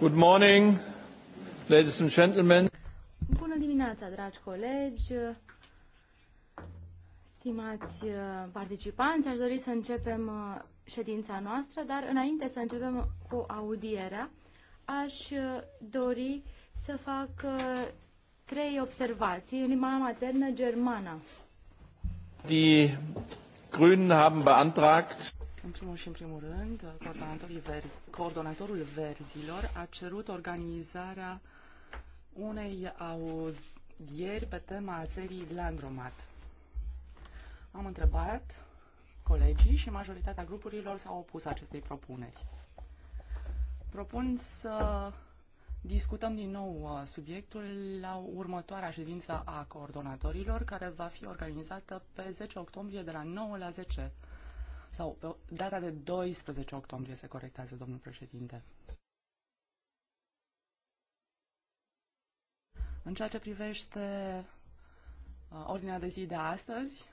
Good morning, ladies and gentlemen. Bună dimineața, dragi colegi, stimați uh, participanți. Aș dori să începem uh, ședința noastră, dar înainte să începem cu audierea, aș uh, dori să fac trei observații în limba maternă germană. Die Grünen haben beantragt. În primul și în primul rând, coordonatorii verzi, coordonatorul verzilor a cerut organizarea unei audieri pe tema țării Landromat. Am întrebat colegii și majoritatea grupurilor s-au opus acestei propuneri. Propun să discutăm din nou uh, subiectul la următoarea ședință a coordonatorilor, care va fi organizată pe 10 octombrie de la 9 la 10 sau pe data de 12 octombrie se corectează, domnul președinte. În ceea ce privește uh, ordinea de zi de astăzi,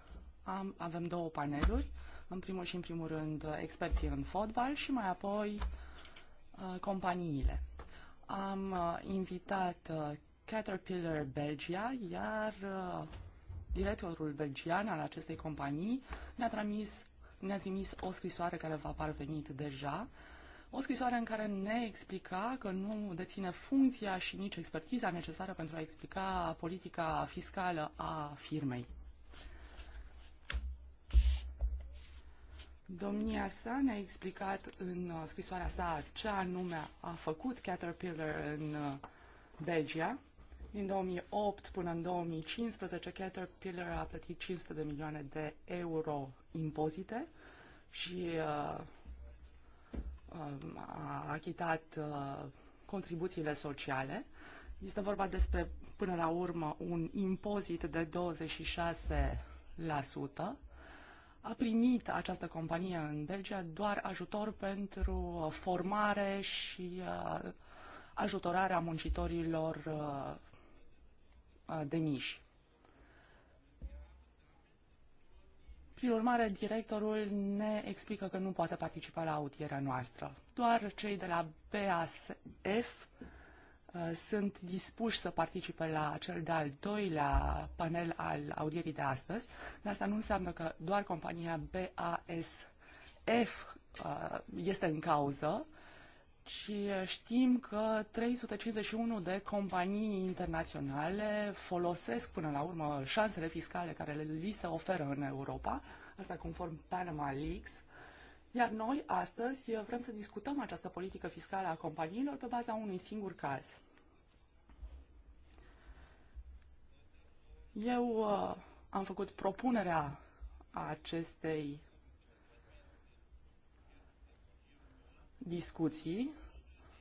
am, avem două paneluri. În primul și în primul rând uh, experții în fotbal și mai apoi uh, companiile. Am invitat Caterpillar Belgia, iar directorul belgian al acestei companii ne-a transmis ne-a trimis o scrisoare care va parvenit deja, o scrisoare în care ne explica că nu deține funcția și nici expertiza necesară pentru a explica politica fiscală a firmei. Domnia sa ne-a explicat în uh, scrisoarea sa ce anume a făcut Caterpillar în uh, Belgia. Din 2008 până în 2015, Caterpillar a plătit 500 de milioane de euro impozite și uh, uh, a achitat uh, contribuțiile sociale. Este vorba despre, până la urmă, un impozit de 26%. A primit această companie în Belgia doar ajutor pentru formare și ajutorarea muncitorilor de niși. Prin urmare, directorul ne explică că nu poate participa la audierea noastră. Doar cei de la BASF uh, sunt dispuși să participe la cel de-al doilea panel al audierii de astăzi, dar asta nu înseamnă că doar compania BASF uh, este în cauză, și uh, știm că 351 de companii internaționale folosesc până la urmă șansele fiscale care li se oferă în Europa, asta conform Panama Leaks, iar noi astăzi uh, vrem să discutăm această politică fiscală a companiilor pe baza unui singur caz. Eu uh, am făcut propunerea acestei discuții.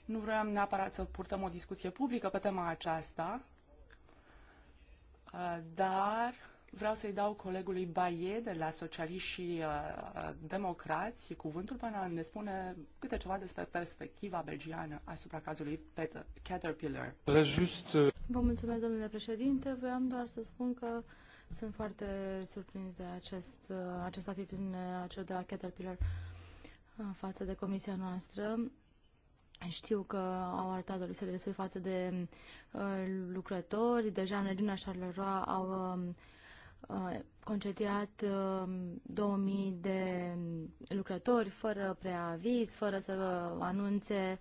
Nu vroiam neapărat să purtăm o discuție publică pe tema aceasta, uh, dar vreau să-i dau colegului Baie de la Socialiști și uh, uh, Democrații cuvântul până a ne spune câte ceva despre perspectiva belgiană asupra cazului Peter, Caterpillar. Vă mulțumesc, domnule președinte. Vreau doar să spun că sunt foarte surprins de acest, această atitudine, a celor de la Caterpillar. Uh, față de comisia noastră. Știu că au arătat o lipsă de respect față de uh, lucrători. Deja în regiunea Charleroi au um, uh, concediat uh, um, 2000 de lucrători fără preaviz, fără să anunțe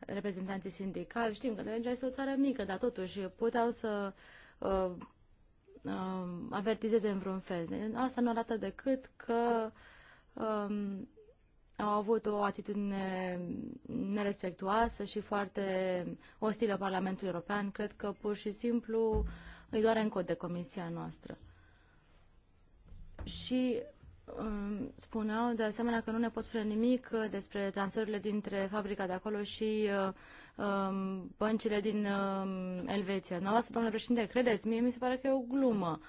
reprezentanții sindicali. Știm că Norvegia este o țară mică, dar totuși puteau să uh, uh, avertizeze în vreun fel. Asta nu arată decât că au avut o atitudine nerespectuoasă și foarte ostilă Parlamentului European. Cred că pur și simplu îi doare în cod de comisia noastră. Și um, spuneau de asemenea că nu ne pot spune nimic despre transferurile dintre fabrica de acolo și uh, um, băncile din um, Elveția. Noastră, domnule președinte, credeți, mie mi se pare că e o glumă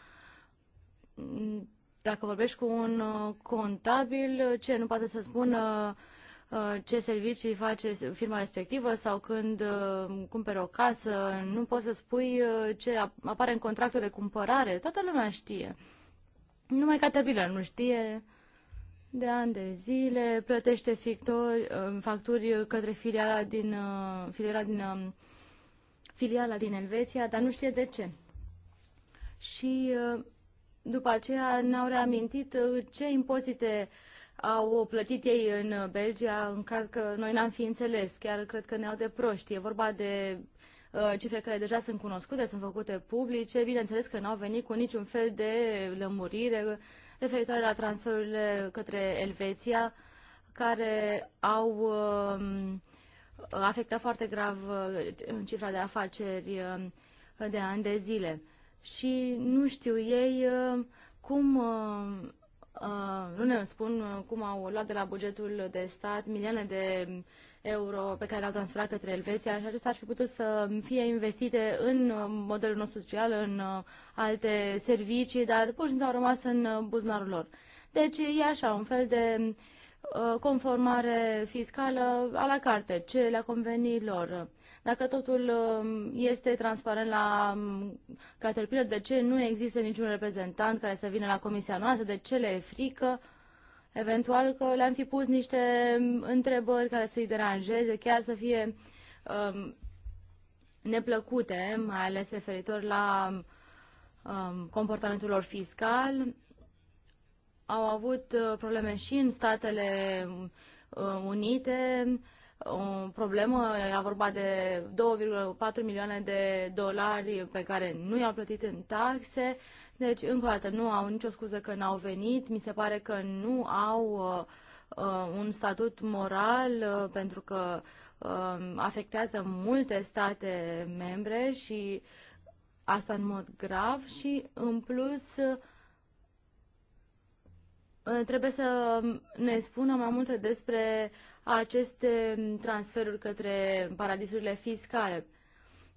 dacă vorbești cu un uh, contabil, ce nu poate să spună uh, ce servicii face firma respectivă sau când uh, cumperi o casă, nu poți să spui ce apare în contractul de cumpărare. Toată lumea știe. Numai Caterpillar nu știe. De ani de zile plătește fictori, facturi către filiala din, filiala din, um, filiala din Elveția, dar nu știe de ce. Și după aceea ne-au reamintit uh, ce impozite au plătit ei în Belgia în caz că noi n-am fi înțeles. Chiar cred că ne-au de proști. E vorba de uh, cifre care deja sunt cunoscute, sunt făcute publice. Bineînțeles că n-au venit cu niciun fel de lămurire referitoare la transferurile către Elveția, care au uh, afectat foarte grav uh, cifra de afaceri uh, de ani de zile și nu știu ei uh, cum, uh, uh, nu ne spun cum au luat de la bugetul de stat milioane de euro pe care le-au transferat către Elveția și acestea ar fi putut să fie investite în modelul nostru social, în alte servicii, dar pur și simplu au rămas în buzunarul lor. Deci e așa, un fel de Uh, conformare fiscală a la carte, ce le-a convenit lor. Dacă totul um, este transparent la um, Caterpillar, de ce nu există niciun reprezentant care să vină la comisia noastră, de ce le e frică, eventual că le-am fi pus niște um, întrebări care să-i deranjeze, chiar să fie um, neplăcute, mai ales referitor la um, comportamentul lor fiscal, au avut uh, probleme și în Statele uh, Unite, o problemă, era vorba de 2,4 milioane de dolari pe care nu i-au plătit în taxe, deci încă o dată nu au nicio scuză că n-au venit, mi se pare că nu au uh, uh un statut moral uh, pentru că uh, afectează multe state membre și asta în mod grav și în plus uh, Eh, trebuie să ne spună mai multe despre aceste transferuri către paradisurile fiscale.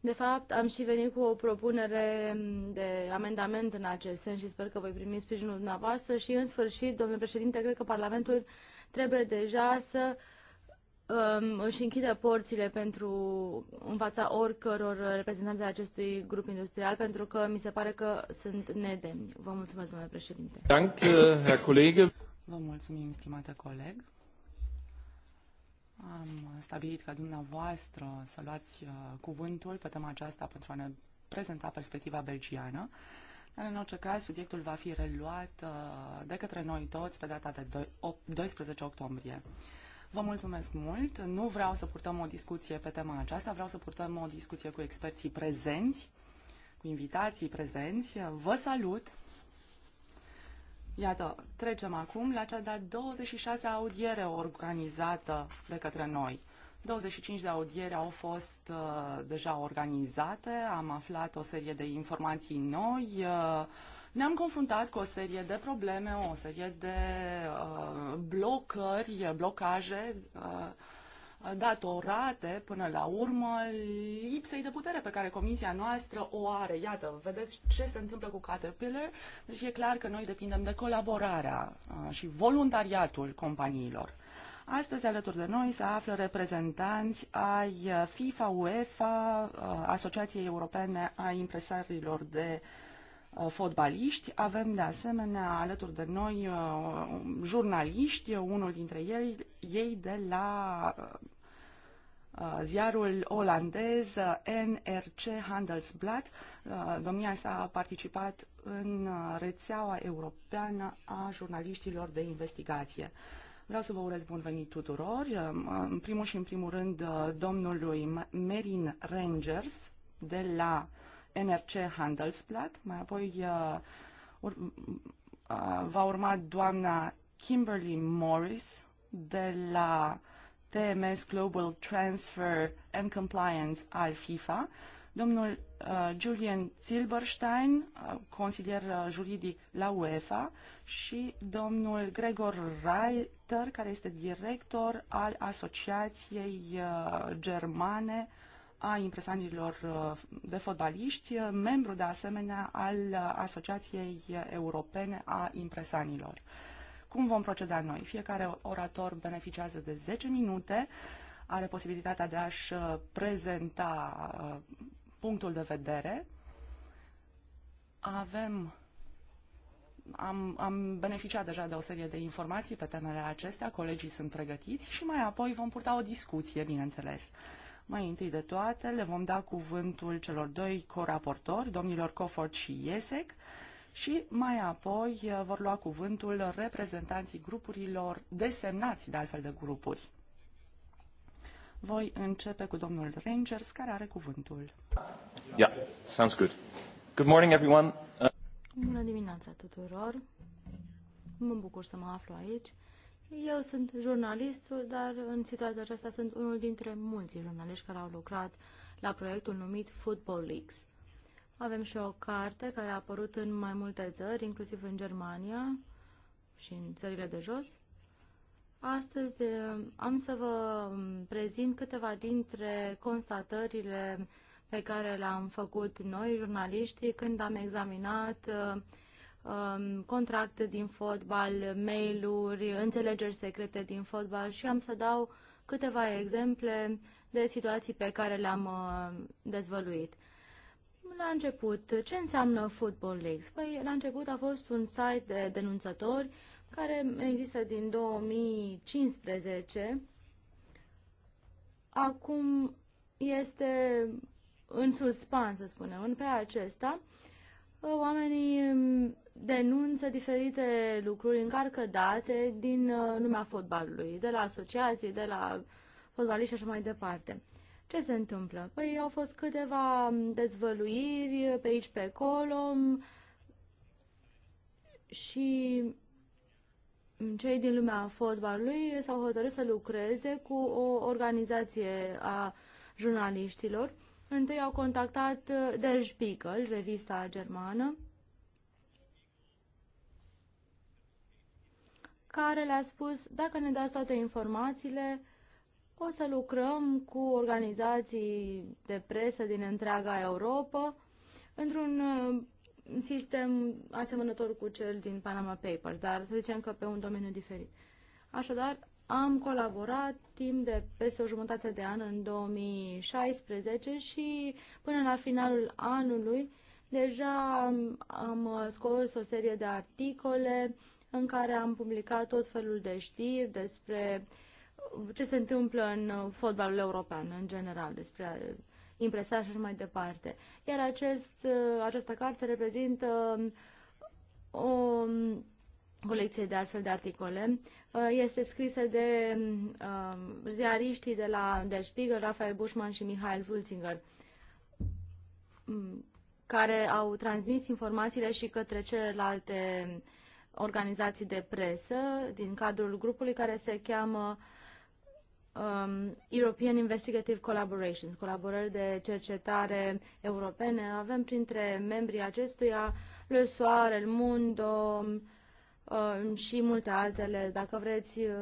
De fapt, am și venit cu o propunere de amendament în acest sens și sper că voi primi sprijinul dumneavoastră și, în sfârșit, domnule președinte, cred că Parlamentul trebuie deja să uh, um, își închide porțile pentru, în fața oricăror reprezentanți de acestui grup industrial, pentru că mi se pare că sunt nedemni. Vă mulțumesc, domnule președinte. Dank, uh, Herr Vă mulțumim, stimată coleg. Am stabilit ca dumneavoastră să luați uh, cuvântul pe tema aceasta pentru a ne prezenta perspectiva belgiană. Dar, în orice caz, subiectul va fi reluat uh, de către noi toți pe data de 12 octombrie. Vă mulțumesc mult. Nu vreau să purtăm o discuție pe tema aceasta, vreau să purtăm o discuție cu experții prezenți, cu invitații prezenți. Vă salut! Iată, trecem acum la cea de-a 26-a audiere organizată de către noi. 25 de audiere au fost uh, deja organizate, am aflat o serie de informații noi, uh, ne-am confruntat cu o serie de probleme, o serie de uh, blocări, blocaje uh, datorate până la urmă lipsei de putere pe care comisia noastră o are. Iată, vedeți ce se întâmplă cu Caterpillar. Deci e clar că noi depindem de colaborarea uh, și voluntariatul companiilor. Astăzi alături de noi se află reprezentanți ai uh, FIFA, UEFA, uh, Asociației Europene a Impresarilor de uh, Uh, fotbaliști, avem de asemenea alături de noi uh, jurnaliști, unul dintre ei, ei de la uh, ziarul olandez NRC Handelsblad. Domnia s a participat în rețeaua europeană a jurnaliștilor de investigație. Vreau să vă urez bun venit tuturor. În primul și în primul rând domnului Merin Rangers de la uh, NRC Handelsblatt, mai apoi uh, ur, uh, va urma doamna Kimberly Morris de la TMS Global Transfer and Compliance al FIFA, domnul uh, Julian Zilberstein, consilier juridic la UEFA, și domnul Gregor Reiter, care este director al Asociației Germane uh, a impresanilor uh, de fotbaliști, uh, membru de asemenea al uh, Asociației Europene a Impresanilor. Cum vom proceda noi? Fiecare orator beneficiază de 10 minute, are posibilitatea de a-și prezenta punctul de vedere. Avem am, am beneficiat deja de o serie de informații pe temele acestea, colegii sunt pregătiți și mai apoi vom purta o discuție, bineînțeles. Uh, mai întâi de toate, le vom da cuvântul celor doi coraportori, domnilor Cofort și Iesec, și mai apoi uh, vor lua cuvântul reprezentanții grupurilor desemnați de altfel de grupuri. Voi începe cu domnul Rangers, care are cuvântul. Yeah, sounds good. Good morning, everyone. Bună dimineața tuturor. Mă bucur să mă aflu aici eu sunt jurnalistul, dar în situația aceasta sunt unul dintre mulți jurnaliști care au lucrat la proiectul numit Football Leaks. Avem și o carte care a apărut în mai multe țări, inclusiv în Germania și în țările de jos. Astăzi eh, am să vă prezint câteva dintre constatările pe care le-am făcut noi, jurnaliștii, când am examinat uh, um, contracte din fotbal, mail-uri, înțelegeri secrete din fotbal și am să dau câteva exemple de situații pe care le-am uh, dezvăluit. La început, ce înseamnă Football Leagues? Păi, la început a fost un site de denunțători care există din 2015. Acum este în suspans, să spunem, pe acesta. Oamenii denunță diferite lucruri, încarcă date din uh, lumea fotbalului, de la asociații, de la fotbaliști și așa mai departe. Ce se întâmplă? Păi au fost câteva um, dezvăluiri pe aici, pe acolo um, și um, cei din lumea fotbalului s-au hotărât să lucreze cu o organizație a jurnaliștilor. Întâi au contactat uh, Der Spiegel, revista germană, care le-a spus, dacă ne dați toate informațiile, o să lucrăm cu organizații de presă din întreaga Europa într-un uh, sistem asemănător cu cel din Panama Papers, dar să zicem că pe un domeniu diferit. Așadar, am colaborat timp de peste o jumătate de an în 2016 și până la finalul anului deja am scos o serie de articole în care am publicat tot felul de știri despre ce se întâmplă în fotbalul european, în general, despre impresia și așa mai departe. Iar acest, această carte reprezintă o colecție de astfel de articole. Este scrisă de um, ziariștii de la Der Spiegel, Rafael Bushman și Mihail Wulzinger, um, care au transmis informațiile și către celelalte uh, organizații de presă din cadrul grupului care se cheamă um, European Investigative Collaborations, colaborări de cercetare europene. Avem printre membrii acestuia Le Soir, El Mundo um, și multe altele. Dacă vreți, uh,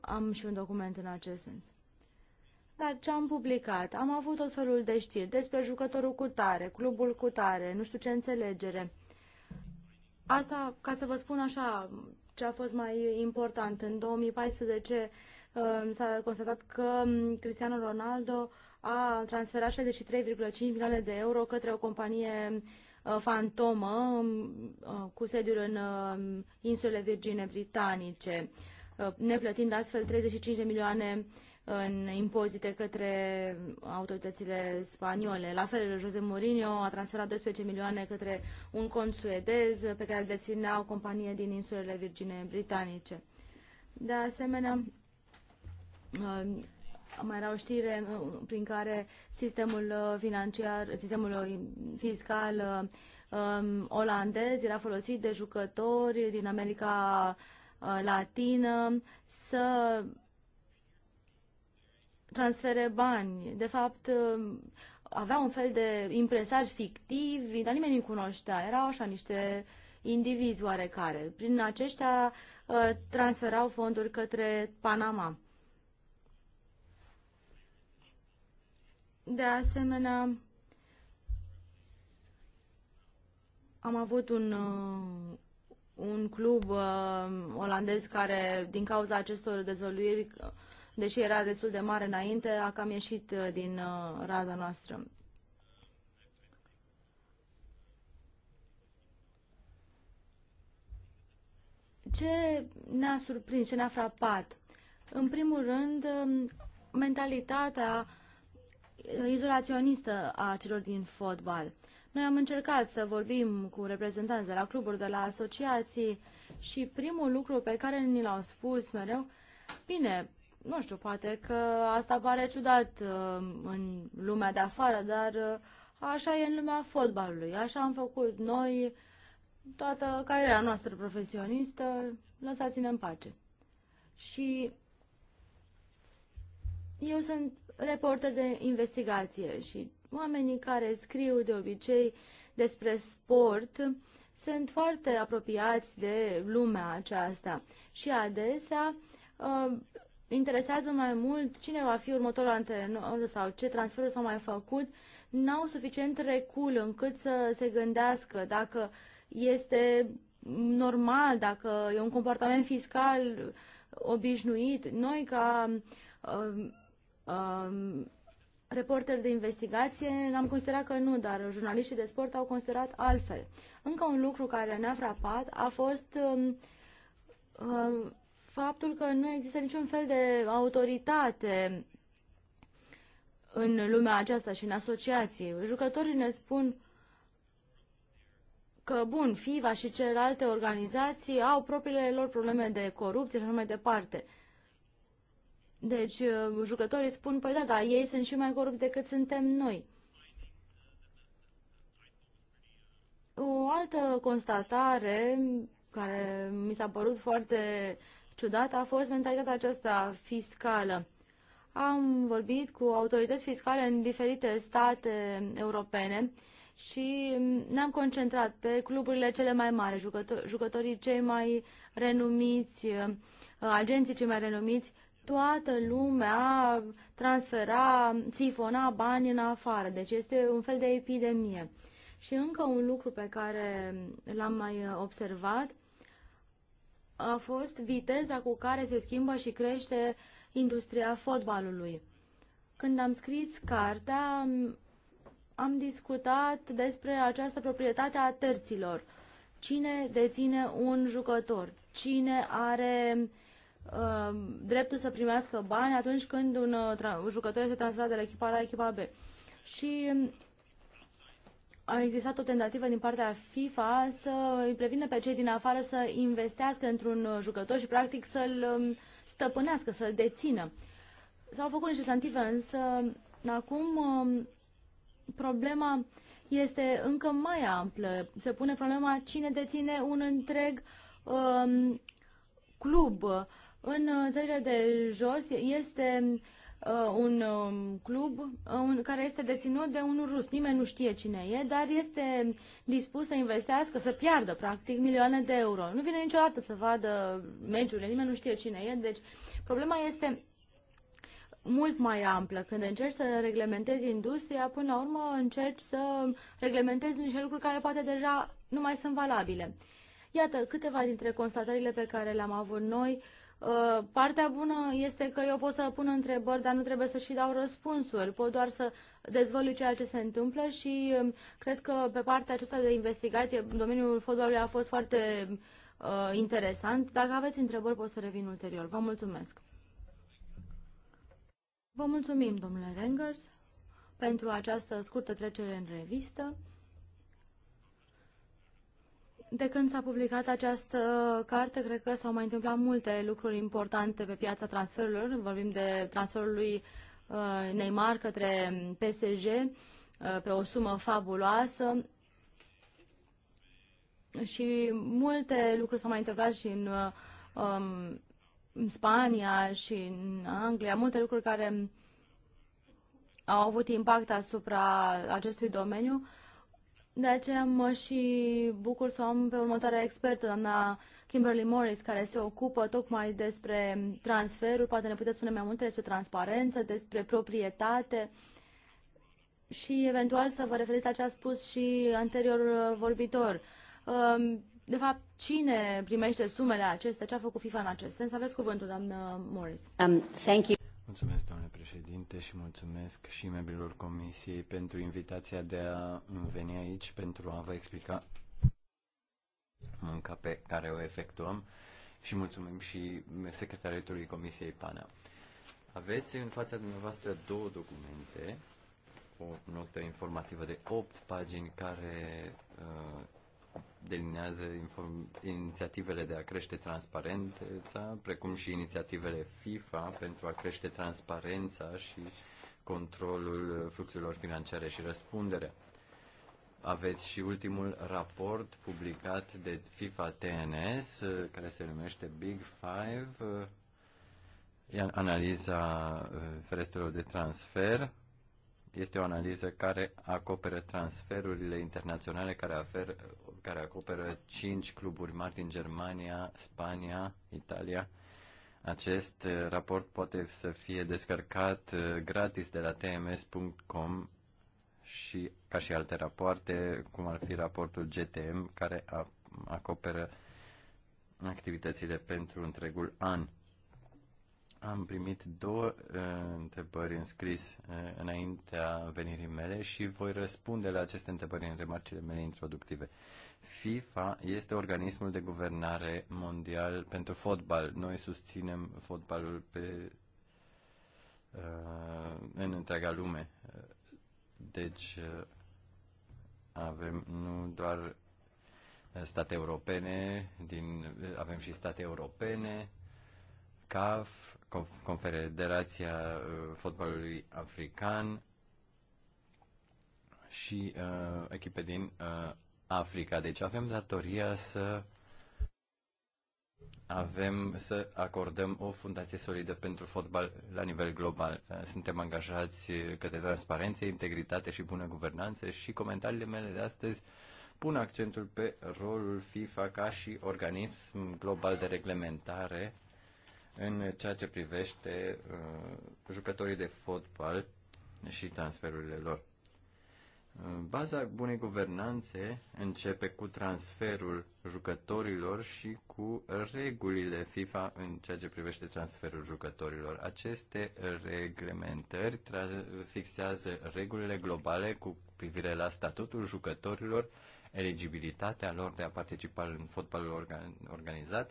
am și un document în acest sens. Dar ce am publicat? Am avut tot felul de știri despre jucătorul cu tare, clubul cu tare, nu știu ce înțelegere Asta, ca să vă spun așa, ce a fost mai important. În 2014 uh, s-a constatat că um, Cristiano Ronaldo a transferat 63,5 milioane de euro către o companie uh, fantomă um, uh, cu sediul în um, insulele Virgine Britanice, neplătind astfel 35 de milioane în impozite către autoritățile spaniole. La fel, Jose Mourinho a transferat 12 milioane către un cont suedez pe care îl deținea o companie din insulele Virgine Britanice. De asemenea, uh, mai era o știre uh, prin care sistemul uh, financiar, sistemul fiscal um, olandez era folosit de jucători din America Latină să transfere bani. De fapt, avea un fel de impresari fictivi, dar nimeni nu-i cunoștea. Erau așa niște indivizi oarecare. Prin aceștia ă, transferau fonduri către Panama. De asemenea, am avut un, ă, un club ă, olandez care, din cauza acestor dezvăluiri, deși era destul de mare înainte, a cam ieșit uh, din uh, rada noastră. Ce ne-a surprins, ce ne-a frapat? În primul rând, um, mentalitatea uh, izolaționistă a celor din fotbal. Noi am încercat să vorbim cu reprezentanți de la cluburi, de la asociații și primul lucru pe care ni l-au spus mereu, bine, nu știu, poate că asta pare ciudat uh, în lumea de afară, dar uh, așa e în lumea fotbalului. Așa am făcut noi toată cariera noastră profesionistă, lăsați-ne în pace. Și eu sunt reporter de investigație și oamenii care scriu de obicei despre sport sunt foarte apropiați de lumea aceasta și adesea uh, interesează mai mult cine va fi următorul antrenor sau ce transferuri s-au mai făcut, n-au suficient recul încât să se gândească dacă este normal, dacă e un comportament fiscal obișnuit. Noi, ca uh, um, uh, um, reporteri de investigație, am considerat că nu, dar jurnaliștii de sport au considerat altfel. Încă un lucru care ne-a frapat a fost Uh, faptul că nu există niciun fel de autoritate în lumea aceasta și în asociații. Jucătorii ne spun că, bun, FIVA și celelalte organizații au propriile lor probleme de corupție și așa mai departe. Deci, uh, jucătorii spun, păi da, dar ei sunt și mai corupți decât suntem noi. O altă constatare care mi s-a părut foarte uh, ciudată a fost mentalitatea aceasta fiscală. Am vorbit cu autorități fiscale în diferite state europene și ne-am concentrat pe cluburile cele mai mari, jucătorii cei mai renumiți, uh, agenții cei mai renumiți, toată lumea transfera, sifona bani în afară. Deci este un fel de epidemie. Și încă un lucru pe care l-am mai observat a fost viteza cu care se schimbă și crește industria fotbalului. Când am scris cartea, am discutat despre această proprietate a terților. Cine deține un jucător? Cine are uh, dreptul să primească bani atunci când un, uh, un jucător este transferat de la echipa A la echipa B? Și um, a existat o tentativă din partea FIFA să îi prevină pe cei din afară să investească într-un jucător și practic să-l um, stăpânească, să-l dețină. S-au făcut niște tentative, însă acum um, problema este încă mai amplă. Se pune problema cine deține un întreg um, club. În țările de jos este uh, Uh, un um, club uh, care este deținut de un rus. Nimeni nu știe cine e, dar este dispus să investească, să piardă, practic, milioane de euro. Nu vine niciodată să vadă meciurile, nimeni nu știe cine e, deci problema este mult mai amplă. Când încerci să reglementezi industria, până la urmă încerci să reglementezi niște lucruri care poate deja nu mai sunt valabile. Iată câteva dintre constatările pe care le-am avut noi uh, Uh, partea bună este că eu pot să pun întrebări, dar nu trebuie să și dau răspunsuri. Pot doar să dezvălui ceea ce se întâmplă și um, cred că pe partea aceasta de investigație, domeniul fotbalului a fost foarte uh, interesant. Dacă aveți întrebări, pot să revin ulterior. Vă mulțumesc! Vă mulțumim, domnule Rengers, pentru această scurtă trecere în revistă. De când s-a publicat această carte, cred că s-au mai întâmplat multe lucruri importante pe piața transferurilor. Vorbim de transferul lui uh, Neymar către PSG uh, pe o sumă fabuloasă și multe lucruri s-au mai întâmplat și în, uh, um, în Spania și în Anglia, multe lucruri care au avut impact asupra acestui domeniu de aceea mă și bucur să am pe următoarea expertă, doamna Kimberly Morris, care se ocupă tocmai despre transferul, poate ne puteți spune mai multe despre transparență, despre proprietate și eventual să vă referiți la ce a spus și anterior vorbitor. Um, de fapt, cine primește sumele acestea? Ce a făcut FIFA în acest sens? Aveți cuvântul, doamnă Morris. Um, thank you. Mulțumesc, domnule președinte, și mulțumesc și membrilor comisiei pentru invitația de a veni aici pentru a vă explica munca pe care o efectuăm și mulțumim și secretariatului Comisiei PANA. Aveți în fața dumneavoastră două documente, o notă informativă de 8 pagini care uh, delinează inform- inițiativele de a crește transparența, precum și inițiativele FIFA pentru a crește transparența și controlul fluxurilor financiare și răspundere. Aveți și ultimul raport publicat de FIFA TNS, care se numește Big Five, analiza uh, ferestrelor de transfer. Este o analiză care acoperă transferurile internaționale care afer, care acoperă cinci cluburi mari din Germania, Spania, Italia. Acest uh, raport poate să fie descărcat uh, gratis de la tms.com și ca și alte rapoarte, cum ar fi raportul GTM, care acoperă activitățile pentru întregul an. Am primit două uh, întrebări scris uh, înaintea venirii mele și voi răspunde la aceste întrebări în remarcile mele introductive. FIFA este organismul de guvernare mondial pentru fotbal. Noi susținem fotbalul pe, uh, în întreaga lume. Deci uh, avem nu doar state europene, din, avem și state europene, CAF, Confederația uh, Fotbalului African și uh, echipe din uh, Africa. Deci avem datoria să avem să acordăm o fundație solidă pentru fotbal la nivel global. Suntem angajați către transparență, integritate și bună guvernanță și comentariile mele de astăzi pun accentul pe rolul FIFA ca și organism global de reglementare în ceea ce privește uh, jucătorii de fotbal și transferurile lor. Baza bunei guvernanțe începe cu transferul jucătorilor și cu regulile FIFA în ceea ce privește transferul jucătorilor. Aceste reglementări fixează regulile globale cu privire la statutul jucătorilor, eligibilitatea lor de a participa în fotbalul organ organizat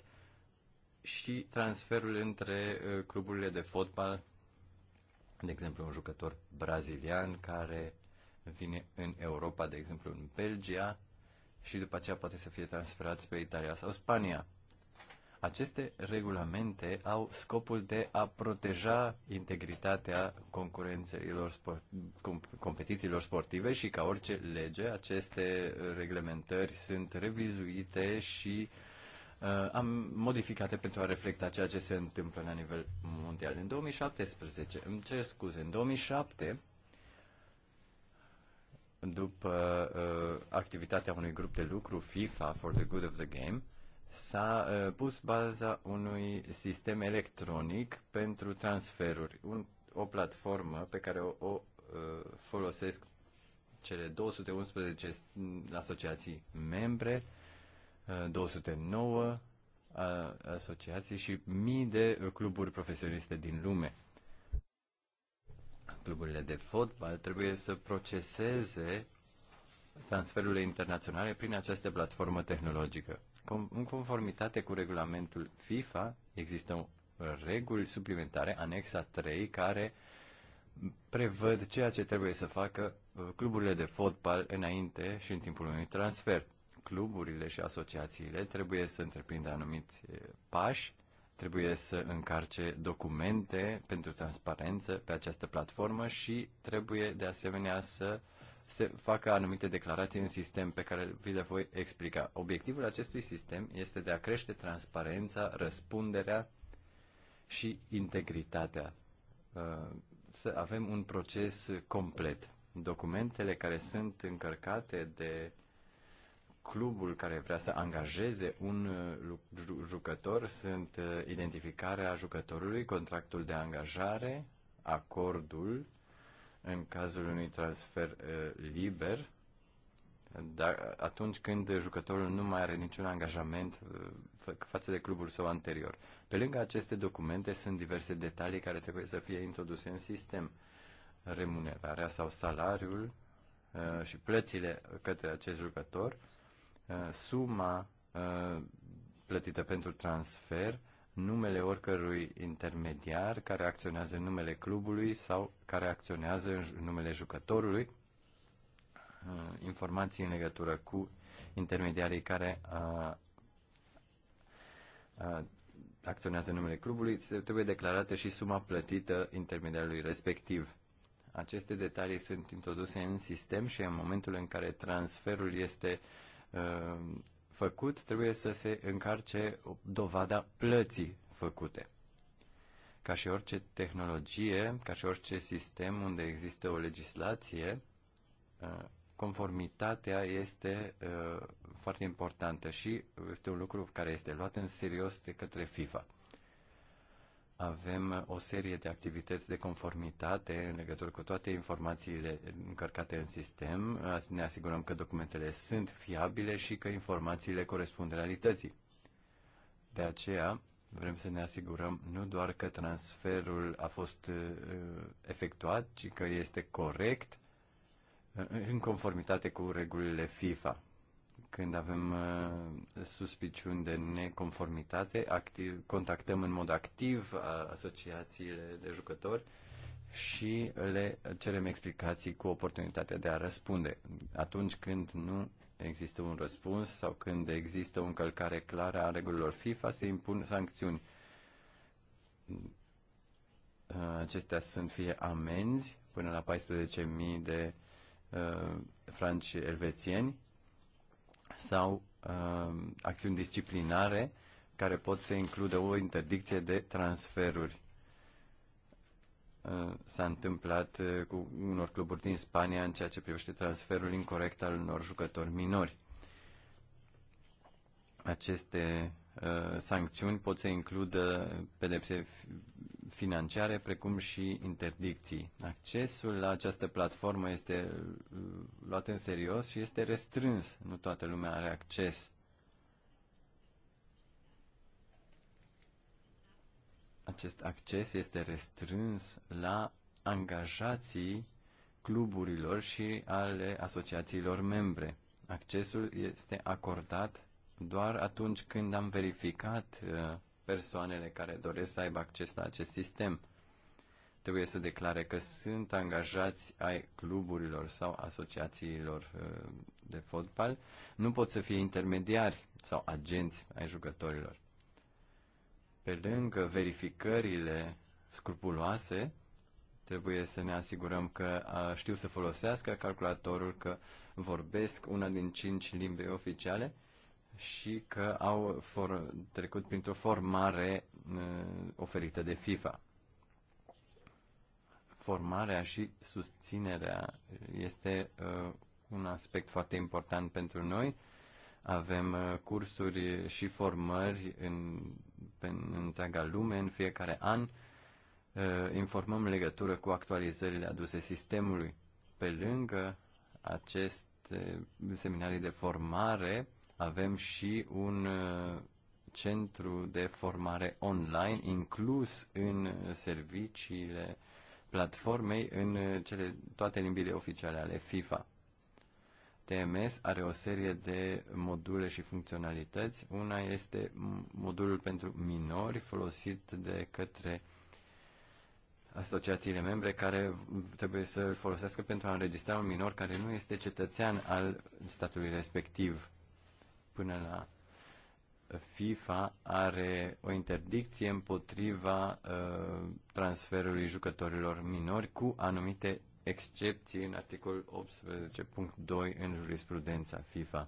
și transferul între uh, cluburile de fotbal, de exemplu un jucător brazilian care vine în Europa, de exemplu în Belgia, și după aceea poate să fie transferat spre Italia sau Spania. Aceste regulamente au scopul de a proteja integritatea concurențelor sport, competițiilor sportive și ca orice lege, aceste reglementări sunt revizuite și uh, am modificate pentru a reflecta ceea ce se întâmplă la nivel mondial. În 2017, îmi cer scuze, în 2007 după uh, activitatea unui grup de lucru FIFA for the good of the game, s-a uh, pus baza unui sistem electronic pentru transferuri, un, o platformă pe care o, o uh, folosesc cele 211 asociații membre, uh, 209 uh, asociații și mii de cluburi profesioniste din lume cluburile de fotbal trebuie să proceseze transferurile internaționale prin această platformă tehnologică. În conformitate cu regulamentul FIFA, există reguli suplimentare, anexa 3, care prevăd ceea ce trebuie să facă uh, cluburile de fotbal înainte și în timpul unui transfer. Cluburile și asociațiile trebuie să întreprindă anumiți uh, pași trebuie să încarce documente pentru transparență pe această platformă și trebuie de asemenea să se facă anumite declarații în sistem pe care vi le voi explica. Obiectivul acestui sistem este de a crește transparența, răspunderea și integritatea. Uh, să avem un proces complet. Documentele care sunt încărcate de clubul care vrea să angajeze un uh, jucător sunt uh, identificarea jucătorului, contractul de angajare, acordul în cazul unui transfer uh, liber, dar atunci când jucătorul nu mai are niciun angajament față de clubul său anterior. Pe lângă aceste documente sunt diverse detalii care trebuie să fie introduse în sistem. Remunerarea sau salariul și plățile către acest jucător Uh, suma uh, plătită pentru transfer, numele oricărui intermediar care acționează în numele clubului sau care acționează în numele jucătorului, uh, informații în legătură cu intermediarii care acționează în numele clubului, trebuie declarată și suma plătită intermediarului respectiv. Aceste detalii sunt introduse în sistem și în momentul în care transferul este uh, Ehm, făcut, trebuie să se încarce dovada plății făcute. Ca și orice tehnologie, ca și orice sistem unde există o legislație, ehm, conformitatea este ehm, foarte importantă și este un lucru care este luat în serios de către FIFA avem o serie de activități de conformitate în legătură cu toate informațiile încărcate în sistem. Ne asigurăm că documentele sunt fiabile și că informațiile corespund realității. De aceea, vrem să ne asigurăm nu doar că transferul a fost uh, efectuat, ci că este corect uh, în conformitate cu regulile FIFA. Când avem uh, suspiciuni de neconformitate, activ, contactăm în mod activ uh, asociațiile de jucători și le cerem explicații cu oportunitatea de a răspunde. Atunci când nu există un răspuns sau când există o încălcare clară a regulilor FIFA, se impun sancțiuni. Uh, acestea sunt fie amenzi până la 14.000 de uh, franci elvețieni sau uh, acțiuni disciplinare care pot să includă o interdicție de transferuri. Uh, S-a întâmplat uh, cu unor cluburi din Spania în ceea ce privește transferul incorrect al unor jucători minori. Aceste Uh, sancțiuni pot să includă pedepse financiare, precum și interdicții. Accesul la această platformă este uh, luat în serios și este restrâns. Nu toată lumea are acces. Acest acces este restrâns la angajații cluburilor și ale asociațiilor membre. Accesul este acordat doar atunci când am verificat uh, persoanele care doresc să aibă acces la acest sistem. Trebuie să declare că sunt angajați ai cluburilor sau asociațiilor uh, de fotbal, nu pot să fie intermediari sau agenți ai jucătorilor. Pe lângă verificările scrupuloase, trebuie să ne asigurăm că știu să folosească calculatorul, că vorbesc una din cinci limbi oficiale și că au for- trecut printr-o formare uh, oferită de FIFA. Formarea și susținerea este uh, un aspect foarte important pentru noi. Avem uh, cursuri și formări în, în întreaga lume în fiecare an. Uh, informăm legătură cu actualizările aduse sistemului. Pe lângă aceste seminarii de formare, avem și un uh, centru de formare online inclus în uh, serviciile platformei în uh, cele, toate limbile oficiale ale FIFA. TMS are o serie de module și funcționalități. Una este modulul pentru minori folosit de către asociațiile membre care trebuie să îl folosească pentru a înregistra un minor care nu este cetățean al statului respectiv până la FIFA are o interdicție împotriva uh, transferului jucătorilor minori cu anumite excepții în articolul 18.2 în jurisprudența FIFA.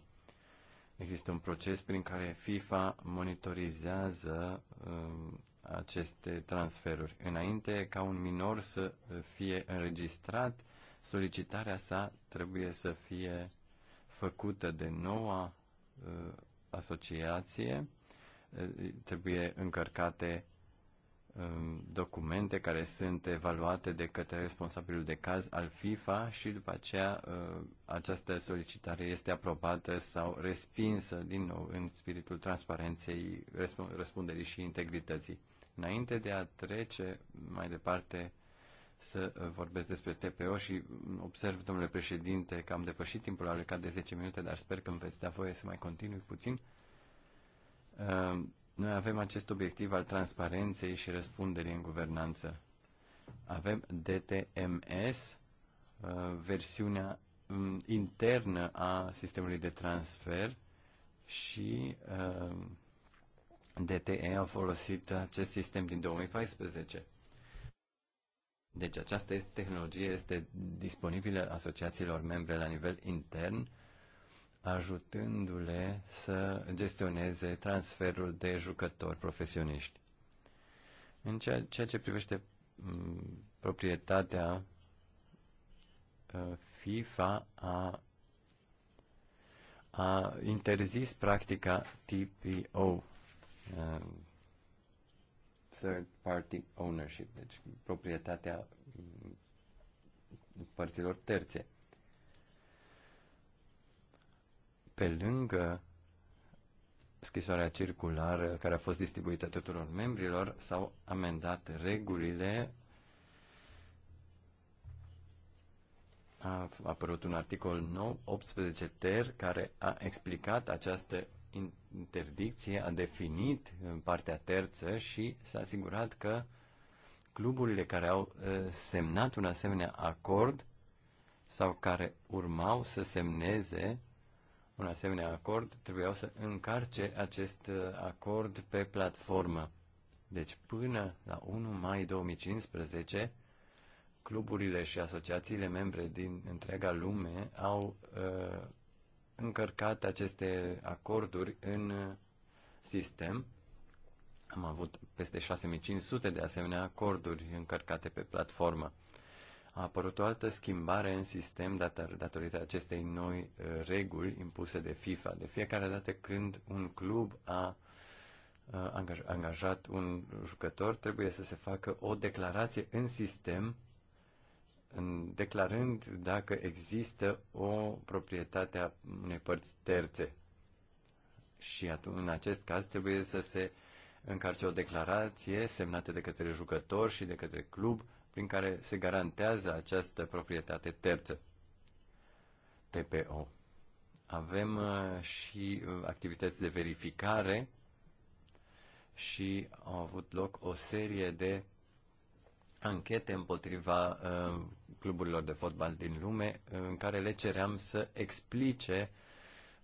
Există un proces prin care FIFA monitorizează uh, aceste transferuri. Înainte ca un minor să fie înregistrat, solicitarea sa trebuie să fie făcută de noua Uh, asociație, uh, trebuie încărcate um, documente care sunt evaluate de către responsabilul de caz al FIFA și după aceea uh, această solicitare este aprobată sau respinsă din nou în spiritul transparenței, răspunderii și integrității. Înainte de a trece mai departe să uh, vorbesc despre TPO și mm, observ, domnule președinte, că am depășit timpul alocat de 10 minute, dar sper că îmi veți da voie să mai continui puțin. Uh, noi avem acest obiectiv al transparenței și răspunderii în guvernanță. Avem DTMS, uh, versiunea mm, internă a sistemului de transfer și DTE a folosit acest sistem din 2014 deci această este, tehnologie este disponibilă asociațiilor membre la nivel intern, ajutându-le să gestioneze transferul de jucători profesioniști. În ceea, ceea ce privește mm, proprietatea, uh, FIFA a, a interzis practica TPO, uh, third party ownership, deci proprietatea părților terțe. Pe lângă scrisoarea circulară care a fost distribuită tuturor membrilor, s-au amendat regulile. A apărut un articol nou, 18 ter, care a explicat această interdicție a definit uh, partea terță și s-a asigurat că cluburile care au uh, semnat un asemenea acord sau care urmau să semneze un asemenea acord, trebuiau să încarce acest uh, acord pe platformă. Deci până la 1 mai 2015, cluburile și asociațiile membre din întreaga lume au uh, încărcat aceste acorduri în sistem. Am avut peste 6500 de asemenea acorduri încărcate pe platformă. A apărut o altă schimbare în sistem dator, datorită acestei noi uh, reguli impuse de FIFA. De fiecare dată când un club a uh, angajat un jucător, trebuie să se facă o declarație în sistem în, declarând dacă există o proprietate a unei părți terțe. Și atunci, în acest caz trebuie să se încarce o declarație semnată de către jucător și de către club prin care se garantează această proprietate terță. TPO. Avem uh, și uh, activități de verificare și au avut loc o serie de anchete împotriva uh, cluburilor de fotbal din lume uh, în care le ceream să explice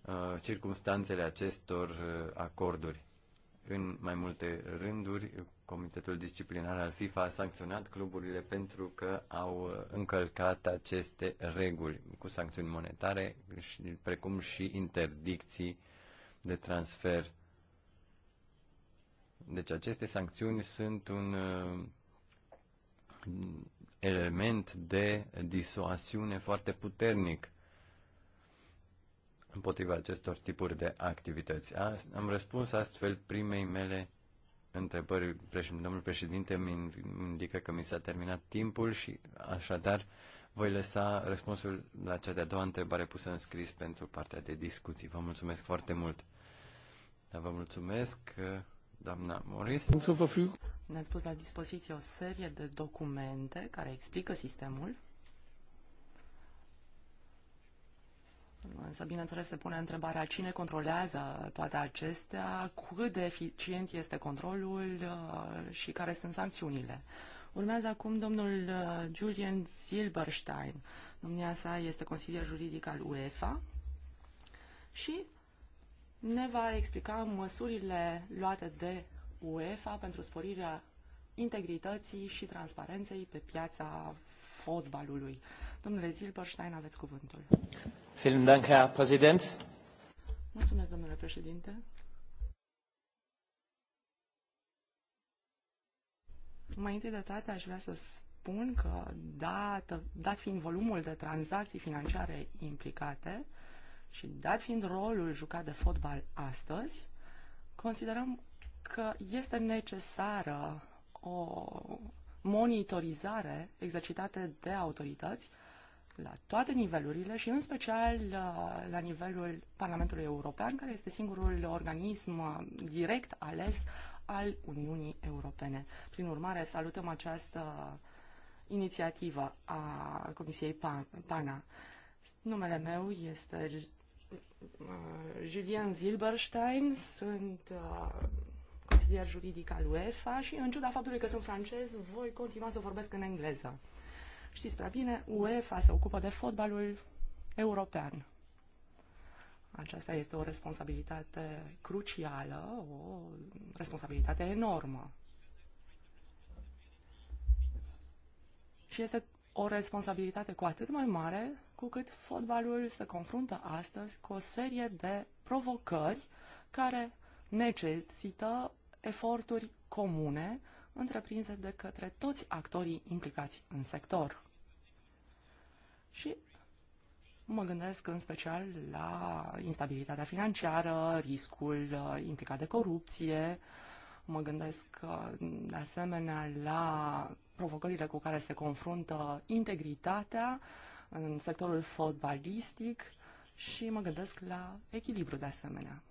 uh, circumstanțele acestor uh, acorduri. În mai multe rânduri, Comitetul Disciplinar al FIFA a sancționat cluburile pentru că au uh, încălcat aceste reguli cu sancțiuni monetare, precum și interdicții de transfer. Deci aceste sancțiuni sunt un uh, element de disoasiune foarte puternic împotriva acestor tipuri de activități. Am răspuns astfel primei mele întrebări. Domnul președinte mi indică că mi s-a terminat timpul și așadar voi lăsa răspunsul la cea de-a doua întrebare pusă în scris pentru partea de discuții. Vă mulțumesc foarte mult. Dar vă mulțumesc. Că doamna Morris. Ne-a spus la dispoziție o serie de documente care explică sistemul. Însă, bineînțeles, se pune întrebarea cine controlează toate acestea, cât de eficient este controlul uh, și care sunt sancțiunile. Urmează acum domnul uh, Julian Silberstein. Domnia sa este consilier juridic al UEFA și ne va explica măsurile luate de UEFA pentru sporirea integrității și transparenței pe piața fotbalului. Domnule Zilberstein, aveți cuvântul. Vielen Dank, Herr Präsident. Mulțumesc, domnule președinte. Mai întâi de toate aș vrea să spun că, dat, dat fiind volumul de tranzacții financiare implicate, uh, și dat fiind rolul jucat de fotbal astăzi, considerăm că este necesară o monitorizare exercitată de autorități la toate nivelurile și în special uh, la nivelul Parlamentului European, care este singurul organism uh, direct ales al Uniunii Europene. Prin urmare, salutăm această inițiativă a Comisiei PANA. Numele meu este Uh, Julian Zilberstein, sunt uh, consilier juridic al UEFA și în ciuda faptului că sunt francez, voi continua să vorbesc în engleză. Știți prea bine, UEFA se ocupă de fotbalul european. Aceasta este o responsabilitate crucială, o responsabilitate enormă. Și este o responsabilitate cu atât mai mare cu cât fotbalul se confruntă astăzi cu o serie de provocări care necesită eforturi comune întreprinse de către toți actorii implicați în sector. Și mă gândesc în special la instabilitatea financiară, riscul uh, implicat de corupție, mă gândesc uh, de asemenea la provocările cu care se confruntă integritatea în sectorul fotbalistic și mă gândesc la echilibru de asemenea.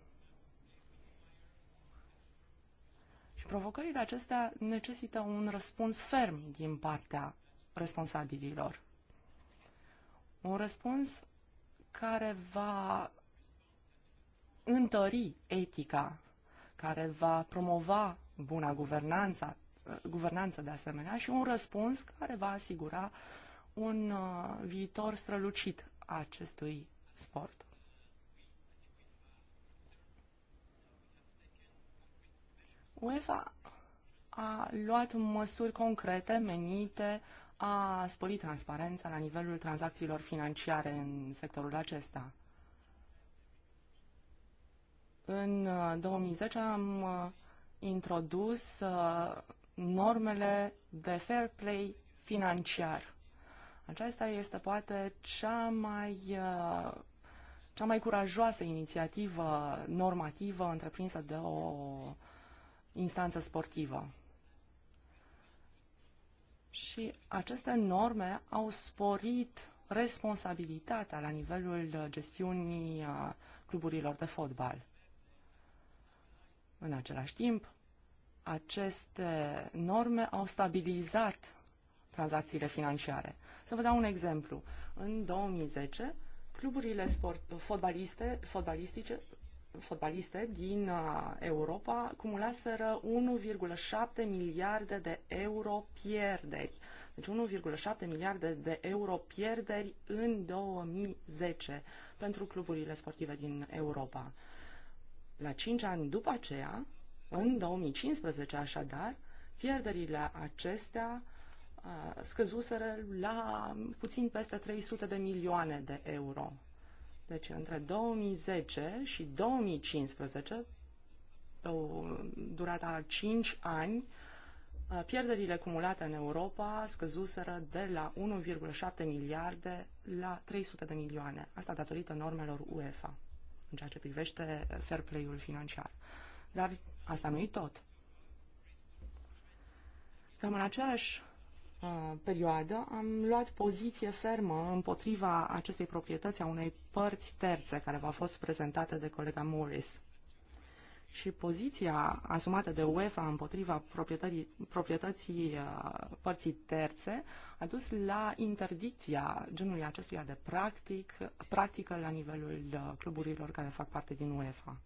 Și provocările acestea necesită un răspuns ferm din partea responsabililor. Un răspuns care va întări etica, care va promova buna guvernanță, Uh, guvernanță de asemenea și un răspuns care va asigura un uh, viitor strălucit acestui sport. UEFA a luat măsuri concrete menite a spori transparența la nivelul tranzacțiilor financiare în sectorul acesta. În 2010 uh, am introdus normele de fair play financiar. Aceasta este poate cea mai, uh, cea mai curajoasă inițiativă normativă întreprinsă de o instanță sportivă. Și aceste norme au sporit responsabilitatea la nivelul gestiunii uh, cluburilor de fotbal. În același timp, aceste norme au stabilizat tranzacțiile financiare. Să vă dau un exemplu. În 2010, cluburile sport, fotbaliste, fotbalistice, fotbaliste din uh, Europa cumulaseră 1,7 miliarde de euro pierderi. Deci 1,7 miliarde de euro pierderi în 2010 pentru cluburile sportive din Europa. La 5 ani după aceea, în 2015, așadar, pierderile acestea scăzuseră la puțin peste 300 de milioane de euro. Deci între 2010 și 2015, pe o durata a 5 ani, pierderile cumulate în Europa scăzuseră de la 1,7 miliarde la 300 de milioane. Asta datorită normelor UEFA în ceea ce privește fair play-ul financiar. Dar asta nu-i tot. Cam în aceeași uh, perioadă am luat poziție fermă împotriva acestei proprietăți a unei părți terțe care v-a fost prezentată de colega Morris. Și poziția asumată de UEFA împotriva proprietății uh, părții terțe a dus la interdicția genului acestuia de practic, practică la nivelul uh, cluburilor care fac parte din UEFA.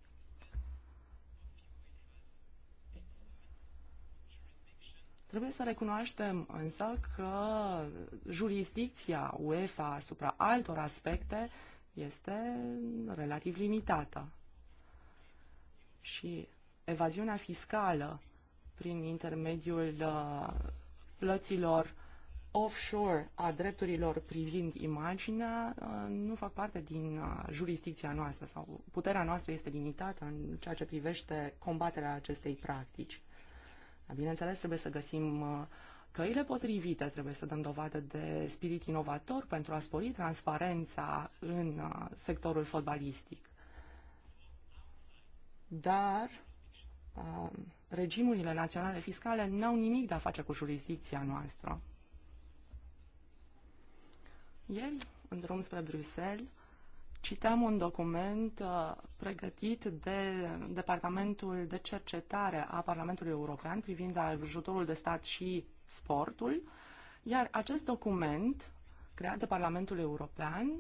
Trebuie să recunoaștem însă că jurisdicția UEFA asupra altor aspecte este relativ limitată. Și evaziunea fiscală prin intermediul uh, plăților offshore a drepturilor privind imaginea uh, nu fac parte din uh, jurisdicția noastră sau puterea noastră este limitată în ceea ce privește combaterea acestei practici. Bineînțeles, trebuie să găsim uh, căile potrivite, trebuie să dăm dovadă de spirit inovator pentru a spori transparența în uh, sectorul fotbalistic. Dar uh, regimurile naționale fiscale n-au nimic de a face cu jurisdicția noastră. El, în drum spre Bruxelles, Cităm un document uh, pregătit de Departamentul de Cercetare a Parlamentului European privind ajutorul de stat și sportul, iar acest document creat de Parlamentul European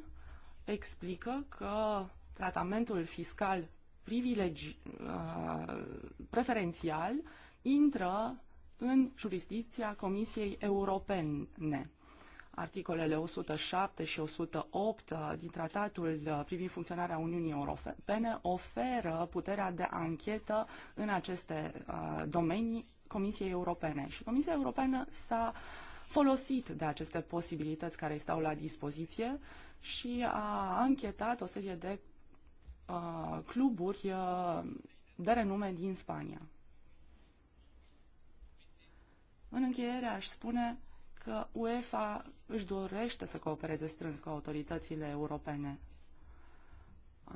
explică că tratamentul fiscal privilegi, uh, preferențial intră în jurisdicția Comisiei Europene articolele 107 și 108 din tratatul privind funcționarea Uniunii Europene oferă puterea de anchetă în aceste uh, domenii Comisiei Europene. Și Comisia Europeană s-a folosit de aceste posibilități care stau la dispoziție și a anchetat o serie de uh, cluburi uh, de renume din Spania. În încheiere aș spune că UEFA își dorește să coopereze strâns cu autoritățile europene.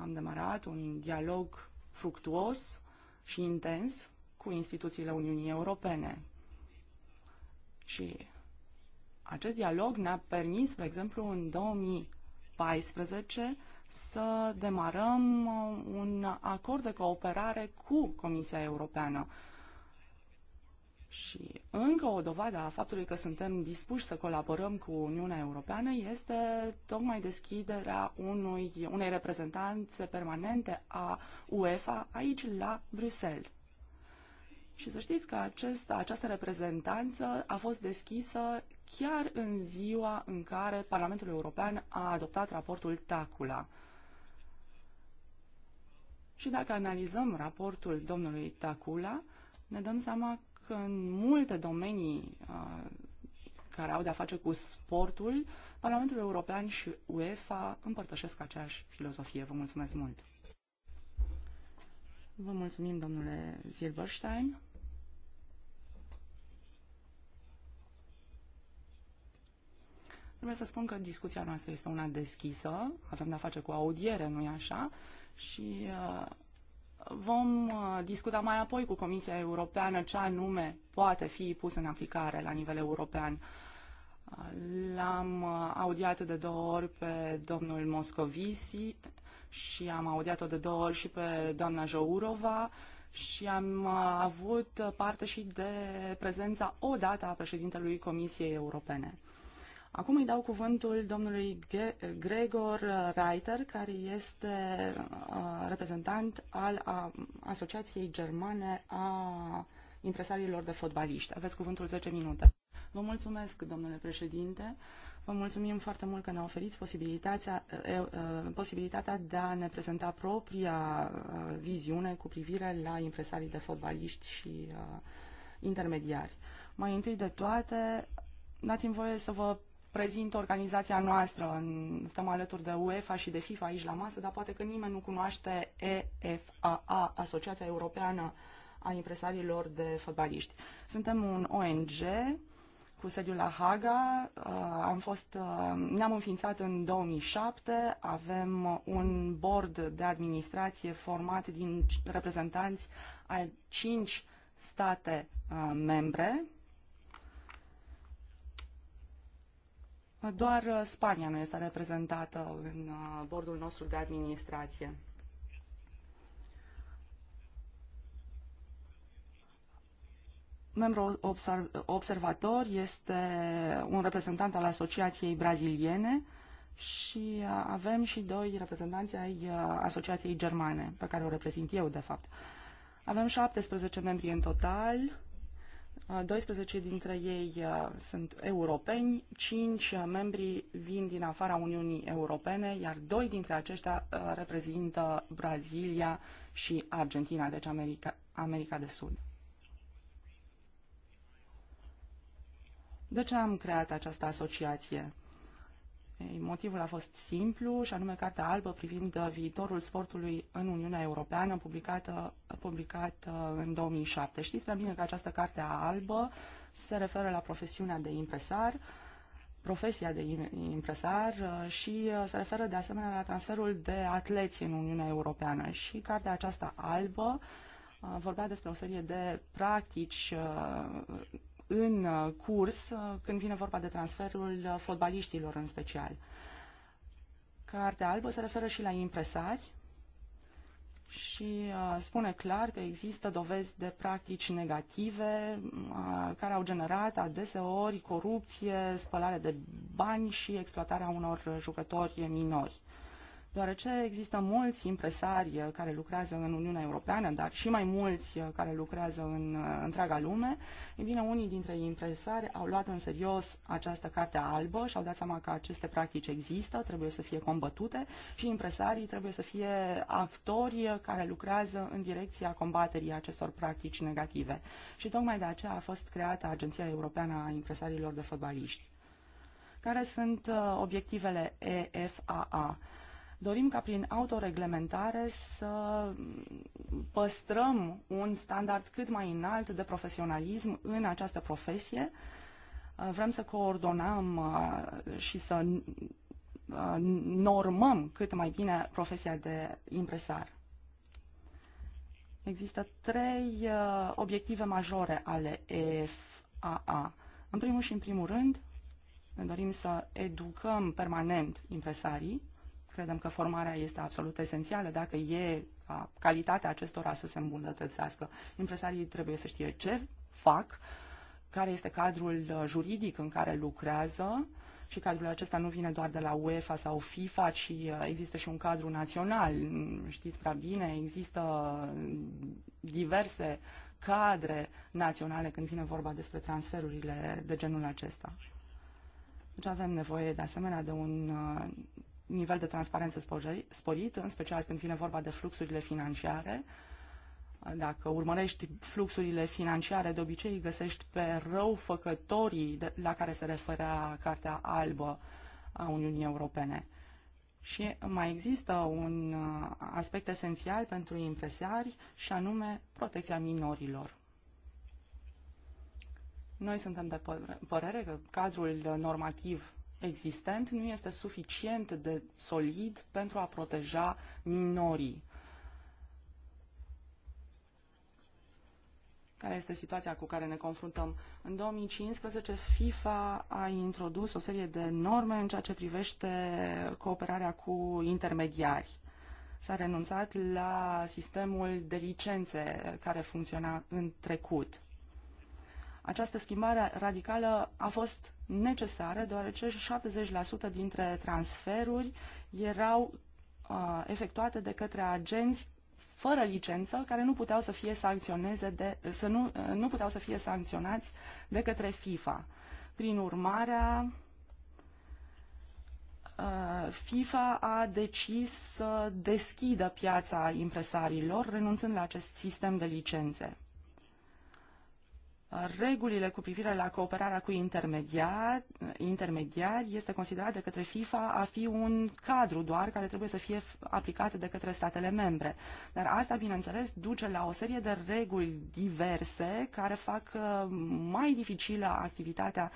Am demarat un dialog fructuos și intens cu instituțiile Uniunii Europene. Și acest dialog ne-a permis, de exemplu, în 2014 să demarăm un acord de cooperare cu Comisia Europeană. Uh, și încă o dovadă a faptului că suntem dispuși să colaborăm cu Uniunea Europeană este tocmai deschiderea unui, unei reprezentanțe permanente a UEFA aici la Bruxelles. Și să știți că acest, această reprezentanță a fost deschisă chiar în ziua în care Parlamentul European a adoptat raportul TACULA. Și dacă analizăm raportul domnului Tacula, ne dăm seama în multe domenii uh, care au de-a face cu sportul, Parlamentul European și UEFA împărtășesc aceeași filozofie. Vă mulțumesc mult! Vă mulțumim, domnule Zilberstein. Trebuie să spun că discuția noastră este una deschisă, avem de-a face cu audiere, nu-i așa? Și uh, Vom uh, discuta mai apoi cu Comisia Europeană ce anume poate fi pus în aplicare la nivel european. Uh, l-am uh, audiat de două ori pe domnul Moscovici și am audiat-o de două ori și pe doamna Jourova și am avut parte și de prezența odată a președintelui Comisiei Europene. Acum îi dau cuvântul domnului Gregor Reiter, care este uh, reprezentant al Asociației Germane a Impresarilor de Fotbaliști. Aveți cuvântul 10 minute. Vă mulțumesc, domnule președinte. Vă mulțumim foarte mult că ne oferiți posibilitatea, uh, posibilitatea de a ne prezenta propria uh, viziune cu privire la impresarii de fotbaliști și intermediari. Mai întâi de toate, dați-mi voie să vă prezint organizația noastră. Stăm alături de UEFA și de FIFA aici la masă, dar poate că nimeni nu cunoaște EFAA, Asociația Europeană a Impresarilor de Fotbaliști. Suntem un ONG cu sediul la Haga. Uh, am fost, uh, ne-am înființat în 2007. Avem un board de administrație format din reprezentanți al cinci state uh, membre Doar uh, Spania nu este reprezentată în uh, bordul nostru de administrație. Membru observator este un reprezentant al Asociației Braziliene și uh, avem și doi reprezentanți ai Asociației Germane, pe care o reprezint eu, de fapt. Avem 17 membri în total 12 uh, dintre ei uh, sunt europeni, 5 uh, membri vin din afara Uniunii Europene, iar 2 dintre aceștia reprezintă Brazilia și Argentina, deci America, America de Sud. De ce am creat această asociație? Motivul a fost simplu și anume Cartea Albă privind uh, viitorul sportului în Uniunea Europeană, publicată, publicată în 2007. Știți prea bine că această Carte Albă se referă la profesiunea de impresar, profesia de impresar uh, și uh, se referă de asemenea la transferul de atleți în Uniunea Europeană. Și cartea aceasta albă vorbea despre o serie de practici în uh, curs uh, când vine vorba de transferul uh, fotbaliștilor în special. Cartea albă se referă și la impresari și spune clar că există dovezi de practici negative care au generat adeseori corupție, spălare de bani și exploatarea unor jucători minori deoarece există mulți impresari uh, care lucrează în Uniunea Europeană, dar și mai mulți uh, care lucrează în uh, întreaga lume, e bine, unii dintre impresari au luat în serios această carte albă și au dat seama că aceste practici există, trebuie să fie combătute și impresarii trebuie să fie actori care lucrează în direcția combaterii acestor practici negative. Și tocmai de aceea a fost creată Agenția Europeană a Impresarilor de Fotbaliști. Care sunt obiectivele EFAA? Dorim ca prin autoreglementare să păstrăm un standard cât mai înalt de profesionalism în această profesie. Uh, vrem să coordonăm uh, și să uh, normăm cât mai bine profesia de impresar. Există trei obiective majore ale EFAA. În primul și în primul rând, ne dorim să educăm permanent impresarii, Credem că formarea este absolut esențială dacă e ca calitatea acestora să se îmbunătățească. Impresarii trebuie să știe ce fac, care este cadrul uh, juridic în care lucrează și cadrul acesta nu vine doar de la UEFA sau FIFA, ci uh, există și un cadru național. Mm, știți prea bine, există mm, diverse cadre naționale când vine vorba despre transferurile de genul acesta. Deci avem nevoie de asemenea de un uh, nivel de transparență sporit, în special când vine vorba de fluxurile financiare. Dacă urmărești fluxurile financiare, de obicei îi găsești pe răufăcătorii de, la care se referea Cartea Albă a Uniunii Europene. Și mai există un uh, aspect esențial pentru impresari și anume protecția minorilor. Noi suntem de părere că cadrul normativ existent nu este suficient de solid pentru a proteja minorii. care este situația cu care ne confruntăm. În 2015, FIFA a introdus o serie de norme în ceea ce privește cooperarea cu intermediari. S-a renunțat la sistemul de licențe care funcționa în trecut. Această schimbare radicală a fost necesară deoarece 70% dintre transferuri erau uh, efectuate de către agenți fără licență care nu puteau să fie sancționeze de, să nu, uh, nu puteau să fie sancționați de către FIFA. Prin urmare, uh, FIFA a decis să deschidă piața impresarilor, renunțând la acest sistem de licențe regulile cu privire la cooperarea cu intermediari, intermediari este considerat de către FIFA a fi un cadru doar care trebuie să fie aplicat de către statele membre. Dar asta, bineînțeles, duce la o serie de reguli diverse care fac uh, mai dificilă activitatea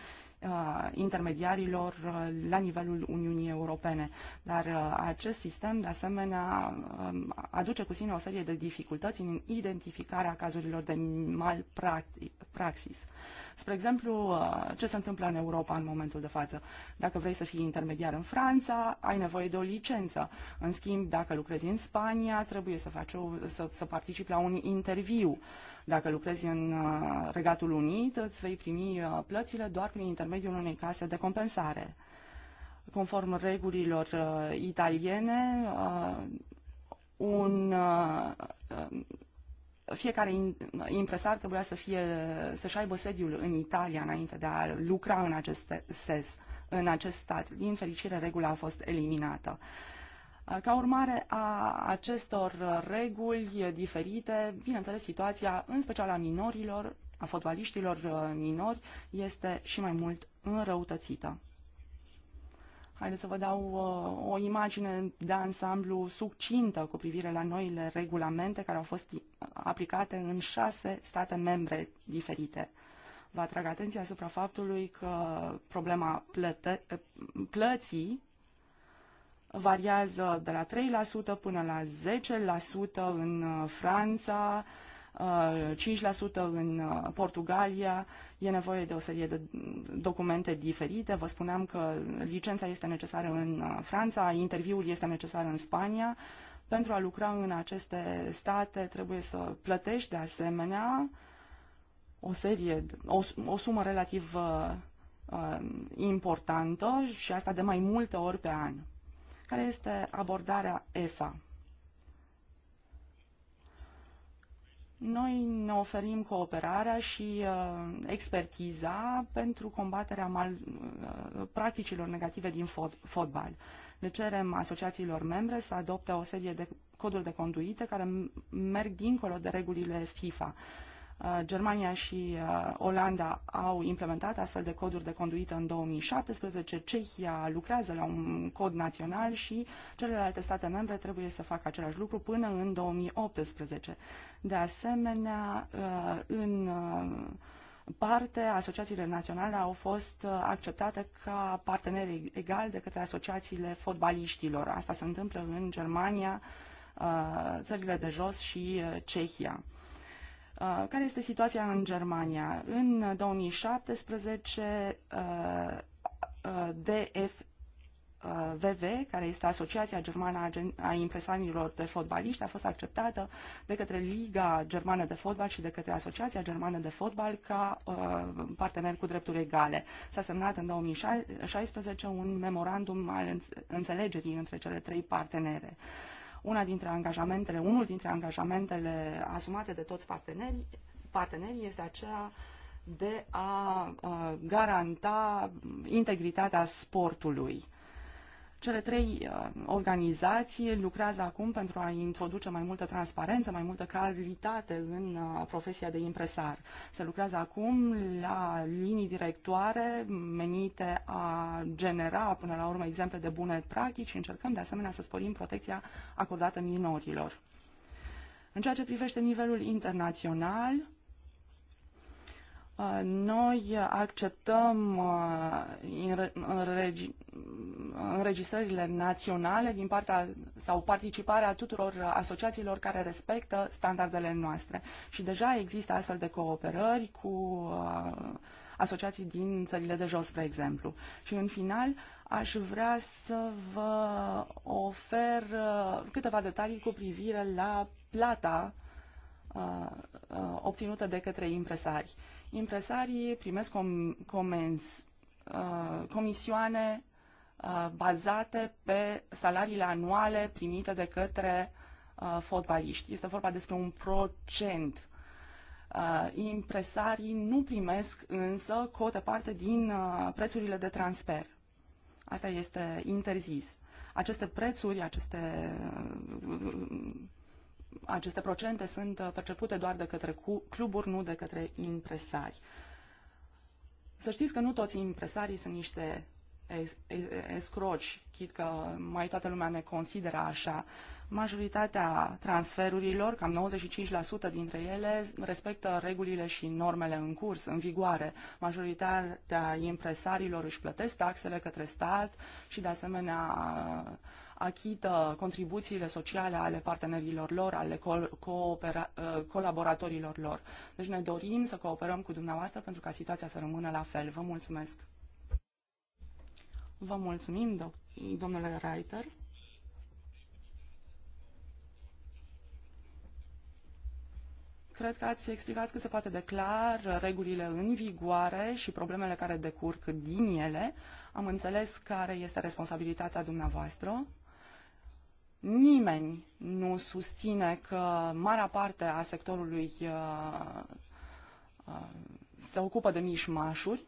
Uh, intermediarilor uh, la nivelul Uniunii Europene. Dar uh, acest sistem, de asemenea, um, aduce cu sine o serie de dificultăți în identificarea cazurilor de malpraxis. Spre exemplu, ce se întâmplă în Europa în momentul de față? Dacă vrei să fii intermediar în Franța, ai nevoie de o licență. În schimb, dacă lucrezi în Spania, trebuie să, faci o, să, să participi la un interviu. Dacă lucrezi în uh, Regatul Unit, îți vei primi uh, plățile doar prin intermediul unei case de compensare. Conform regulilor uh, italiene, un fiecare impresar trebuia să fie, să-și aibă sediul în Italia înainte de a lucra în acest ses, în acest stat. Din fericire, regula a fost eliminată. Uh, ca urmare a acestor reguli diferite, bineînțeles, situația, în special a minorilor, a fotbaliștilor uh, minori, este și mai mult înrăutățită. Haideți să vă dau uh, o imagine de ansamblu succintă cu privire la noile regulamente care au fost aplicate în șase state membre diferite. Vă atrag atenția asupra faptului că problema plăte- plății variază de la 3% până la 10% în uh, Franța, 5% uh, în uh, Portugalia, e nevoie de o serie de documente diferite. Vă spuneam că licența este necesară în Franța, interviul este necesar în Spania. Pentru a lucra în aceste state trebuie să plătești de asemenea o serie, o, o sumă relativ uh, importantă și asta de mai multe ori pe an care este abordarea EFA. Noi ne oferim cooperarea și uh, expertiza pentru combaterea mal, uh, practicilor negative din fot, fotbal. Le cerem asociațiilor membre să adopte o serie de coduri de conduite care merg dincolo de regulile FIFA. Uh, Uh, Germania și uh, Olanda au implementat astfel de coduri de conduită în 2017, Cehia lucrează la un cod național și celelalte state membre trebuie să facă același lucru până în 2018. De asemenea, uh, în parte, asociațiile naționale au fost acceptate ca parteneri egali de către asociațiile fotbaliștilor. Asta se întâmplă în Germania, țările de jos și Cehia. Uh, care este situația în Germania? În 2017, uh, uh, DFVV, care este Asociația Germană a Impresarilor de Fotbaliști, a fost acceptată de către Liga Germană de Fotbal și de către Asociația Germană de Fotbal ca partener cu drepturi egale. S-a semnat în 2016 un memorandum al înțelegerii între cele trei partenere. Una dintre angajamentele, unul dintre angajamentele asumate de toți partenerii, partenerii este aceea de a, a uh, garanta integritatea sportului cele trei uh, organizații lucrează acum pentru a introduce mai multă transparență, mai multă claritate în uh, profesia de impresar. Se lucrează acum la linii directoare menite a genera până la urmă exemple de bune practici și încercăm de asemenea să sporim protecția acordată minorilor. În ceea ce privește nivelul internațional, Uh, noi acceptăm uh, înregistrările naționale din partea sau participarea tuturor asociațiilor care respectă standardele noastre. Și deja există astfel de cooperări cu uh, asociații din țările de jos, spre exemplu. Și în final, aș vrea să vă ofer câteva detalii cu privire la plata obținută de către impresari impresarii primesc com- comenzi, uh, comisioane uh, bazate pe salariile anuale primite de către uh, fotbaliști. Este vorba despre un procent. Uh, impresarii nu primesc însă cote parte din uh, prețurile de transfer. Asta este interzis. Aceste prețuri, aceste uh, aceste procente sunt uh, percepute doar de către cluburi, nu de către impresari. Să știți că nu toți impresarii sunt niște escroci, chit că mai toată lumea ne consideră așa. Majoritatea transferurilor, cam 95% dintre ele, respectă regulile și normele în curs, în vigoare. Majoritatea impresarilor își plătesc taxele către stat și, de asemenea, achită contribuțiile sociale ale partenerilor lor, ale uh, colaboratorilor lor. Deci ne dorim să cooperăm cu dumneavoastră pentru ca situația să rămână la fel. Vă mulțumesc! Vă mulțumim, do domnule Reiter. Cred că ați explicat cât se poate de clar regulile în vigoare și problemele care decurg din ele. Am înțeles care este responsabilitatea dumneavoastră. Nimeni nu susține că marea parte a sectorului uh, uh, se ocupă de mișmașuri,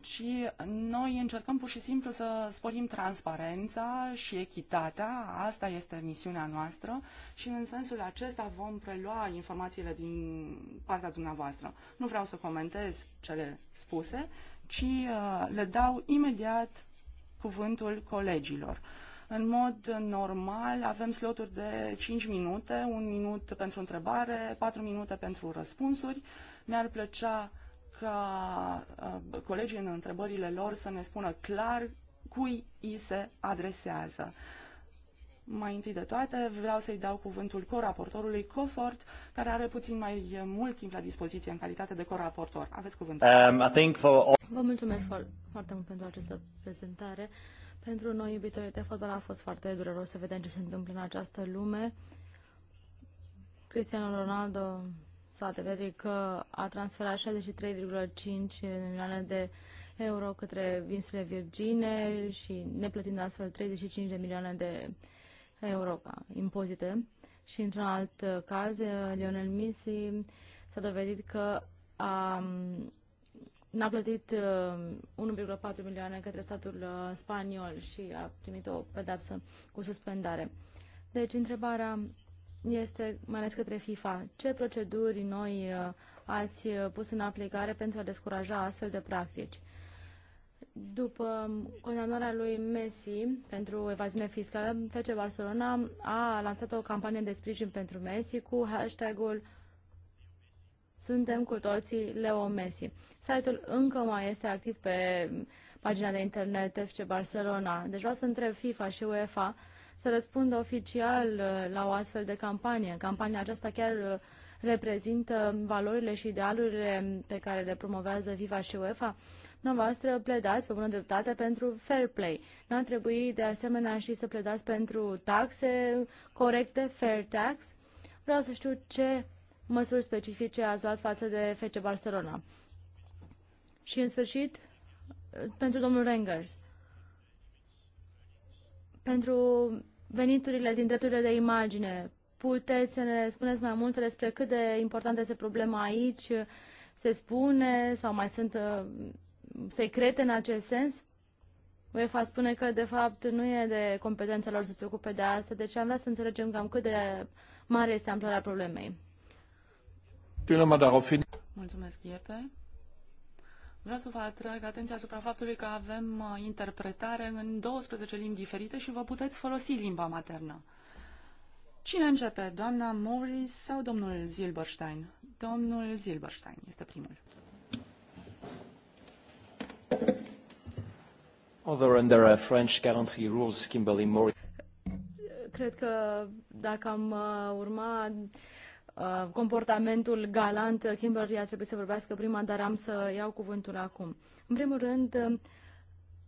ci noi încercăm pur și simplu să sporim transparența și echitatea, asta este misiunea noastră și în sensul acesta vom prelua informațiile din partea dumneavoastră. Nu vreau să comentez cele spuse, ci uh, le dau imediat cuvântul colegilor. În mod normal avem sloturi de 5 minute, 1 minut pentru întrebare, 4 minute pentru răspunsuri. Mi-ar plăcea ca uh, colegii în întrebările lor să ne spună clar cui îi se adresează. Mai întâi de toate, vreau să-i dau cuvântul coraportorului Cofort, care are puțin mai mult timp la dispoziție în calitate de coraportor. Aveți cuvântul. Um, I think for... Vă mulțumesc foarte mult pentru această prezentare. Uh, pentru noi, iubitorii de fotbal, a fost foarte dureros să vedem ce se întâmplă în această lume. Cristiano Ronaldo s-a adeverit că a transferat 63,5 milioane de euro către vinsurile Virgine și neplătind astfel 35 de milioane de euro ca impozite. Și într-un alt caz, Lionel Messi s-a dovedit că a n-a plătit 1,4 uh, milioane către statul uh, spaniol și a primit o pedapsă cu suspendare. Deci, întrebarea este, mai ales către FIFA, ce proceduri noi uh, ați pus în aplicare pentru a descuraja astfel de practici? După condamnarea lui Messi pentru evaziune fiscală, FC Barcelona a lansat o campanie de sprijin pentru Messi cu hashtagul ul suntem cu toții Leo Messi. Site-ul încă mai este activ pe pagina de internet FC Barcelona. Deci vreau să întreb FIFA și UEFA să răspundă oficial uh, la o astfel de campanie. Campania aceasta chiar uh, reprezintă valorile și idealurile pe care le promovează FIFA și UEFA. Noastră pledați pe bună dreptate pentru fair play. Nu ar trebui de asemenea și să pledați pentru taxe corecte, fair tax. Vreau să știu ce măsuri specifice ați luat față de FC Barcelona? Și în sfârșit, pentru domnul Rengers, pentru veniturile din drepturile de imagine, puteți să ne spuneți mai multe despre cât de importantă este problema aici? Se spune sau mai sunt uh, secrete în acest sens? UEFA spune că, de fapt, nu e de competența lor să se ocupe de asta, deci am vrea să înțelegem cam cât de mare este amploarea problemei. Mulțumesc, Iepe. Vreau să vă atrag atenția asupra faptului că avem uh, interpretare în 12 limbi diferite și vă puteți folosi limba maternă. Cine începe, doamna Morris sau domnul Zilberstein? Domnul Zilberstein este primul. Other under uh, French country rules, Kimberly Morris. Cred că dacă am uh, urma Uh, comportamentul galant, uh, Kimberly a trebuit să vorbească prima, dar am să iau cuvântul acum. În primul rând, uh,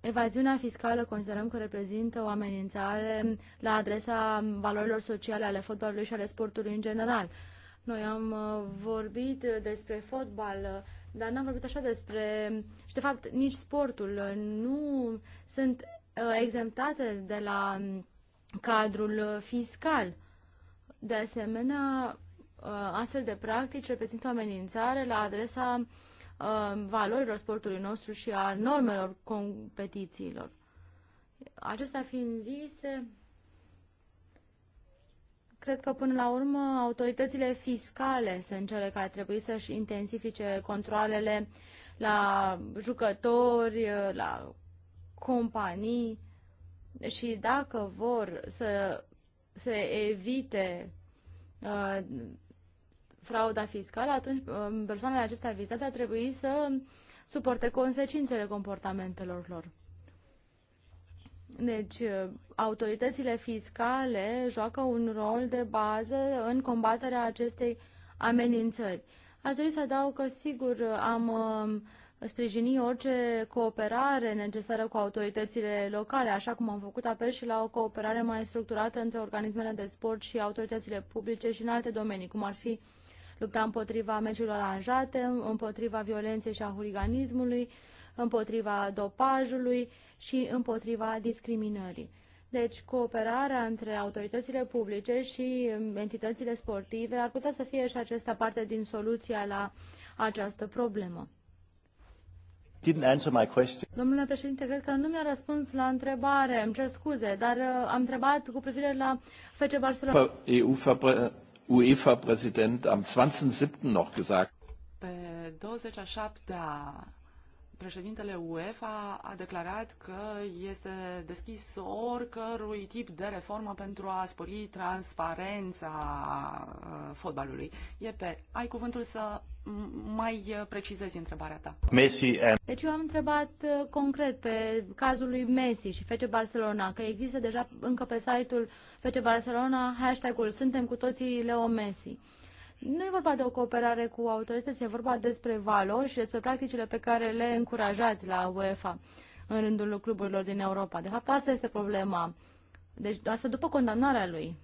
evaziunea fiscală considerăm că reprezintă o amenințare la adresa valorilor sociale ale fotbalului și ale sportului în general. Noi am vorbit despre fotbal, dar n-am vorbit așa despre... și de fapt nici sportul nu sunt exemptate de la um, cadrul fiscal. De asemenea, Uh, astfel de practici reprezintă o amenințare la adresa uh, valorilor sportului nostru și a normelor competițiilor. Acestea fiind zise, cred că până la urmă autoritățile fiscale sunt cele care trebuie să-și intensifice controlele la jucători, la companii și dacă vor să se evite uh, frauda fiscală, atunci um, persoanele acestea vizate ar trebui să suporte consecințele comportamentelor lor. Deci, uh, autoritățile fiscale joacă un rol de bază în combaterea acestei amenințări. Aș dori să adaug că, sigur, am um, sprijini orice cooperare necesară cu autoritățile locale, așa cum am făcut apel și la o cooperare mai structurată între organismele de sport și autoritățile publice și în alte domenii, cum ar fi uh, lupta împotriva meciurilor aranjate, împotriva violenței și a huliganismului, împotriva dopajului și împotriva discriminării. Deci, cooperarea între autoritățile publice și entitățile sportive ar putea să fie și aceasta parte din soluția la această problemă. Domnule președinte, cred că nu mi-a răspuns la întrebare. Îmi cer scuze, dar uh, am întrebat cu privire la FC Barcelona. Păi, UEFA-Präsident am 20.07. noch gesagt. Pe 27 președintele UEFA a declarat că este deschis oricărui tip de reformă pentru a spori transparența uh, fotbalului. Iepe, ai cuvântul să mai precizezi întrebarea ta. Messi eh. Deci eu am întrebat uh, concret pe cazul lui Messi și Fece Barcelona, că există deja încă pe site-ul Fece Barcelona hashtag-ul Suntem cu toții Leo Messi. Nu e vorba de o cooperare cu autorități, e vorba despre valori și despre practicile pe care le încurajați la UEFA în rândul cluburilor din Europa. De fapt, asta este problema. Deci, asta după condamnarea lui.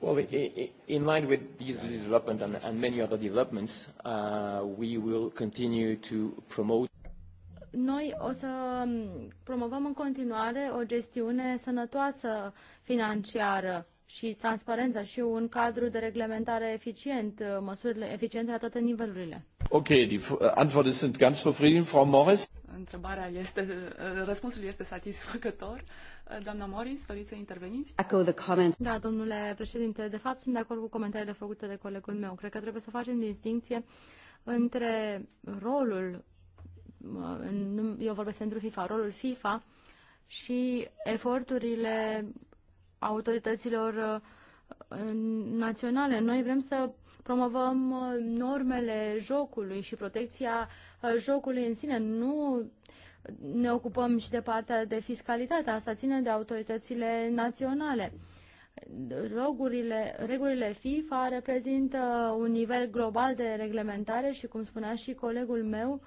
Well, in line with these developments and, and many other developments, uh, we will continue to promote noi o să promovăm în continuare o gestiune sănătoasă financiară și transparența și un cadru de reglementare eficient, uh, măsurile eficiente la toate nivelurile. Ok, die uh, Antworten ganz befriedigend, Frau Morris. Întrebarea este, uh, răspunsul este satisfăcător. Doamna Morris, doriți să interveniți? Echo the comments. Da, domnule președinte, de fapt sunt de acord cu comentariile făcute de colegul meu. Cred că trebuie să facem distinție între rolul, eu vorbesc pentru FIFA, rolul FIFA și eforturile autorităților uh, naționale. Noi vrem să promovăm uh, normele jocului și protecția uh, jocului în sine. Nu ne ocupăm și de partea de fiscalitate. Asta ține de autoritățile naționale. Rogurile, regulile FIFA reprezintă un nivel global de reglementare și, cum spunea și colegul meu,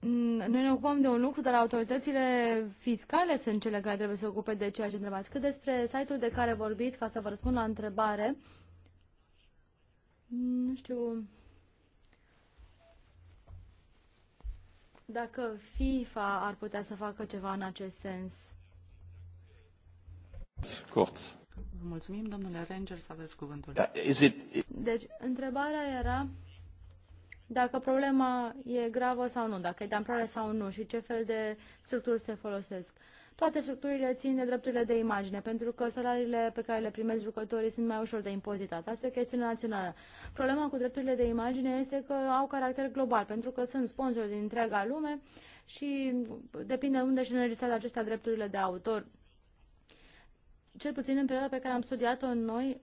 noi ne ocupăm de un lucru, dar autoritățile fiscale sunt cele care trebuie să se ocupe de ceea ce întrebați. Cât despre site-ul de care vorbiți, ca să vă răspund la întrebare, nu știu dacă FIFA ar putea să facă ceva în acest sens. Scurt. Mulțumim, domnule Rangers, să aveți cuvântul. Da, deci, întrebarea era dacă problema e gravă sau nu, dacă e de amploare sau nu și ce fel de structuri se folosesc. Toate structurile țin de drepturile de imagine, pentru că salariile pe care le primesc jucătorii sunt mai ușor de impozitat. Asta e o chestiune națională. Problema cu drepturile de imagine este că au caracter global, pentru că sunt sponsori din întreaga lume și depinde unde și înregistrează acestea drepturile de autor. Cel puțin în perioada pe care am studiat-o noi,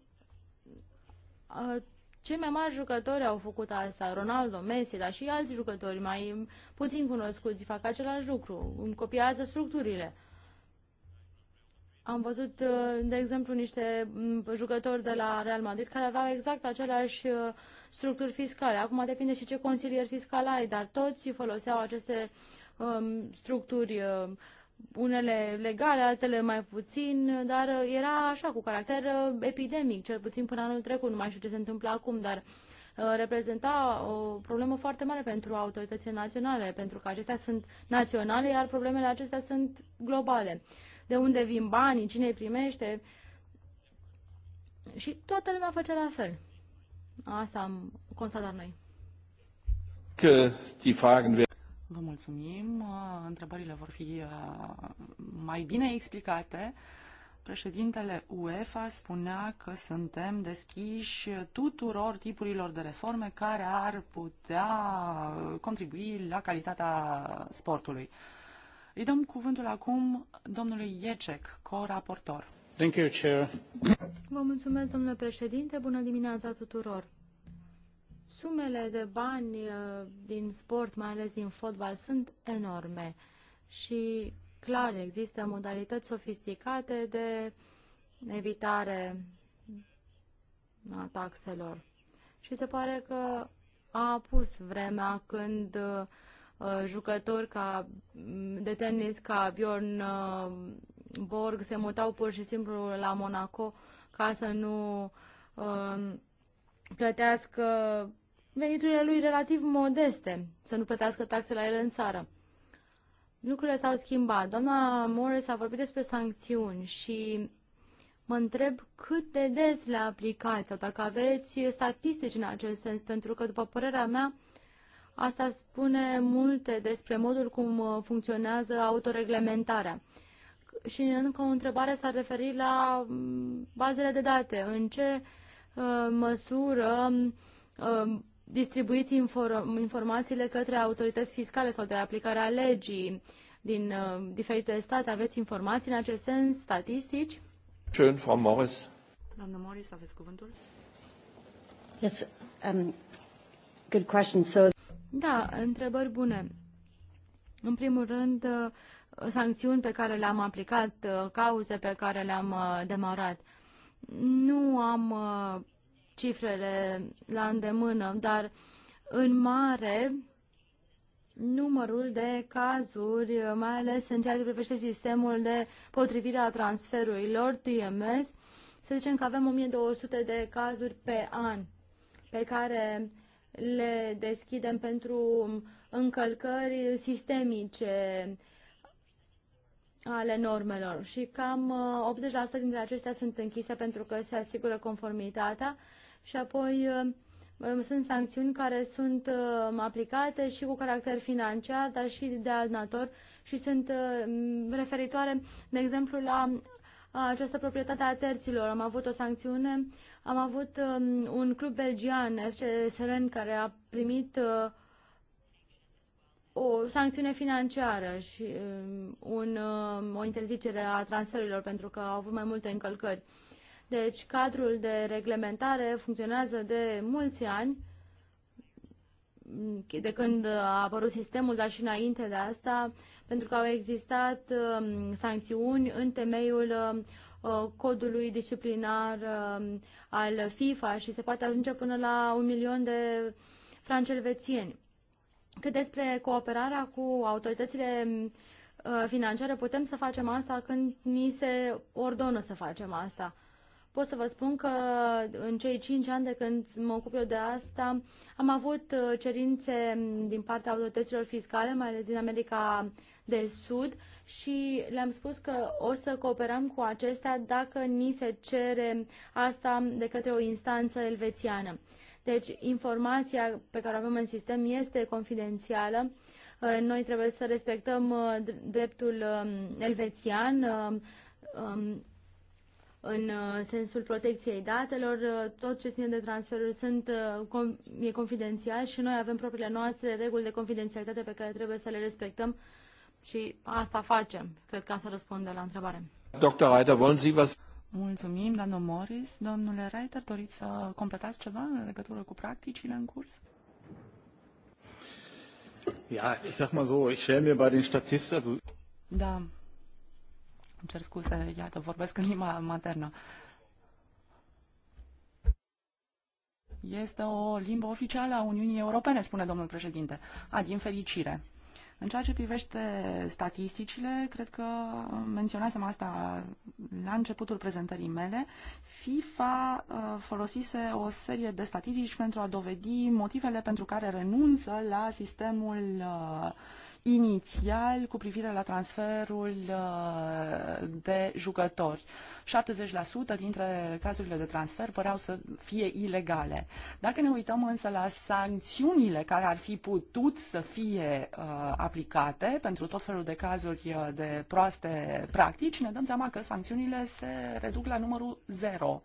cei mai mari jucători au făcut asta, Ronaldo, Messi, dar și alți jucători mai puțin cunoscuți fac același lucru, îmi copiază structurile. Am văzut, uh, de exemplu, niște mm, jucători de la Real Madrid care aveau exact aceleași uh, structuri fiscale. Acum depinde și ce consilier fiscal ai, dar toți foloseau aceste um, structuri uh, unele legale, altele mai puțin, dar era așa, cu caracter uh, epidemic, cel puțin până anul trecut, nu mai știu ce se întâmplă acum, dar uh, reprezenta o problemă foarte mare pentru autoritățile naționale, pentru că acestea sunt naționale, iar problemele acestea sunt globale. De unde vin banii, cine îi primește și toată lumea face la fel. Asta am constatat noi. Că Vă mulțumim. Uh, întrebările vor fi uh, mai bine explicate. Președintele UEFA spunea că suntem deschiși tuturor tipurilor de reforme care ar putea contribui la calitatea sportului. Îi dăm cuvântul acum domnului Iecek, co-raportor. Thank you, Chair. Vă mulțumesc, domnule președinte. Bună dimineața tuturor. Sumele de bani uh, din sport, mai ales din fotbal, sunt enorme și clar există modalități sofisticate de evitare a taxelor. Și se pare că a pus vremea când uh, jucători ca, mm, de tenis ca Bjorn uh, Borg se mutau pur și simplu la Monaco ca să nu uh, plătească veniturile lui relativ modeste, să nu plătească taxe la ele în țară. Lucrurile s-au schimbat. Doamna Morris a vorbit despre sancțiuni și mă întreb cât de des le aplicați sau dacă aveți statistici în acest sens, pentru că, după părerea mea, asta spune multe despre modul cum uh, funcționează autoreglementarea. Și încă o întrebare s-ar referi la mm, bazele de date. În ce uh, Uh, măsură uh, distribuiți informațiile către autorități fiscale sau de aplicare a legii din uh, diferite state. Aveți informații în acest sens, statistici? Schön, Frau Morris. Doamna Morris, aveți cuvântul? Yes, um, good question. So... Da, întrebări bune. În primul rând, sancțiuni pe care le-am aplicat, cauze pe care le-am demarat. Nu am uh, cifrele la îndemână, dar în mare numărul de cazuri, mai ales în ceea ce privește sistemul de potrivire a transferurilor, TMS, să zicem că avem 1200 de cazuri pe an pe care le deschidem pentru încălcări sistemice, ale normelor și cam 80% uh, dintre acestea sunt închise pentru că se asigură conformitatea și apoi uh, um, sunt sancțiuni care sunt uh, aplicate și cu caracter financiar, dar și de alt nator și sunt referitoare, de exemplu, la această proprietate a terților. Am avut o sancțiune, am avut um, un club belgian, FC Seren, care a primit o sancțiune financiară și um, un, um, o interzicere a transferurilor pentru că au avut mai multe încălcări. Deci cadrul de reglementare funcționează de mulți ani, de când a apărut sistemul, dar și înainte de asta, pentru că au existat um, sancțiuni în temeiul uh, codului disciplinar al FIFA și se poate ajunge până la un milion de francelvețieni. Cât despre cooperarea cu autoritățile uh, financiare, putem să facem asta când ni se ordonă să facem asta. Pot să vă spun că în cei 5 ani de când mă ocup eu de asta, am avut uh, cerințe din partea autorităților fiscale, mai ales din America de Sud, și le-am spus că o să cooperăm cu acestea dacă ni se cere asta de către o instanță elvețiană. Deci informația pe care o avem în sistem este confidențială. Uh, noi trebuie să respectăm uh, dreptul um, elvețian uh, um, în sensul protecției datelor. Tot ce ține de transferuri sunt, e confidențial și noi avem propriile noastre reguli de confidențialitate pe care trebuie să le respectăm și asta facem. Cred că asta răspunde la întrebare. Dr. Reiter, wollen Sie was? Mulțumim, doamnă Morris. Domnule Reiter, doriți să completați ceva în legătură cu practicile în curs? Ja, ich sag mal so, ich mir bei den Statisten, also... Da, îmi cer scuze, iată, vorbesc în limba maternă. Este o limbă oficială a Uniunii Europene, spune domnul președinte. A, din fericire. În ceea ce privește statisticile, cred că menționasem asta la începutul prezentării mele, FIFA uh, folosise o serie de statistici pentru a dovedi motivele pentru care renunță la sistemul uh, inițial cu privire la transferul uh, de jucători. 70% dintre cazurile de transfer păreau să fie ilegale. Dacă ne uităm însă la sancțiunile care ar fi putut să fie uh, aplicate pentru tot felul de cazuri uh, de proaste practici, ne dăm seama că sancțiunile se reduc la numărul 0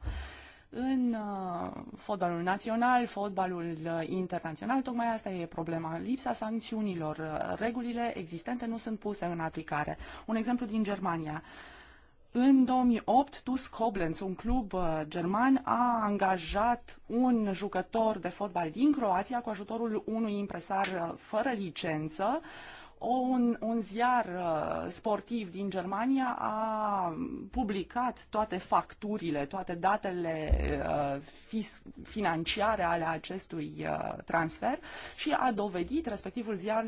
în uh, fotbalul național, fotbalul uh, internațional, tocmai asta e problema, lipsa sancțiunilor. Uh, regulile existente nu sunt puse în aplicare. Un exemplu din Germania. În 2008, TuS Koblenz, un club german, a angajat un jucător de fotbal din Croația cu ajutorul unui impresar fără licență uh, un, un ziar uh, sportiv din Germania a publicat toate facturile, toate datele uh, fis, financiare ale acestui uh, transfer și a dovedit respectivul ziar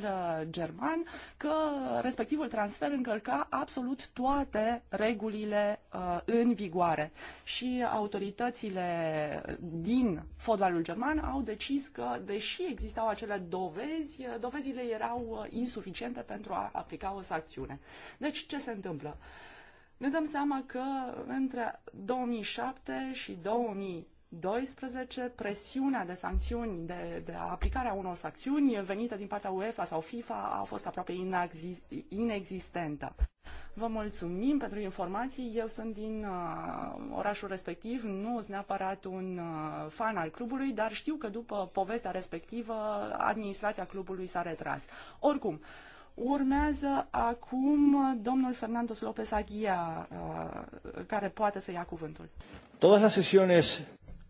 german că respectivul transfer încălca absolut toate regulile în vigoare. Și autoritățile din fotbalul german au decis că, deși existau acele dovezi, dovezile erau insuficiente suficiente pentru a aplica o sancțiune. Deci, ce se întâmplă? Ne dăm seama că între 2007 și 2000 12, presiunea de sancțiuni, de, de aplicarea unor sancțiuni venite din partea UEFA sau FIFA a fost aproape inexistentă. Vă mulțumim pentru informații. Eu sunt din uh, orașul respectiv, nu sunt neapărat un uh, fan al clubului, dar știu că după povestea respectivă, administrația clubului s-a retras. Oricum, uh, Urmează acum domnul Fernando López Aguia, uh, care poate să ia cuvântul. Todas las sesiones...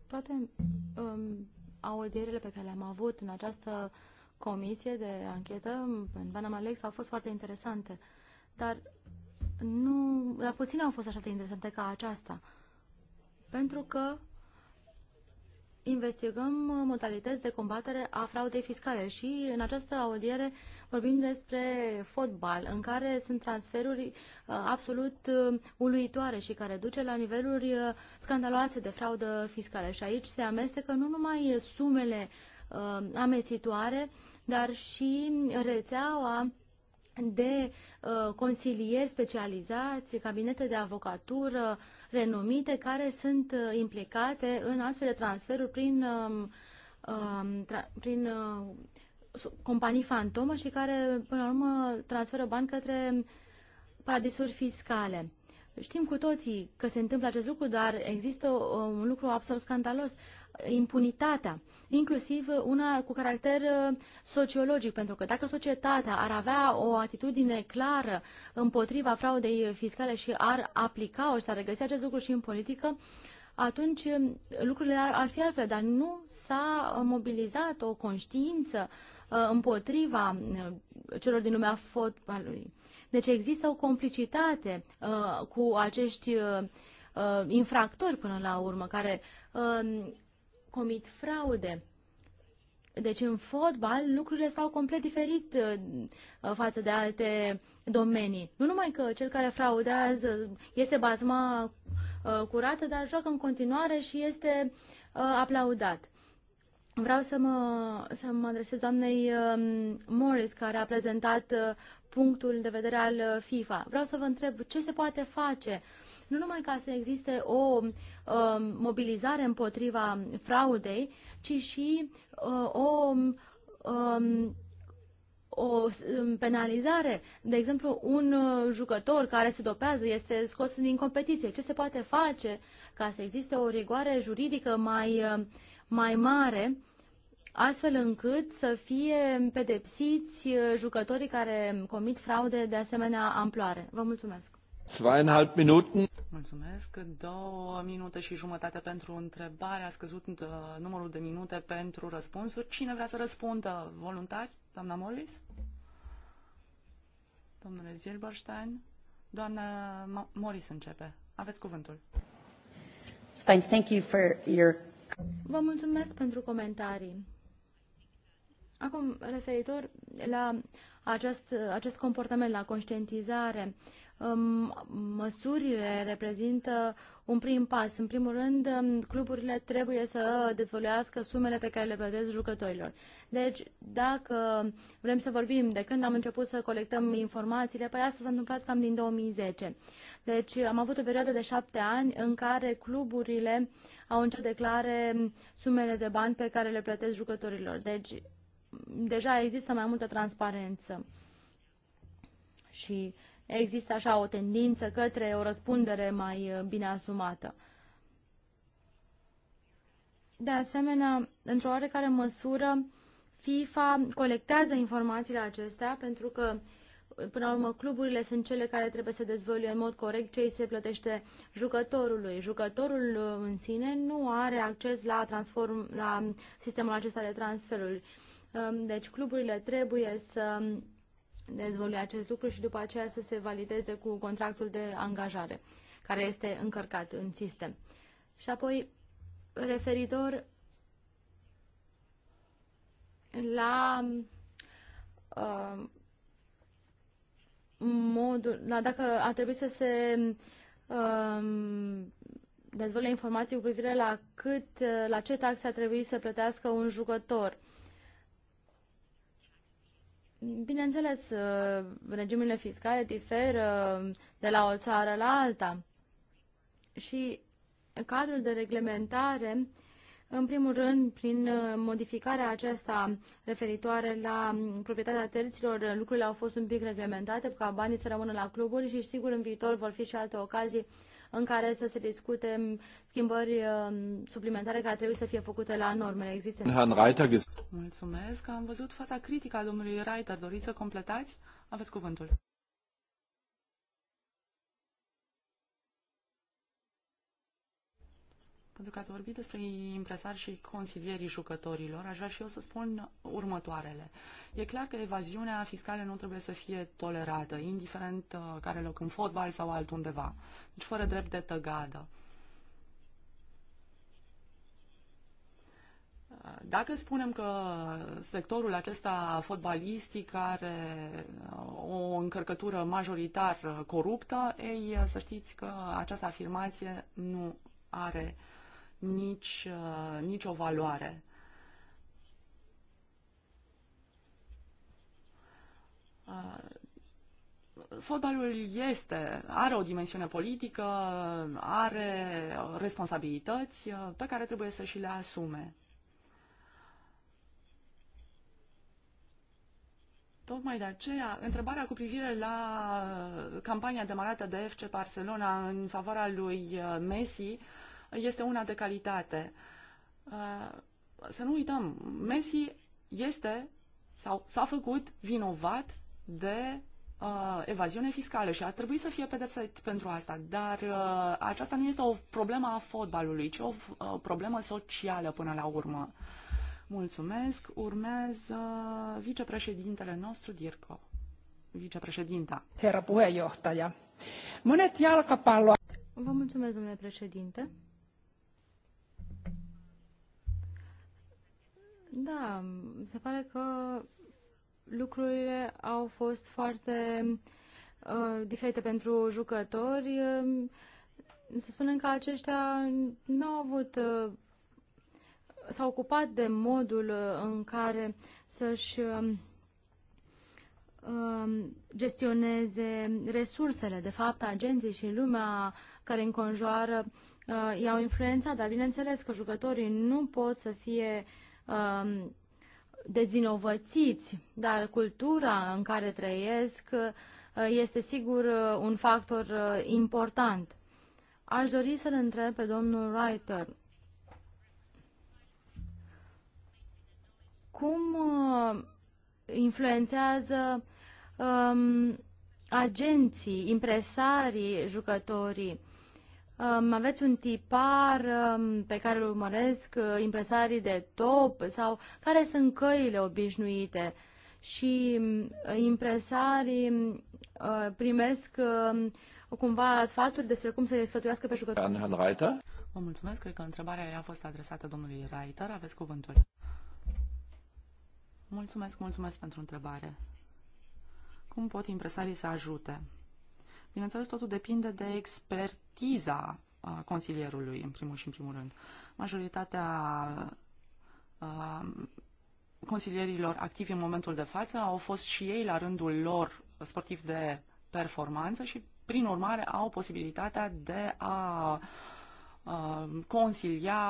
Toate um, audierile pe care le-am avut în această comisie de anchetă în Panama Lex au fost foarte interesante, dar nu, la puține au fost așa de interesante ca aceasta, pentru că investigăm uh, modalități de combatere a fraudei fiscale și în această audiere vorbim despre fotbal, în care sunt transferuri uh, absolut uh, uluitoare și care duce la niveluri scandaloase de fraudă fiscală. Și aici se amestecă nu numai sumele amețitoare, dar și rețeaua de consilieri specializați, cabinete de avocatură, renumite care sunt uh, implicate în astfel de transferuri prin, um, um, prin uh, companii fantomă și care, până la urmă, transferă bani către paradisuri fiscale. Știm cu toții că se întâmplă acest lucru, dar există uh, un lucru absolut scandalos impunitatea, inclusiv una cu caracter uh, sociologic, pentru că dacă societatea ar avea o atitudine clară împotriva fraudei fiscale și ar aplica-o și s-ar regăsi acest lucru și în politică, atunci uh, lucrurile ar, ar fi altfel, dar nu s-a uh, mobilizat o conștiință împotriva celor din lumea fotbalului. Deci există o complicitate uh, cu acești uh, infractori până la urmă, care comit fraude. Deci în fotbal lucrurile stau complet diferit uh, uh, față de alte domenii. Nu numai că cel care fraudează iese bazma uh, curată, dar joacă în continuare și este aplaudat. Vreau să mă, să mă adresez doamnei um, Morris, care a prezentat punctul de vedere al FIFA. Vreau să vă întreb ce se poate face uh, nu numai ca să existe o uh, mobilizare împotriva fraudei, ci și uh, o um, o um, penalizare. De exemplu, un uh, jucător care se dopează este scos din competiție. Ce se poate face ca să existe o rigoare juridică mai, uh, mai mare, astfel încât să fie pedepsiți uh, jucătorii care comit fraude de asemenea amploare? Vă mulțumesc! Zweieinhalb Mulțumesc. Două minute și jumătate pentru întrebare. A scăzut uh, numărul de minute pentru răspunsuri. Cine vrea să răspundă? Voluntari? Doamna Morris? Domnule Zilberstein? Doamna Morris începe. Aveți cuvântul. thank you for your... Vă mulțumesc pentru comentarii. Acum, referitor la acest, acest comportament, la conștientizare, uh, măsurile reprezintă un prim pas. În primul rând, cluburile trebuie să dezvoluiască sumele pe care le plătesc jucătorilor. Deci, dacă vrem să vorbim de când am început să colectăm informațiile, păi asta s-a întâmplat cam din 2010. Deci am avut o perioadă de șapte ani în care cluburile au început declare sumele de bani pe care le plătesc jucătorilor. Deci, deja există mai multă transparență. Și există așa o tendință către o răspundere mai uh, bine asumată. De asemenea, într-o oarecare măsură, FIFA colectează informațiile acestea pentru că Până la urmă, cluburile sunt cele care trebuie să dezvăluie în mod corect ce îi se plătește jucătorului. Jucătorul uh, în sine nu are acces la, transform, la sistemul acesta de transferuri. Um, deci cluburile trebuie să dezvolui acest lucru și după aceea să se valideze cu contractul de angajare care este încărcat în sistem. Și apoi, referitor la uh, modul, la dacă ar trebui să se uh, dezvolte informații cu privire la cât, la ce taxe ar trebui să plătească un jucător. Bineînțeles, uh, regimurile fiscale diferă de la o țară la alta și cadrul de reglementare, în primul rând, prin uh, modificarea aceasta referitoare la proprietatea terților, lucrurile au fost un pic reglementate ca banii să rămână la cluburi și sigur în viitor vor fi și alte ocazii în care să se discute um, schimbări um, suplimentare care trebuie să fie făcute la normele existente. Mulțumesc. Am văzut fața critică a domnului Reiter. Doriți să completați? Aveți cuvântul. pentru că ați vorbit despre impresari și consilierii jucătorilor, aș vrea și eu să spun următoarele. E clar că evaziunea fiscală nu trebuie să fie tolerată, indiferent uh, care loc în fotbal sau altundeva, deci fără drept de tăgadă. Uh, dacă spunem că sectorul acesta fotbalistic are uh, o încărcătură majoritar coruptă, ei să știți că această afirmație nu are uh, nici, uh, nici o valoare. Uh, fotbalul este, are o dimensiune politică, are responsabilități uh, pe care trebuie să și le asume. Tocmai de aceea, întrebarea cu privire la campania demarată de FC Barcelona în favoarea lui Messi este una de calitate. Uh, să nu uităm, Messi este sau s-a făcut vinovat de uh, evaziune fiscală și a trebuit să fie pedepsit pentru asta. Dar uh, aceasta nu este o problemă a fotbalului, ci o uh, problemă socială până la urmă. Mulțumesc. Urmează vicepreședintele nostru, Dirco. Vicepreședinta. Herra puheenjohtaja. Monet jalkapallo... Vă mulțumesc, domnule președinte. Da, se pare că lucrurile au fost foarte uh, diferite pentru jucători. Um, să spunem că aceștia nu au avut uh, s-au ocupat de modul uh, în care să-și um, um, gestioneze resursele. De fapt, agenții și lumea care înconjoară uh, i-au influențat, dar bineînțeles că jucătorii nu pot să fie uh, um, dezvinovățiți, dar cultura în care trăiesc uh, este sigur uh, un factor uh, important. Aș dori să-l întreb pe domnul Reiter cum influențează um, agenții, impresarii, jucătorii Um, aveți un tipar um, pe care îl urmăresc uh, impresarii de top sau care sunt căile obișnuite și uh, impresarii um, uh, primesc uh, cumva sfaturi despre cum să-i sfătuiască pe jucători. Herrn Reiter. Vă mulțumesc, cred că întrebarea a fost adresată domnului Reiter. Aveți cuvântul. Mulțumesc, mulțumesc pentru întrebare. Cum pot impresarii să ajute? Bineînțeles, totul depinde de expertiza consilierului, în primul și în primul rând. Majoritatea consilierilor activi în momentul de față au fost și ei la rândul lor sportiv de performanță și, prin urmare, au posibilitatea de a consilia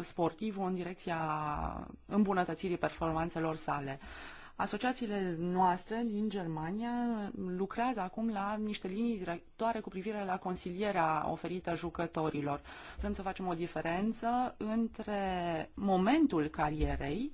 sportivul în direcția îmbunătățirii performanțelor sale. Uh, Asociațiile noastre din Germania lucrează acum la niște linii directoare cu privire la consilierea oferită jucătorilor. Vrem să facem o diferență între momentul carierei,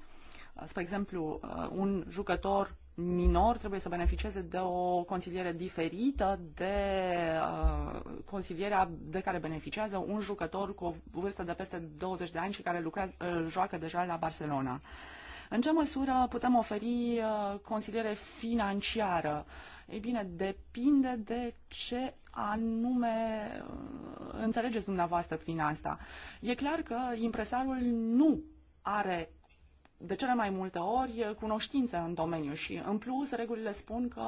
spre exemplu, uh, un jucător minor trebuie să beneficieze de o consiliere diferită de uh, consilierea de care beneficiază un jucător cu o vârstă de peste 20 de ani și care lucrează, uh, joacă deja la Barcelona. Uh, în ce măsură putem oferi uh, consiliere financiară? Ei bine, depinde de ce anume uh, înțelegeți dumneavoastră prin asta. E clar că impresarul nu are de cele mai multe ori cunoștință în domeniu și, în plus, regulile spun că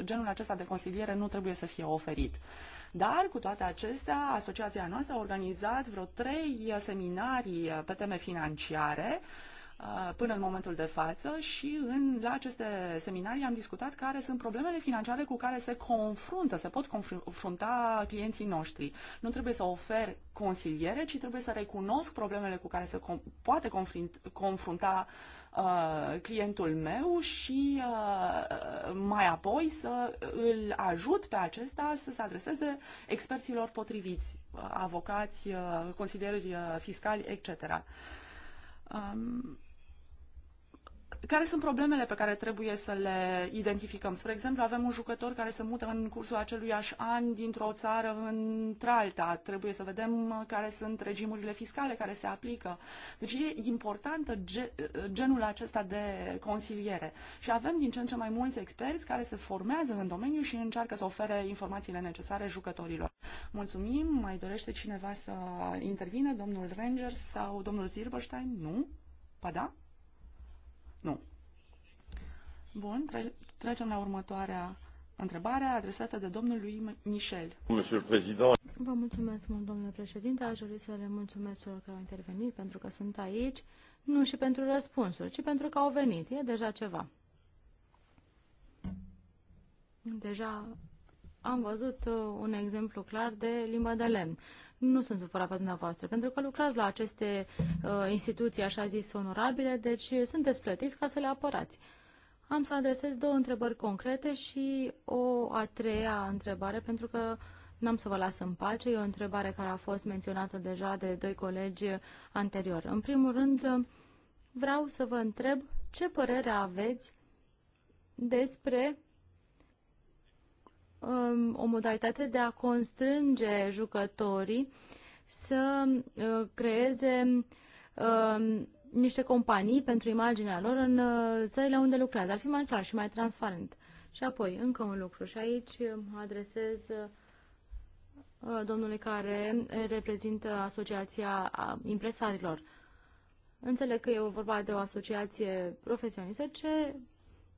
genul acesta de consiliere nu trebuie să fie oferit. Dar, cu toate acestea, asociația noastră a organizat vreo trei seminarii pe teme financiare uh, Uh, până în momentul de față și în, la aceste seminarii am discutat care sunt problemele financiare cu care se confruntă, se pot confrunta clienții noștri. Nu trebuie să ofer consiliere, ci trebuie să recunosc problemele cu care se com- poate confrunta uh, clientul meu și uh, mai apoi să îl ajut pe acesta să se adreseze experților potriviți, uh, avocați, uh, consilieri fiscali, etc. Um, care sunt problemele pe care trebuie să le identificăm? Spre exemplu, avem un jucător care se mută în cursul aceluiași an dintr-o țară într-alta. Trebuie să vedem care sunt regimurile fiscale care se aplică. Deci e importantă genul acesta de consiliere. Și avem din ce în ce mai mulți experți care se formează în domeniu și încearcă să ofere informațiile necesare jucătorilor. Mulțumim. Mai dorește cineva să intervine? Domnul Rangers sau domnul Zirbăștein? Nu? Pa da? Nu. Bun, tre- trecem la următoarea întrebare adresată de domnul lui Michel. Vă mulțumesc mult, domnule președinte. Aș dori să le mulțumesc celor care au intervenit pentru că sunt aici, nu și pentru răspunsuri, ci pentru că au venit. E deja ceva. Deja am văzut uh, un exemplu clar de limba de lemn nu sunt supărat pe dumneavoastră, pentru că lucrați la aceste uh, instituții, așa zis, onorabile, deci sunteți plătiți ca să le apărați. Am să adresez două întrebări concrete și o a treia întrebare, pentru că n-am să vă las în pace. E o întrebare care a fost menționată deja de doi colegi anterior. În primul rând, vreau să vă întreb ce părere aveți despre Um, o modalitate de a constrânge jucătorii să uh, creeze um, niște companii pentru imaginea lor în uh, țările unde lucrează. Ar fi mai clar și mai transparent. Și apoi, încă un lucru. Și aici adresez uh, domnului care reprezintă Asociația Impresarilor. Înțeleg că e vorba de o asociație profesionistă ce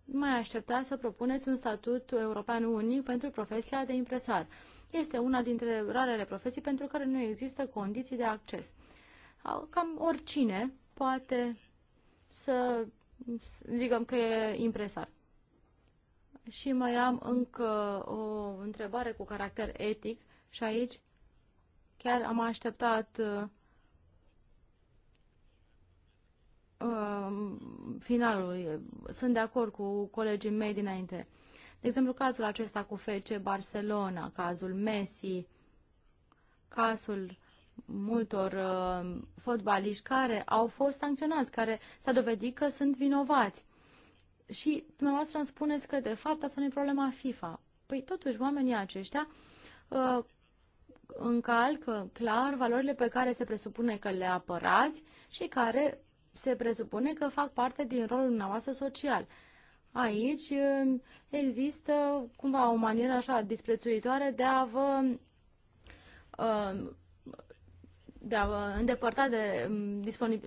mai aștepta să propuneți un statut european unic pentru profesia de impresar. Este una dintre rarele profesii pentru care nu există condiții de acces. Cam oricine poate să zicem că e impresar. Și mai am încă o întrebare cu caracter etic și aici chiar am așteptat uh, Um, finalului. Sunt de acord cu colegii mei dinainte. De exemplu, cazul acesta cu FC Barcelona, cazul Messi, cazul multor uh, fotbaliști care au fost sancționați, care s-a dovedit că sunt vinovați. Și dumneavoastră îmi spuneți că, de fapt, asta nu e problema FIFA. Păi, totuși, oamenii aceștia uh, încalcă clar valorile pe care se presupune că le apărați și care se presupune că fac parte din rolul dumneavoastră social. Aici um, există cumva o manieră așa disprețuitoare de a vă um, de a vă îndepărta de, um,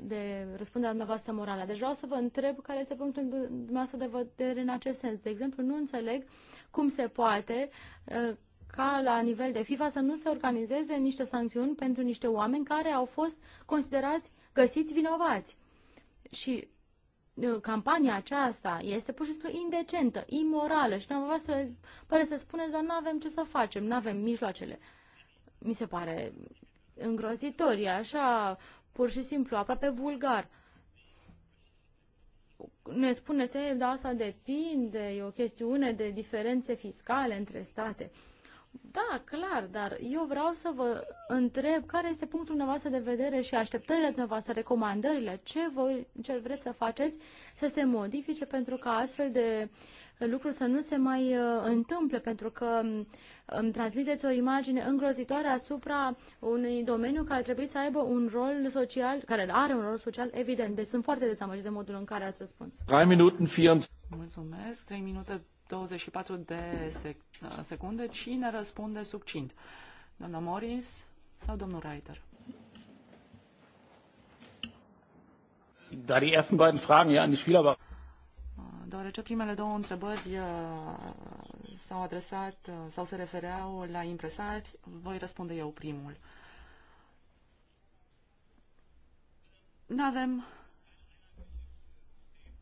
de răspunderea dumneavoastră morală. Deci vreau să vă întreb care este punctul dumneavoastră de vedere în acest sens. De exemplu, nu înțeleg cum se poate uh, ca la nivel de FIFA să nu se organizeze niște sancțiuni pentru niște oameni care au fost considerați găsiți vinovați. Și campania aceasta este pur și simplu indecentă, imorală și dumneavoastră pare să spuneți, dar nu avem ce să facem, nu avem mijloacele. Mi se pare îngrozitor, e așa, pur și simplu, aproape vulgar. Ne spuneți, dar asta depinde, e o chestiune de diferențe fiscale între state. Uh, da, clar, dar eu vreau să vă întreb care este punctul dumneavoastră de vedere și așteptările dumneavoastră, recomandările, ce, voi, ce vreți să faceți să se modifice pentru ca astfel de lucruri să nu se mai uh, întâmple, pentru că um, îmi transmiteți o imagine îngrozitoare asupra unui domeniu care trebuie să aibă un rol social, care are un rol social evident. Deci sunt foarte dezamăgit de modul în care ați răspuns. 3 minute 4. Mulțumesc. 3 minute 24 de sec- secunde. Cine răspunde succint? Doamna Morris sau domnul Reiter? Da die ersten beiden Fragen ja an die Spieler Deoarece primele două întrebări uh, s-au adresat uh, sau se refereau la impresari, voi răspunde eu primul. Nu avem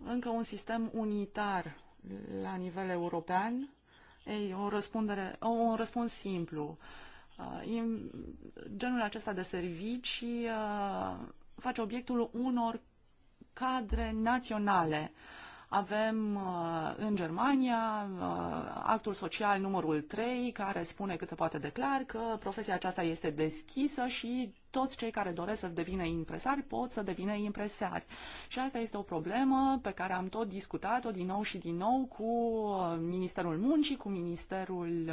încă un sistem unitar la nivel european? Ei, o răspundere, un răspuns simplu. Uh, genul acesta de servicii uh, face obiectul unor cadre naționale. Uh, avem uh, în Germania uh, actul social numărul 3 care spune cât se poate clar că profesia aceasta este deschisă și toți cei care doresc să devină impresari pot să devină impresari. Și asta este o problemă pe care am tot discutat-o din nou și din nou cu uh, Ministerul Muncii, cu Ministerul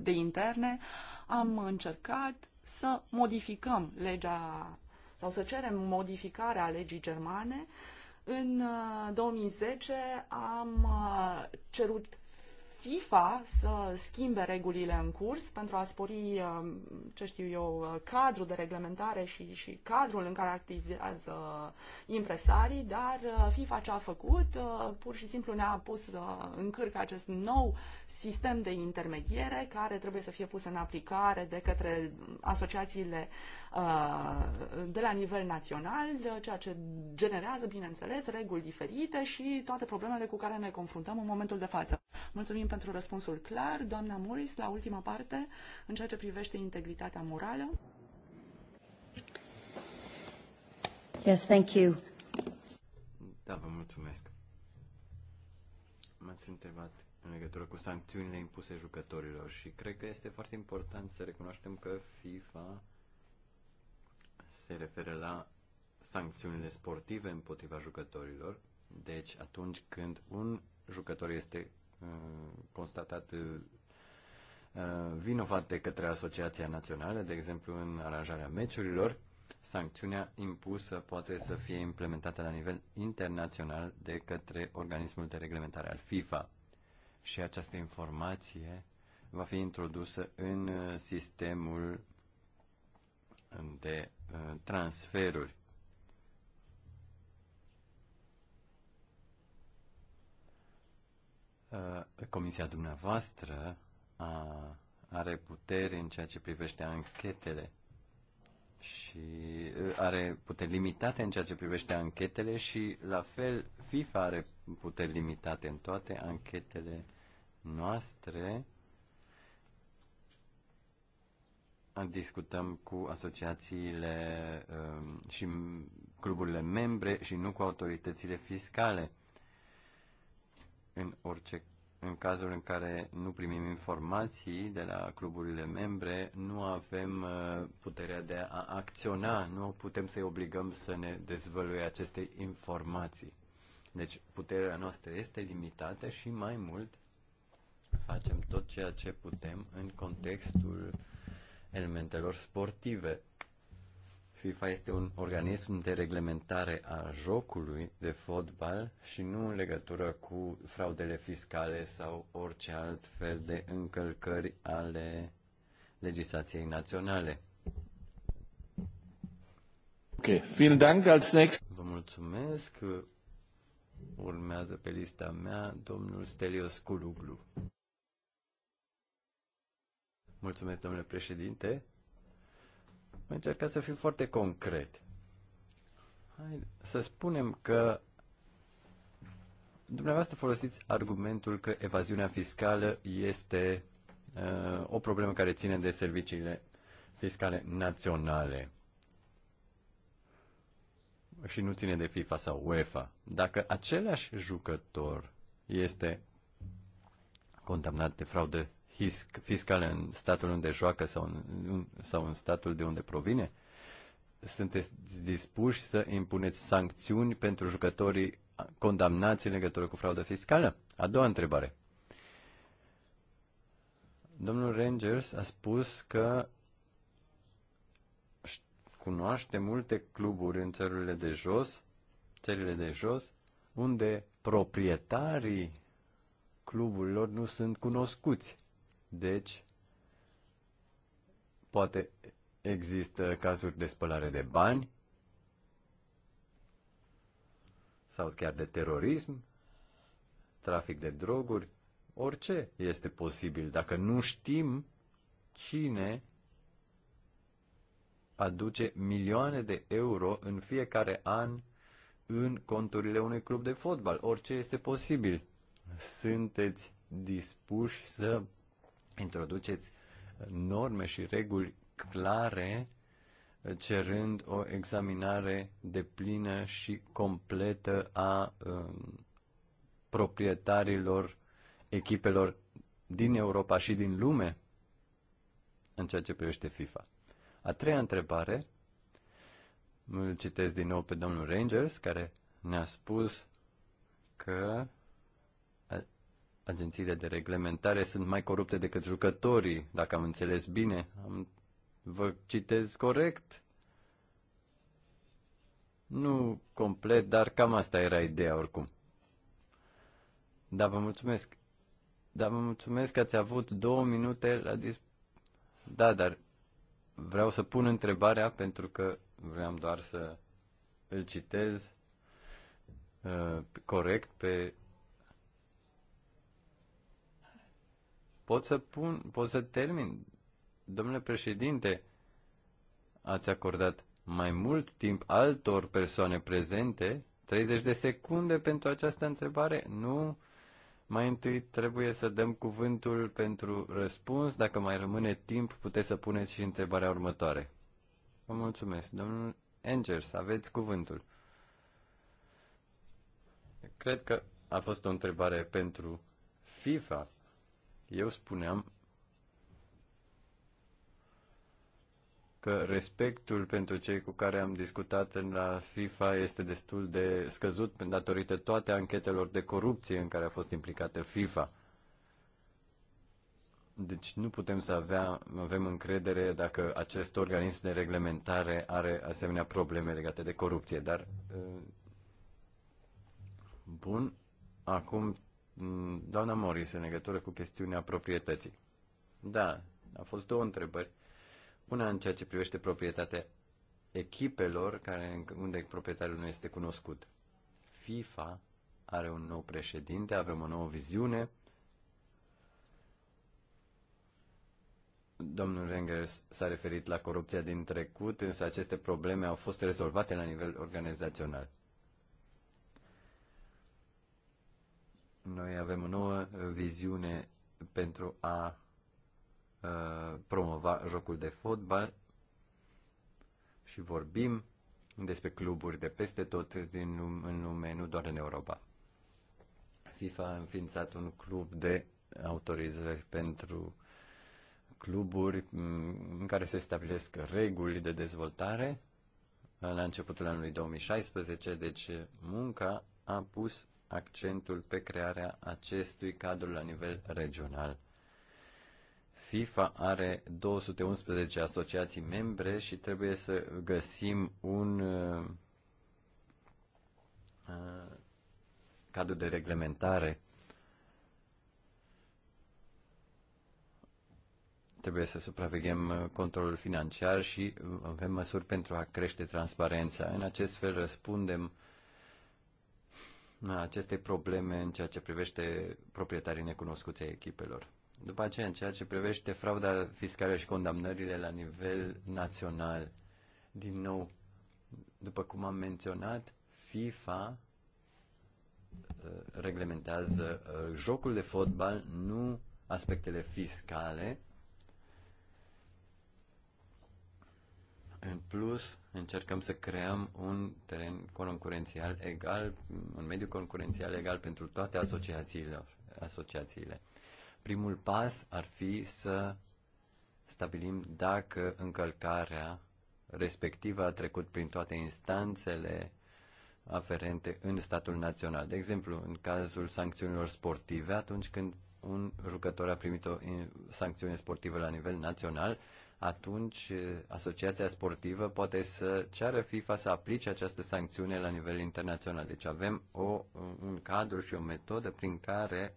de Interne. Am încercat să modificăm legea sau să cerem modificarea legii germane în 2010 uh, am uh, cerut FIFA să schimbe regulile în curs pentru a spori, uh, ce știu eu, cadrul de reglementare și, și cadrul în care activează impresarii, dar FIFA ce a făcut? Pur și simplu ne-a pus în cârcă acest nou sistem de intermediere care trebuie să fie pus în aplicare de către asociațiile uh, Uh, de la nivel național, ceea ce generează, bineînțeles, reguli diferite și toate problemele cu care ne confruntăm în momentul de față. Mulțumim pentru răspunsul clar. Doamna Morris, la ultima parte, în ceea ce privește integritatea morală. Yes, thank you. Da, vă mulțumesc. M-ați întrebat în legătură cu sancțiunile impuse jucătorilor și cred că este foarte important să recunoaștem că FIFA se referă la sancțiunile sportive împotriva jucătorilor. Deci atunci când un jucător este uh, constatat uh, uh, vinovat de către Asociația Națională, de exemplu în aranjarea meciurilor, sancțiunea impusă poate să fie implementată la nivel internațional de către organismul de reglementare al FIFA. Și această informație va fi introdusă în sistemul de uh, transferuri. Uh, comisia dumneavoastră a, are putere în ceea ce privește anchetele și uh, are puteri limitate în ceea ce privește anchetele și la fel FIFA are puteri limitate în toate anchetele noastre discutăm cu asociațiile um, și cluburile membre și nu cu autoritățile fiscale. În orice în cazul în care nu primim informații de la cluburile membre, nu avem uh, puterea de a acționa, nu putem să-i obligăm să ne dezvăluie aceste informații. Deci puterea noastră este limitată și mai mult facem tot ceea ce putem în contextul elementelor sportive. FIFA este un organism de reglementare a jocului de fotbal și nu în legătură cu fraudele fiscale sau orice alt fel de încălcări ale legislației naționale. Ok, vielen Dank als next. Vă mulțumesc. Urmează pe lista mea domnul Stelios Culuglu. Mulțumesc, domnule președinte. Am încercat să fiu foarte concret. Hai să spunem că dumneavoastră folosiți argumentul că evaziunea fiscală este uh, o problemă care ține de serviciile fiscale naționale și nu ține de FIFA sau UEFA. Dacă același jucător este condamnat de fraudă fisc, fiscale în statul unde joacă sau în, sau în statul de unde provine? Sunteți dispuși să impuneți sancțiuni pentru jucătorii condamnați în legătură cu fraudă fiscală? A doua întrebare. Domnul Rangers a spus că cunoaște multe cluburi în țările de jos, țările de jos, unde proprietarii cluburilor nu sunt cunoscuți. Deci, poate există cazuri de spălare de bani sau chiar de terorism, trafic de droguri, orice este posibil dacă nu știm cine aduce milioane de euro în fiecare an în conturile unui club de fotbal. Orice este posibil. Sunteți dispuși să introduceți norme și reguli clare uh, cerând o examinare deplină și completă a um, proprietarilor echipelor din Europa și din lume în ceea ce privește FIFA. A treia întrebare, îl citesc din nou pe domnul Rangers, care ne-a spus că agențiile de reglementare sunt mai corupte decât jucătorii, dacă am înțeles bine. Am, vă citez corect? Nu complet, dar cam asta era ideea oricum. Da, vă mulțumesc. Da, vă mulțumesc că ați avut două minute la dis... Da, dar vreau să pun întrebarea pentru că vreau doar să îl citez uh, corect pe Pot să pun, pot să termin. Domnule președinte, ați acordat mai mult timp altor persoane prezente, 30 de secunde pentru această întrebare? Nu. Mai întâi trebuie să dăm cuvântul pentru răspuns. Dacă mai rămâne timp, puteți să puneți și întrebarea următoare. Vă mulțumesc. Domnul Engers, aveți cuvântul. Cred că a fost o întrebare pentru FIFA. Eu spuneam că respectul pentru cei cu care am discutat în la FIFA este destul de scăzut datorită toate anchetelor de corupție în care a fost implicată FIFA. Deci nu putem să avea, avem încredere dacă acest organism de reglementare are asemenea probleme legate de corupție. Dar, uh, bun, acum Mm, doamna Morris în legătură cu chestiunea proprietății. Da, a fost două întrebări. Una în ceea ce privește proprietatea echipelor care, unde proprietarul nu este cunoscut. FIFA are un nou președinte, avem o nouă viziune. Domnul Renger s-a referit la corupția din trecut, însă aceste probleme au fost rezolvate la nivel organizațional. Noi avem o nouă uh, viziune pentru a uh, promova jocul de fotbal și vorbim despre cluburi de peste tot din lume, în lume, nu doar în Europa. FIFA a înființat un club de autorizări pentru cluburi mm, în care se stabilesc reguli de dezvoltare la începutul anului 2016, deci munca a pus accentul pe crearea acestui cadru la nivel regional. FIFA are 211 asociații membre și trebuie să găsim un uh, uh cadru de reglementare. Trebuie să supraveghem uh, controlul financiar și avem măsuri pentru a crește transparența. În acest fel răspundem acestei probleme în ceea ce privește proprietarii necunoscuți ai echipelor. După aceea, în ceea ce privește frauda fiscală și condamnările la nivel național, din nou, după cum am menționat, FIFA uh, reglementează uh, jocul de fotbal, nu aspectele fiscale, În plus, încercăm să creăm un teren concurențial egal, un mediu concurențial egal pentru toate asociațiile. asociațiile. Primul pas ar fi să stabilim dacă încălcarea respectivă a trecut prin toate instanțele aferente în statul național. De exemplu, în cazul sancțiunilor sportive, atunci când un jucător a primit o sancțiune sportivă la nivel național, atunci eh, asociația sportivă poate să ceară FIFA să aplice această sancțiune la nivel internațional. Deci avem o, un cadru și o metodă prin care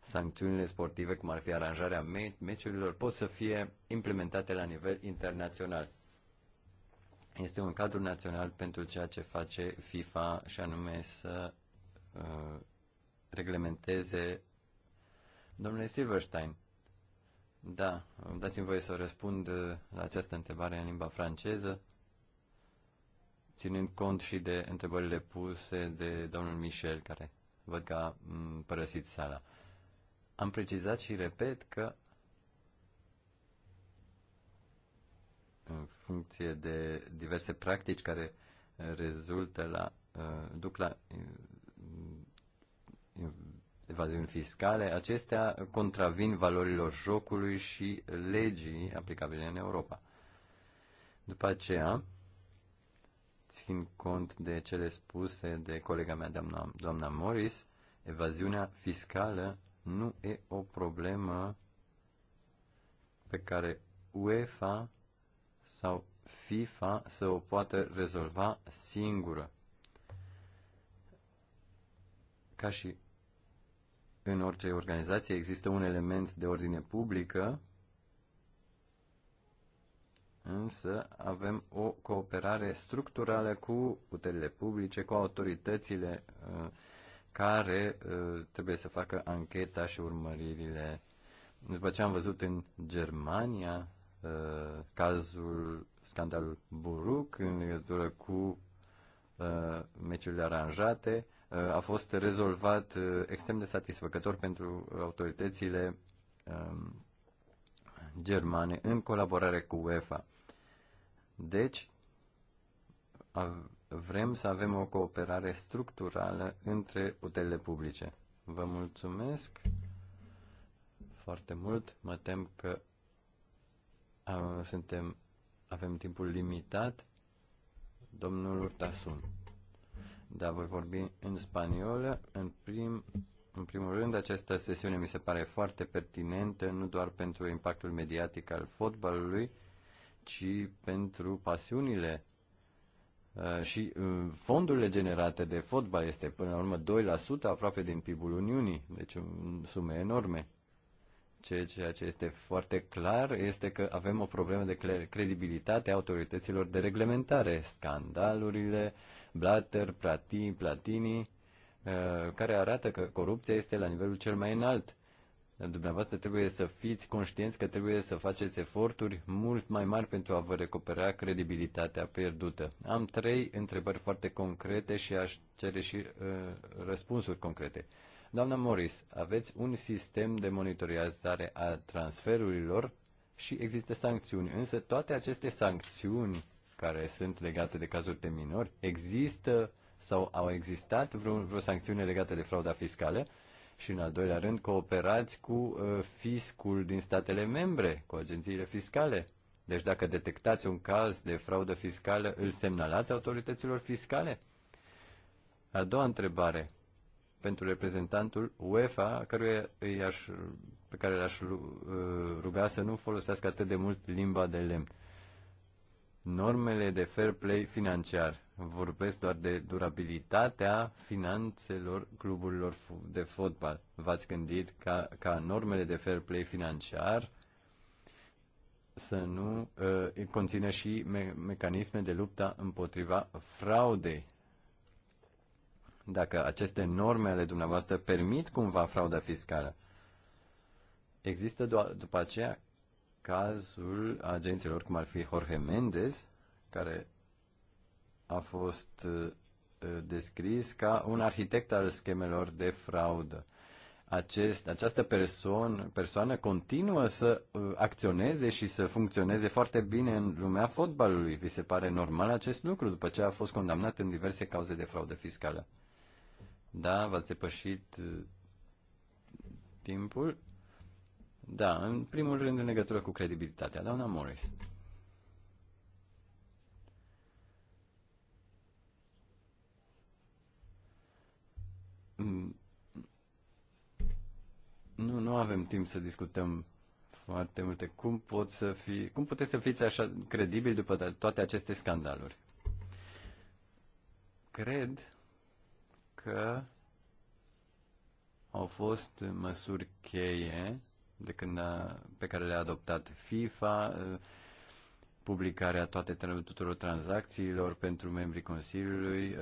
sancțiunile sportive, cum ar fi aranjarea meciurilor, pot să fie implementate la nivel internațional. Este un cadru național pentru ceea ce face FIFA și anume să uh, reglementeze domnule Silverstein. Da, dați-mi voie să răspund uh, la această întrebare în limba franceză, ținând cont și de întrebările puse de domnul Michel, care văd că a părăsit sala. Am precizat și repet că în funcție de diverse practici care uh, rezultă la, uh, duc la evaziuni fiscale, acestea contravin valorilor jocului și legii aplicabile în Europa. După aceea, țin cont de cele spuse de colega mea, doamna, doamna Morris, evaziunea fiscală nu e o problemă pe care UEFA sau FIFA să o poată rezolva singură. Ca și în orice organizație există un element de ordine publică, însă avem o cooperare structurală cu puterile publice, cu autoritățile uh, care uh, trebuie să facă ancheta și urmăririle. După ce am văzut în Germania uh, cazul, scandalul Buruc în legătură cu meciurile aranjate, a fost rezolvat uh, extrem de satisfăcător pentru autoritățile um, germane în colaborare cu UEFA. Deci, vrem să avem o cooperare structurală între puterile publice. Vă mulțumesc foarte mult. Mă tem că suntem, avem timpul limitat. Domnul Urtasun. Da, voi vorbi în spaniolă. În, prim, în primul rând, această sesiune mi se pare foarte pertinentă, nu doar pentru impactul mediatic al fotbalului, ci pentru pasiunile uh, și uh, fondurile generate de fotbal este până la urmă 2% aproape din PIB-ul Uniunii, deci sume enorme. Ceea ce este foarte clar este că avem o problemă de credibilitate a autorităților de reglementare. Scandalurile, uh, Blatter, Platini, Platini, uh, care arată că corupția este la nivelul cel mai înalt. Dumneavoastră trebuie să fiți conștienți că trebuie să faceți eforturi mult mai mari pentru a vă recupera credibilitatea pierdută. Am trei întrebări foarte concrete și aș cere și uh, răspunsuri concrete. Doamna Morris, aveți un sistem de monitorizare a transferurilor și există sancțiuni, însă toate aceste sancțiuni care sunt legate de cazuri de minori, există sau au existat vreo, vreo sancțiune legată de frauda fiscală? Și în al doilea rând, cooperați cu uh, fiscul din statele membre, cu agențiile fiscale. Deci dacă detectați un caz de fraudă fiscală, îl semnalați autorităților fiscale? A doua întrebare pentru reprezentantul UEFA, pe care l-aș uh, ruga să nu folosească atât de mult limba de lemn normele de fair play financiar. Vorbesc doar de durabilitatea finanțelor cluburilor de fotbal. V-ați gândit ca, ca normele de fair play financiar să nu uh, conțină și me- mecanisme de lupta împotriva fraudei. Dacă aceste norme ale dumneavoastră permit cumva frauda fiscală, există do- după aceea cazul agenților cum ar fi Jorge Mendez, care a fost eh, descris ca un arhitect al schemelor de fraudă. Acest, această persoană, persoană continuă să eh, acționeze și să funcționeze foarte bine în lumea fotbalului. Vi se pare normal acest lucru după ce a fost condamnat în diverse cauze de fraudă fiscală? Da, v-ați depășit eh, timpul. Da, în primul rând în legătură cu credibilitatea. Doamna Morris. Mm. Nu, nu avem timp să discutăm foarte multe. Cum, pot să fi, cum puteți să fiți așa credibili după toate aceste scandaluri? Cred că au fost măsuri cheie de când a, pe care le-a adoptat FIFA, publicarea toate, tuturor tranzacțiilor pentru membrii Consiliului,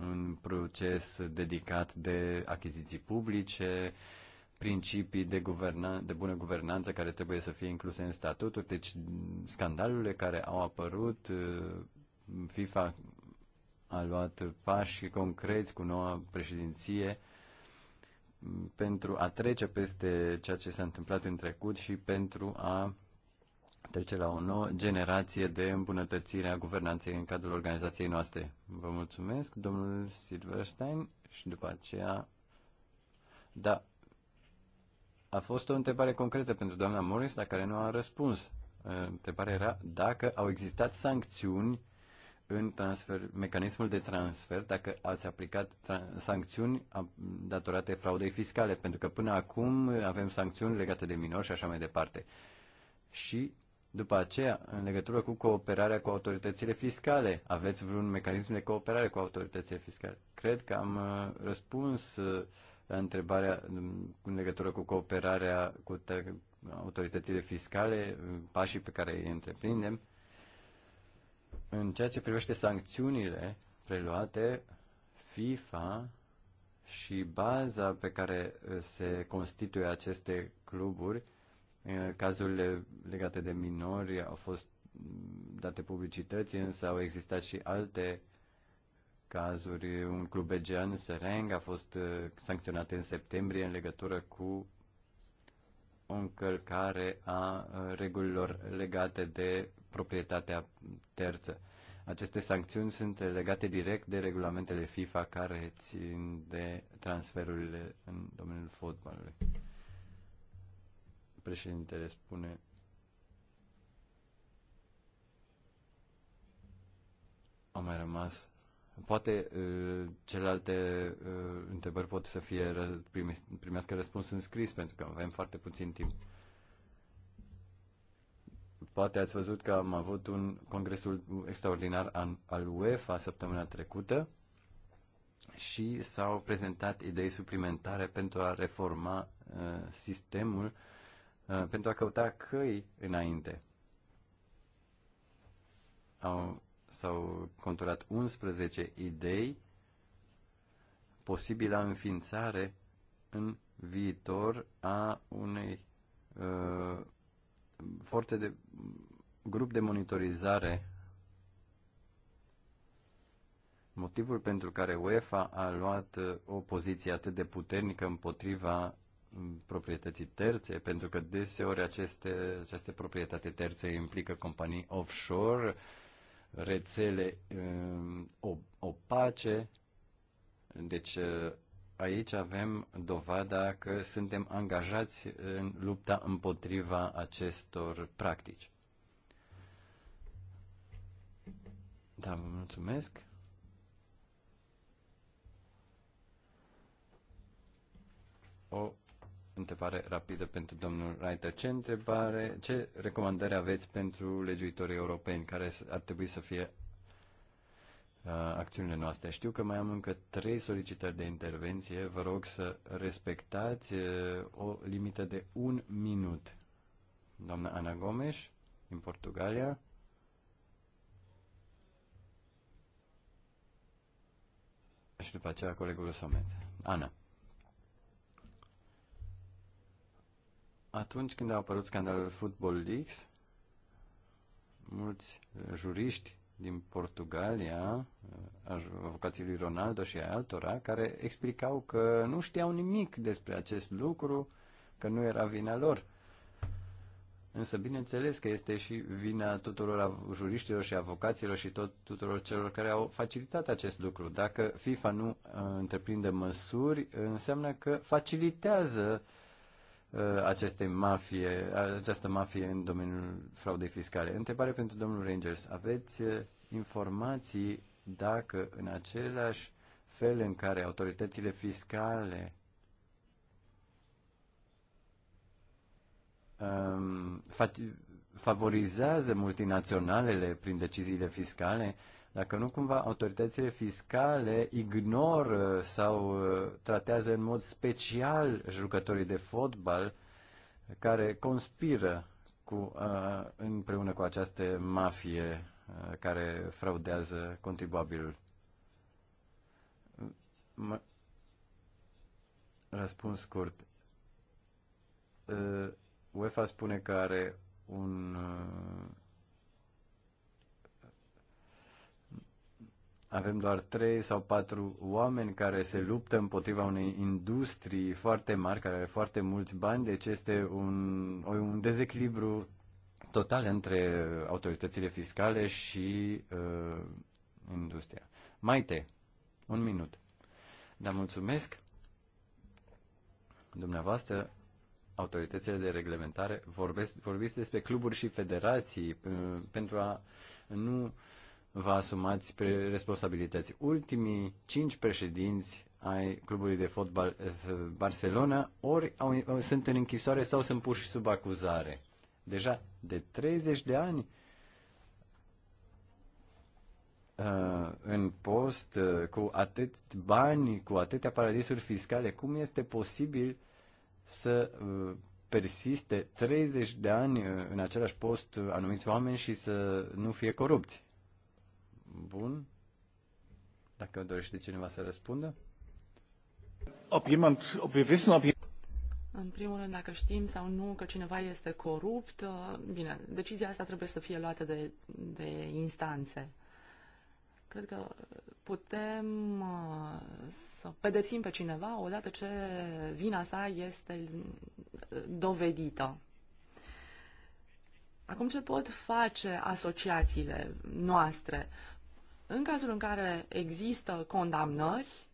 un proces dedicat de achiziții publice, principii de, guvernan- de bună guvernanță care trebuie să fie incluse în statuturi, deci scandalurile care au apărut, FIFA a luat pași concreți cu noua președinție pentru a trece peste ceea ce s-a întâmplat în trecut și pentru a trece la o nouă generație de îmbunătățire a guvernanței în cadrul organizației noastre. Vă mulțumesc, domnul Silverstein, și după aceea... Da, a fost o întrebare concretă pentru doamna Morris, la care nu a răspuns. Întrebarea era dacă au existat sancțiuni în transfer, mecanismul de transfer dacă ați aplicat sancțiuni datorate fraudei fiscale, pentru că până acum avem sancțiuni legate de minori și așa mai departe. Și după aceea, în legătură cu cooperarea cu autoritățile fiscale, aveți vreun mecanism de cooperare cu autoritățile fiscale? Cred că am uh, răspuns uh, la întrebarea um, în legătură cu cooperarea cu autoritățile fiscale, uh, pașii pe care îi întreprindem. În ceea ce privește sancțiunile preluate, FIFA și baza pe care uh, se constituie aceste cluburi, uh, cazurile legate de minori au fost mm, date publicității, însă au existat și alte cazuri. Un club egean, Sereng, a fost uh, sancționat în septembrie în legătură cu o încălcare a regulilor legate de proprietatea terță. Aceste sancțiuni sunt legate direct de regulamentele FIFA care țin de transferurile în domeniul fotbalului. Președintele spune A mai rămas. Poate uh, celelalte uh, întrebări pot să fie primească răspuns în scris, pentru că avem foarte puțin timp. Poate ați văzut că am avut un congresul extraordinar al UEFA săptămâna trecută și s-au prezentat idei suplimentare pentru a reforma uh, sistemul, uh, pentru a căuta căi înainte. Au, s-au conturat 11 idei posibila înființare în viitor a unei uh, foarte de grup de monitorizare. Motivul pentru care UEFA a luat uh, o poziție atât de puternică împotriva mm, proprietății terțe, pentru că deseori aceste, aceste proprietate terțe implică companii offshore, rețele um, opace, deci uh, aici avem dovada că suntem angajați în lupta împotriva acestor practici. Da, vă mulțumesc. O întrebare rapidă pentru domnul Reiter. Ce întrebare, ce recomandări aveți pentru legiuitorii europeni care ar trebui să fie Uh, acțiunile noastre. Știu că mai am încă trei solicitări de intervenție. Vă rog să respectați uh, o limită de un minut. Doamna Ana Gomes, din Portugalia. Și după aceea colegul Somet. Ana. Atunci când a apărut scandalul Football Leaks, mulți juriști din Portugalia, eh, avocații lui Ronaldo și altora, care explicau că nu știau nimic despre acest lucru, că nu era vina lor. Însă, bineînțeles că este și vina tuturor juriștilor și avocaților și tot tuturor celor care au facilitat acest lucru. Dacă FIFA nu uh, întreprinde măsuri, înseamnă că facilitează uh, Uh, acestei mafie, uh, această mafie în domeniul fraudei fiscale. Întrebare pentru domnul Rangers. Aveți uh, informații dacă în același fel în care autoritățile fiscale um, favorizează multinaționalele prin deciziile fiscale, uh, dacă nu, cumva autoritățile fiscale ignoră sau uh, tratează în mod special jucătorii de fotbal care conspiră cu, uh, împreună cu această mafie uh, care fraudează contribuabilul. Răspuns scurt. UEFA spune că are un avem doar trei sau patru oameni care se luptă împotriva unei industrii foarte mari, care are foarte mulți bani, deci este un, un dezechilibru total între autoritățile fiscale și uh, industria. Maite, un minut. Da, mulțumesc. Dumneavoastră, autoritățile de reglementare vorbesc, vorbiți despre cluburi și federații uh, pentru a nu vă asumați responsabilități. Ultimii cinci președinți ai clubului de fotbal eh, Barcelona ori au, au, sunt în închisoare sau sunt puși sub acuzare. Deja de 30 de ani eh, în post eh, cu atât bani, cu atâtea paradisuri fiscale, cum este posibil să persiste 30 de ani în același post anumiți oameni și să nu fie corupți? Bun. Dacă dorește cineva să răspundă. Ob jemand, ob wir wissen, ob în primul rând, dacă știm sau nu că cineva este corupt, uh, bine, decizia asta trebuie să fie luată de, de instanțe. Cred că putem uh, să pedepsim pe cineva odată ce vina sa este uh, dovedită. Acum ce pot face asociațiile noastre? Uh, în cazul în care există condamnări,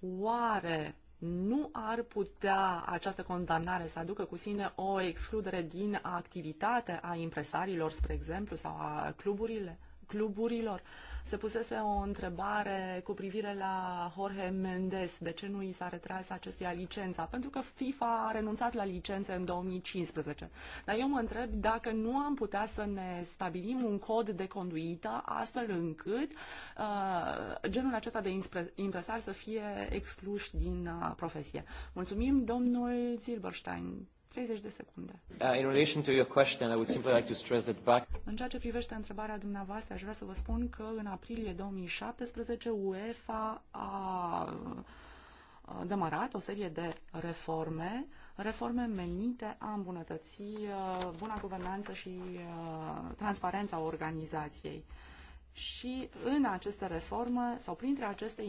oare nu ar putea această condamnare să aducă cu sine o excludere din activitate a impresarilor, spre exemplu, sau a cluburile, cluburilor. Se pusese o întrebare cu privire la Jorge Mendes, de ce nu i s-a retras acestuia licența? Pentru că FIFA a renunțat la licențe în 2015. Dar eu mă întreb dacă nu am putea să ne stabilim un cod de conduită astfel încât uh, genul acesta de impresar să fie excluși din uh, profesie. Mulțumim, domnul Zilberstein. 30 de secunde. Uh, in relation to your question, I would simply like to stress that back... În ceea ce privește întrebarea dumneavoastră, aș vrea să vă spun că în aprilie 2017 UEFA a demarat o serie de reforme, reforme menite a îmbunătăți uh, buna guvernanță și uh, transparența organizației. Și în aceste reforme, sau printre aceste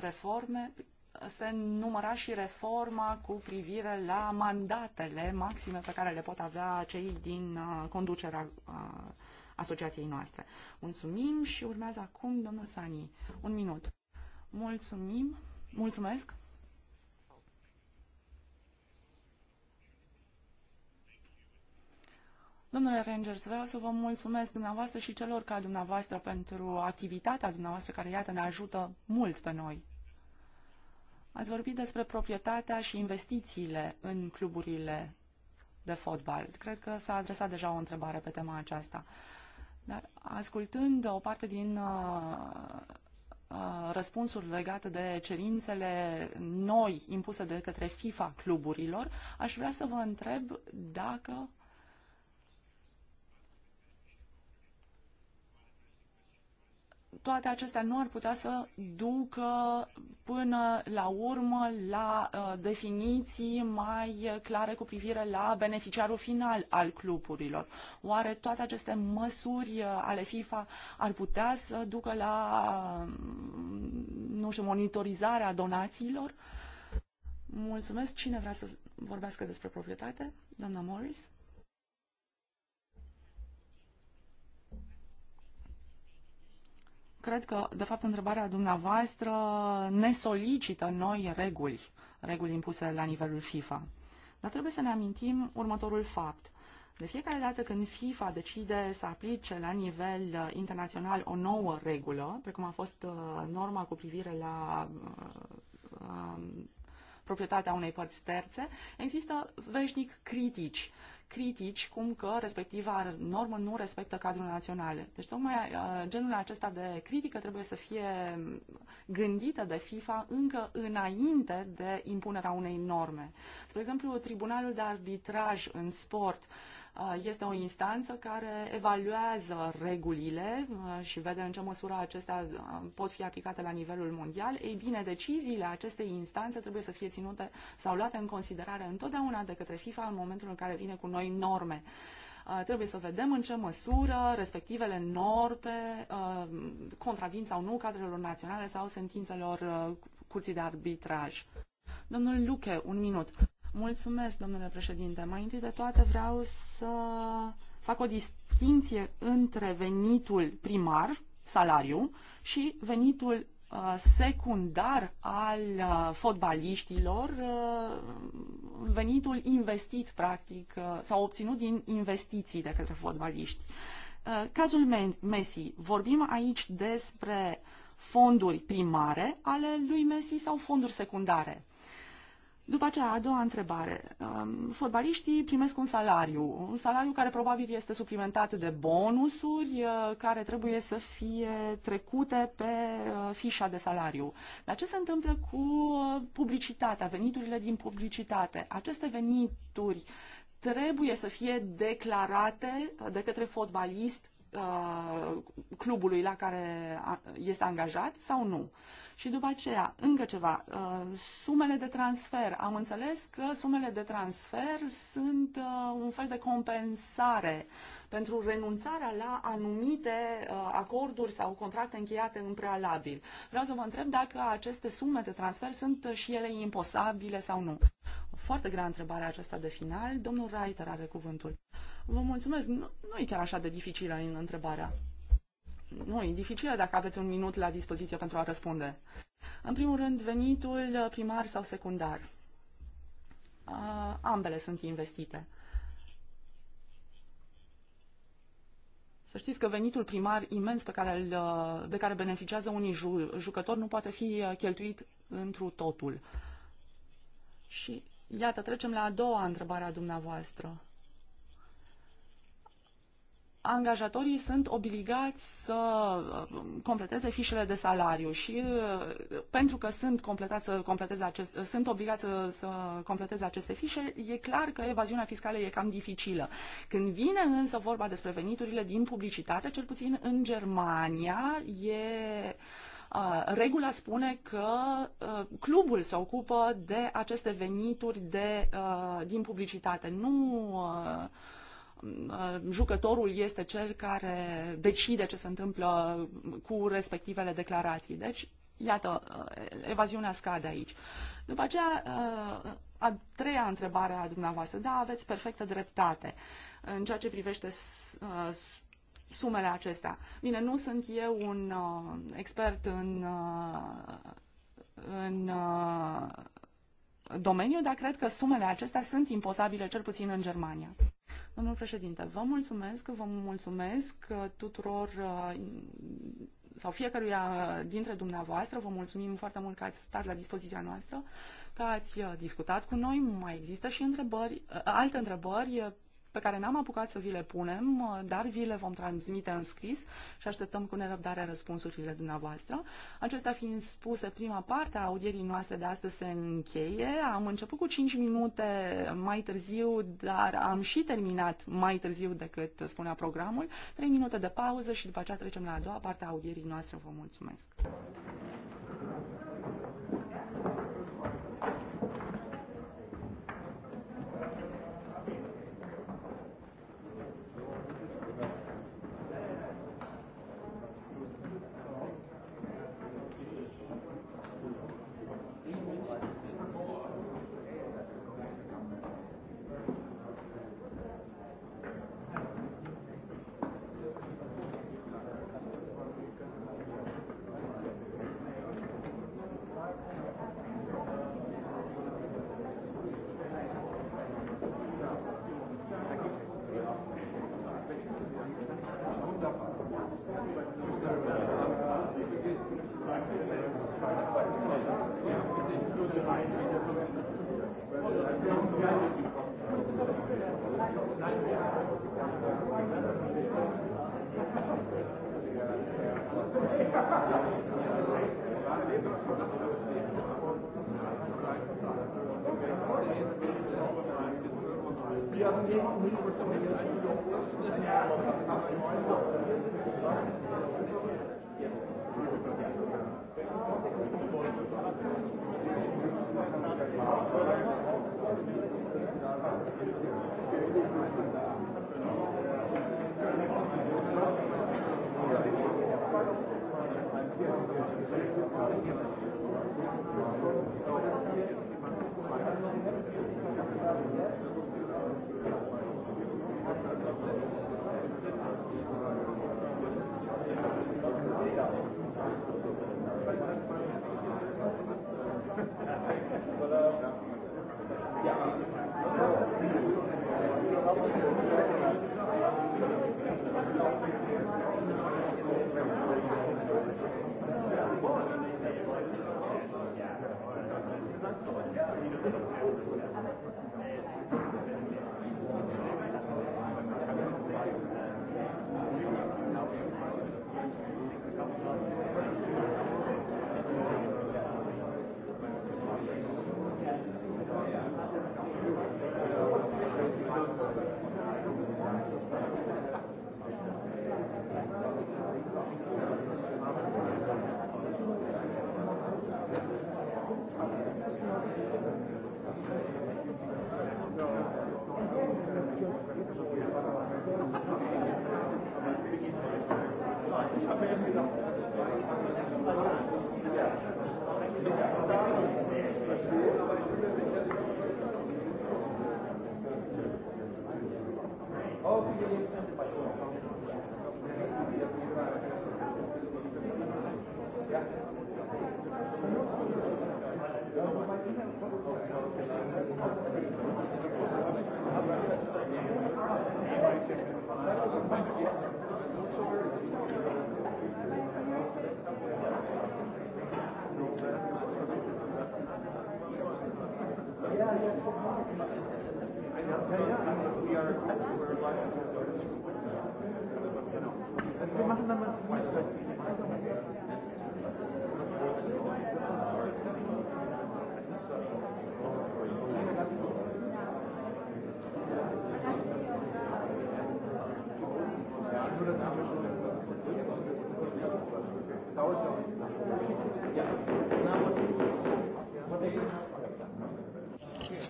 reforme, se număra și reforma cu privire la mandatele maxime pe care le pot avea cei din uh, conducerea uh, asociației noastre. Mulțumim și urmează acum domnul Sani. Un minut. Mulțumim. Mulțumesc. Domnule Rangers, vreau să vă mulțumesc dumneavoastră și celor ca dumneavoastră pentru activitatea dumneavoastră care, iată, ne ajută mult pe noi. Ați vorbit despre proprietatea și investițiile în cluburile de fotbal. Cred că s-a adresat deja o întrebare pe tema aceasta. Dar ascultând o parte din uh, uh, răspunsuri legate de cerințele noi impuse de către FIFA cluburilor, aș vrea să vă întreb dacă toate acestea nu ar putea să ducă până la urmă la uh, definiții mai clare cu privire la beneficiarul final al cluburilor. Oare toate aceste măsuri uh, ale FIFA ar putea să ducă la, uh, nu știu, monitorizarea donațiilor? Mulțumesc. Cine vrea să vorbească despre proprietate? Doamna Morris? Cred că, de fapt, întrebarea dumneavoastră ne solicită noi reguli, reguli impuse la nivelul FIFA. Dar trebuie să ne amintim următorul fapt. De fiecare dată când FIFA decide să aplice la nivel uh, internațional o nouă regulă, precum a fost uh, norma cu privire la uh, um, proprietatea unei părți terțe, există veșnic critici critici cum că respectiva normă nu respectă cadrul național. Deci tocmai uh, genul acesta de critică trebuie să fie gândită de FIFA încă înainte de impunerea unei norme. Spre exemplu, Tribunalul de Arbitraj în sport uh, Uh, este o instanță care evaluează regulile uh, și vede în ce măsură acestea uh, pot fi aplicate la nivelul mondial. Ei bine, deciziile acestei instanțe trebuie să fie ținute sau luate în considerare întotdeauna de către FIFA în momentul în care vine cu noi norme trebuie să vedem în ce măsură respectivele norme contravin sau nu cadrelor naționale sau sentințelor curții de arbitraj. Domnul Luche, un minut. Mulțumesc, domnule președinte. Mai întâi de toate vreau să fac o distinție între venitul primar, salariu, și venitul uh, secundar al uh, fotbaliștilor, uh, venitul investit, practic, sau obținut din investiții de către fotbaliști. Cazul Messi. Vorbim aici despre fonduri primare ale lui Messi sau fonduri secundare? După aceea, a doua întrebare. Um, fotbaliștii primesc un salariu, un salariu care probabil este suplimentat de bonusuri uh, care trebuie să fie trecute pe uh, fișa de salariu. Dar ce se întâmplă cu uh, publicitatea, veniturile din publicitate? Aceste venituri trebuie să fie declarate de către fotbalist clubului la care este angajat sau nu? Și după aceea, încă ceva, uh, sumele de transfer. Am înțeles că sumele de transfer sunt uh, un fel de compensare pentru renunțarea la anumite uh, acorduri sau contracte încheiate în prealabil. Vreau să vă întreb dacă aceste sume de transfer sunt și ele imposabile sau nu. Foarte grea întrebare aceasta de final. Domnul Reiter are cuvântul. Vă mulțumesc. Nu, nu e chiar așa de dificilă în întrebarea nu, e dificilă dacă aveți un minut la dispoziție pentru a răspunde. În primul rând, venitul primar sau secundar. Uh, ambele sunt investite. Să știți că venitul primar imens pe care îl, de care beneficiază unii ju, jucători nu poate fi cheltuit întru totul. Și iată, trecem la a doua întrebare a dumneavoastră angajatorii sunt obligați să uh, completeze fișele de salariu și uh, pentru că sunt, completați să completeze acest, uh, sunt obligați să, să completeze aceste fișe, e clar că evaziunea fiscală e cam dificilă. Când vine însă vorba despre veniturile din publicitate, cel puțin în Germania, e regula spune că clubul se ocupă de aceste venituri de, din publicitate, nu Uh, jucătorul este cel care decide ce se întâmplă cu respectivele declarații. Deci, iată, uh, evaziunea scade aici. După aceea, uh, a treia întrebare a dumneavoastră. Da, aveți perfectă dreptate în ceea ce privește sumele acestea. Bine, nu sunt eu un expert în, în domeniu, dar cred că sumele acestea sunt imposabile, cel puțin în Germania. Domnul președinte, vă mulțumesc, vă mulțumesc tuturor sau fiecăruia dintre dumneavoastră. Vă mulțumim foarte mult că ați stat la dispoziția noastră, că ați discutat cu noi. Mai există și întrebări, alte întrebări pe care n-am apucat să vi le punem, uh, dar vi le vom transmite în scris și așteptăm cu nerăbdare răspunsurile dumneavoastră. Acestea fiind spuse, prima parte a audierii noastre de astăzi se încheie. Am început cu 5 minute mai târziu, dar am și terminat mai târziu decât spunea programul. 3 minute de pauză și după aceea trecem la a doua parte a audierii noastre. Vă mulțumesc!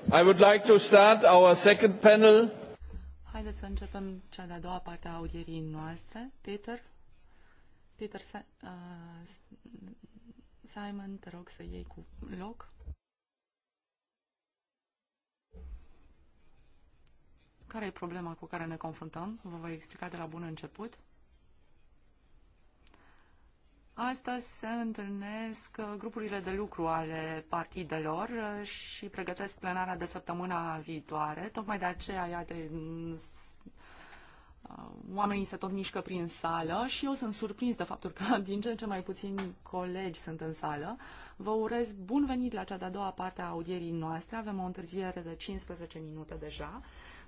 I would like to start our second panel. Haideți să începem cea de-a doua parte a audierii noastre. Peter, Peter uh, Simon, te rog să iei cu loc. Care e problema cu care ne confruntăm? Vă voi explica de la bun început. Astăzi se întâlnesc grupurile de lucru ale partidelor uh, și pregătesc plenarea de săptămâna viitoare. Tocmai de aceea, iată, uh, oamenii se tot mișcă prin sală și eu sunt surprins de faptul că din ce în ce mai puțini colegi sunt în sală. Vă urez bun venit la cea de-a doua parte a audierii noastre. Avem o întârziere de 15 minute deja.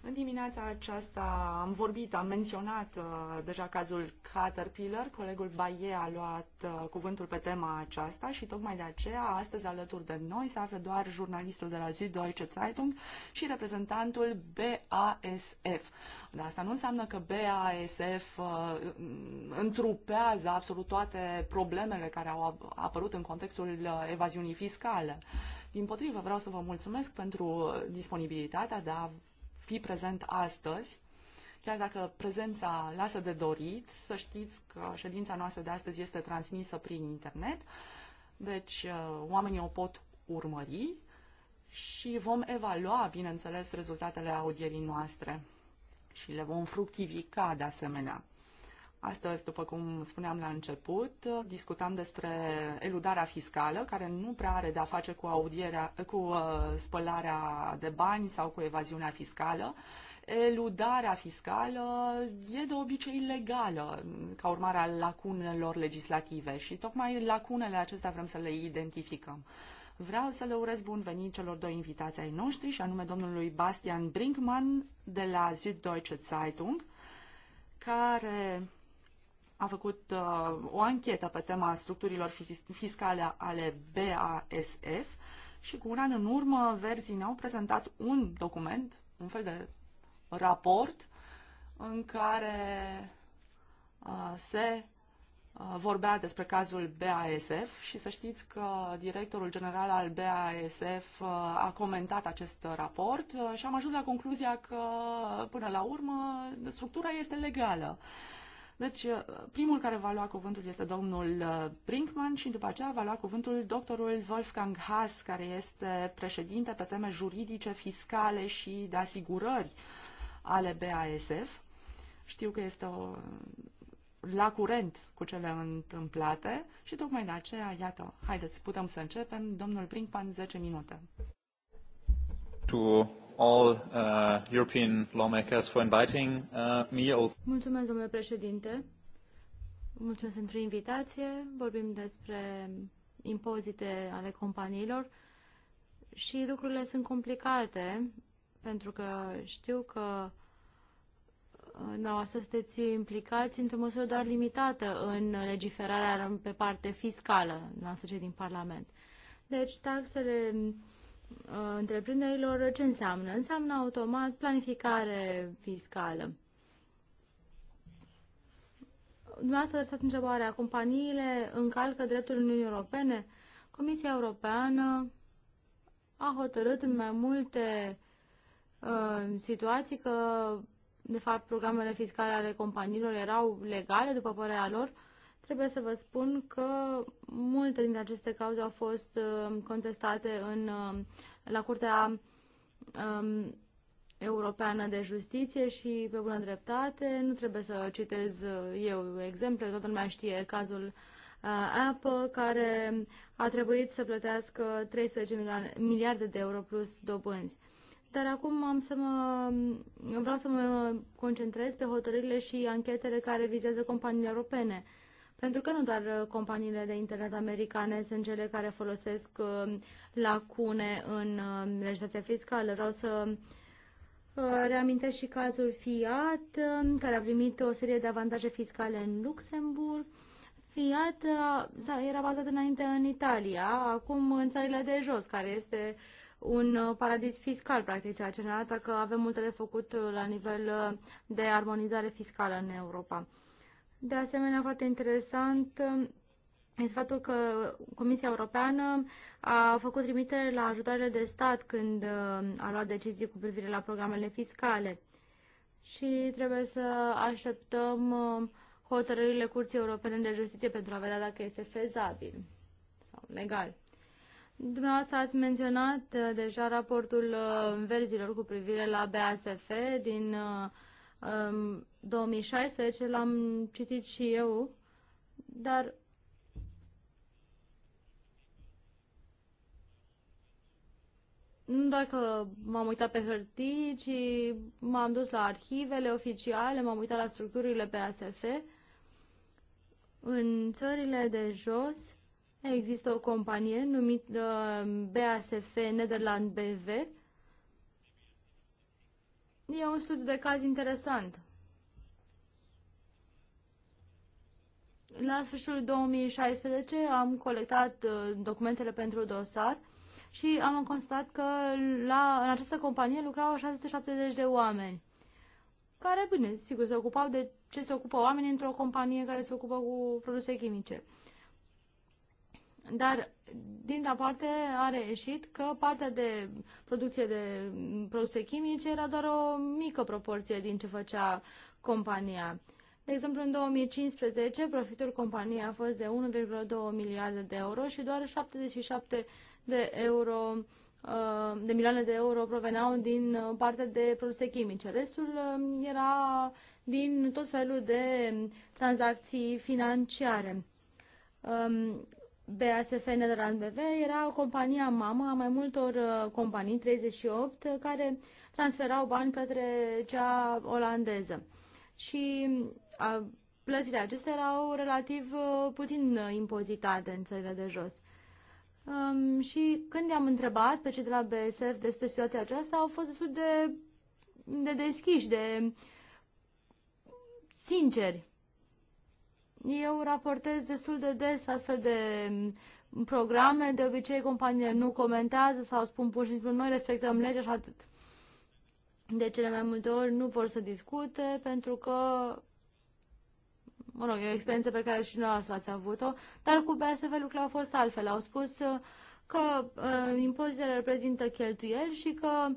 În dimineața aceasta am vorbit, am menționat uh, deja cazul Caterpillar. Colegul Baie a luat uh, cuvântul pe tema aceasta și tocmai de aceea astăzi alături de noi se află doar jurnalistul de la Süddeutsche Zeitung și reprezentantul BASF. Dar asta nu înseamnă că BASF uh, întrupează absolut toate problemele care au apărut în contextul uh, evaziunii fiscale. Din potrivă, vreau să vă mulțumesc pentru disponibilitatea de a fi prezent astăzi. Chiar dacă prezența lasă de dorit, să știți că ședința noastră de astăzi este transmisă prin internet, deci uh, oamenii o pot urmări și vom evalua, bineînțeles, rezultatele audierii noastre și le vom fructifica de asemenea. Astăzi, după cum spuneam la început, discutam despre eludarea fiscală, care nu prea are de-a face cu, audierea, cu uh, spălarea de bani sau cu evaziunea fiscală. Eludarea fiscală e de obicei legală, ca urmare a lacunelor legislative și tocmai lacunele acestea vrem să le identificăm. Vreau să le urez bun venit celor doi invitați ai noștri, și anume domnului Bastian Brinkmann de la Süddeutsche Zeitung, care a făcut uh, o anchetă pe tema structurilor fiscale ale BASF și cu un an în urmă verzii ne-au prezentat un document, un fel de raport în care uh, se uh, vorbea despre cazul BASF și să știți că directorul general al BASF uh, a comentat acest raport uh, și am ajuns la concluzia că până la urmă structura este legală. Uh, deci, uh, primul care va lua cuvântul este domnul uh, Brinkman și după aceea va lua cuvântul doctorul Wolfgang Haas, care este președinte pe teme juridice, fiscale și de asigurări ale BASF. Știu că este o, uh, la curent cu cele întâmplate și tocmai de aceea, iată, haideți, putem să începem. Domnul Brinkman, 10 minute all uh, European lawmakers for inviting uh, me also. Mulțumesc, domnule președinte. Mulțumesc pentru invitație. Vorbim despre impozite ale companiilor și lucrurile sunt complicate pentru că știu că uh, să sunteți implicați într-o măsură doar limitată în legiferarea pe parte fiscală, noastră cei din Parlament. Deci taxele Uh, întreprinderilor, ce înseamnă? Înseamnă automat planificare fiscală. Dumneavoastră adresați întrebarea, companiile încalcă dreptul Uniunii Europene? Comisia Europeană a hotărât în mai multe uh, situații că, de fapt, programele fiscale ale companiilor erau legale, după părerea lor, uh, Trebuie să vă spun că multe dintre aceste cauze au fost um, contestate în, um, la Curtea um, Europeană de Justiție și pe bună dreptate. Nu trebuie să citez uh, eu exemple, toată lumea știe cazul uh, Apple, care a trebuit să plătească 13 miliarde de euro plus dobânzi. Dar acum am să mă, vreau să mă concentrez pe hotărârile și anchetele care vizează companiile europene. Pentru că nu doar uh, companiile de internet americane sunt cele care folosesc uh, lacune în uh, legislația fiscală. Vreau să reamintesc și cazul Fiat, um, care a primit o serie de avantaje fiscale în Luxemburg. Fiat era bazat înainte în Italia, acum în țările de jos, care este un paradis fiscal, practic, ceea ce ne arată că avem multe de făcut la nivel de armonizare fiscală în Europa. De asemenea, foarte interesant um, este faptul că Comisia Europeană a făcut trimitere la ajutoarele de stat când um, a luat decizii cu privire la programele fiscale. Și trebuie să așteptăm um, hotărârile Curții Europene de Justiție pentru a vedea dacă este fezabil sau legal. Dumneavoastră ați menționat uh, deja raportul uh, verzilor cu privire la BASF din uh, 2016, l-am citit și eu, dar nu doar că m-am uitat pe hârtii, ci m-am dus la arhivele oficiale, m-am uitat la structurile PASF. În țările de jos există o companie numită uh, BASF Nederland BV. E un studiu de caz interesant. La sfârșitul 2016 am colectat uh, documentele pentru dosar și am constatat că la, în această companie lucrau 670 de oameni care, bine, sigur, se ocupau de ce se ocupă oamenii într-o companie care se ocupă cu produse chimice. Dar din parte a reieșit că partea de producție de produse chimice era doar o mică proporție din ce făcea compania. De exemplu, în 2015, profitul companiei a fost de 1,2 miliarde de euro și doar 77 de euro uh, de milioane de euro proveneau din uh, partea de produse chimice. Restul uh, era din tot felul de tranzacții financiare. Um, BASF Nederland BV era compania mamă a mai multor companii, 38, care transferau bani către cea olandeză. Și plățile acestea erau relativ uh, puțin uh, impozitate în țările de jos. Um, și când i-am întrebat pe cei de la BSF despre situația aceasta, au fost destul de, de deschiși, de sinceri. Eu raportez destul de des astfel de um, programe, de obicei companiile nu comentează sau spun pur și simplu noi respectăm legea și atât. De cele mai multe ori nu vor să discute pentru că mă rog, e o experiență pe care și noi ați avut-o, dar cu BSV lucrurile au fost altfel. Au spus uh, că uh, impozitele reprezintă cheltuieli și că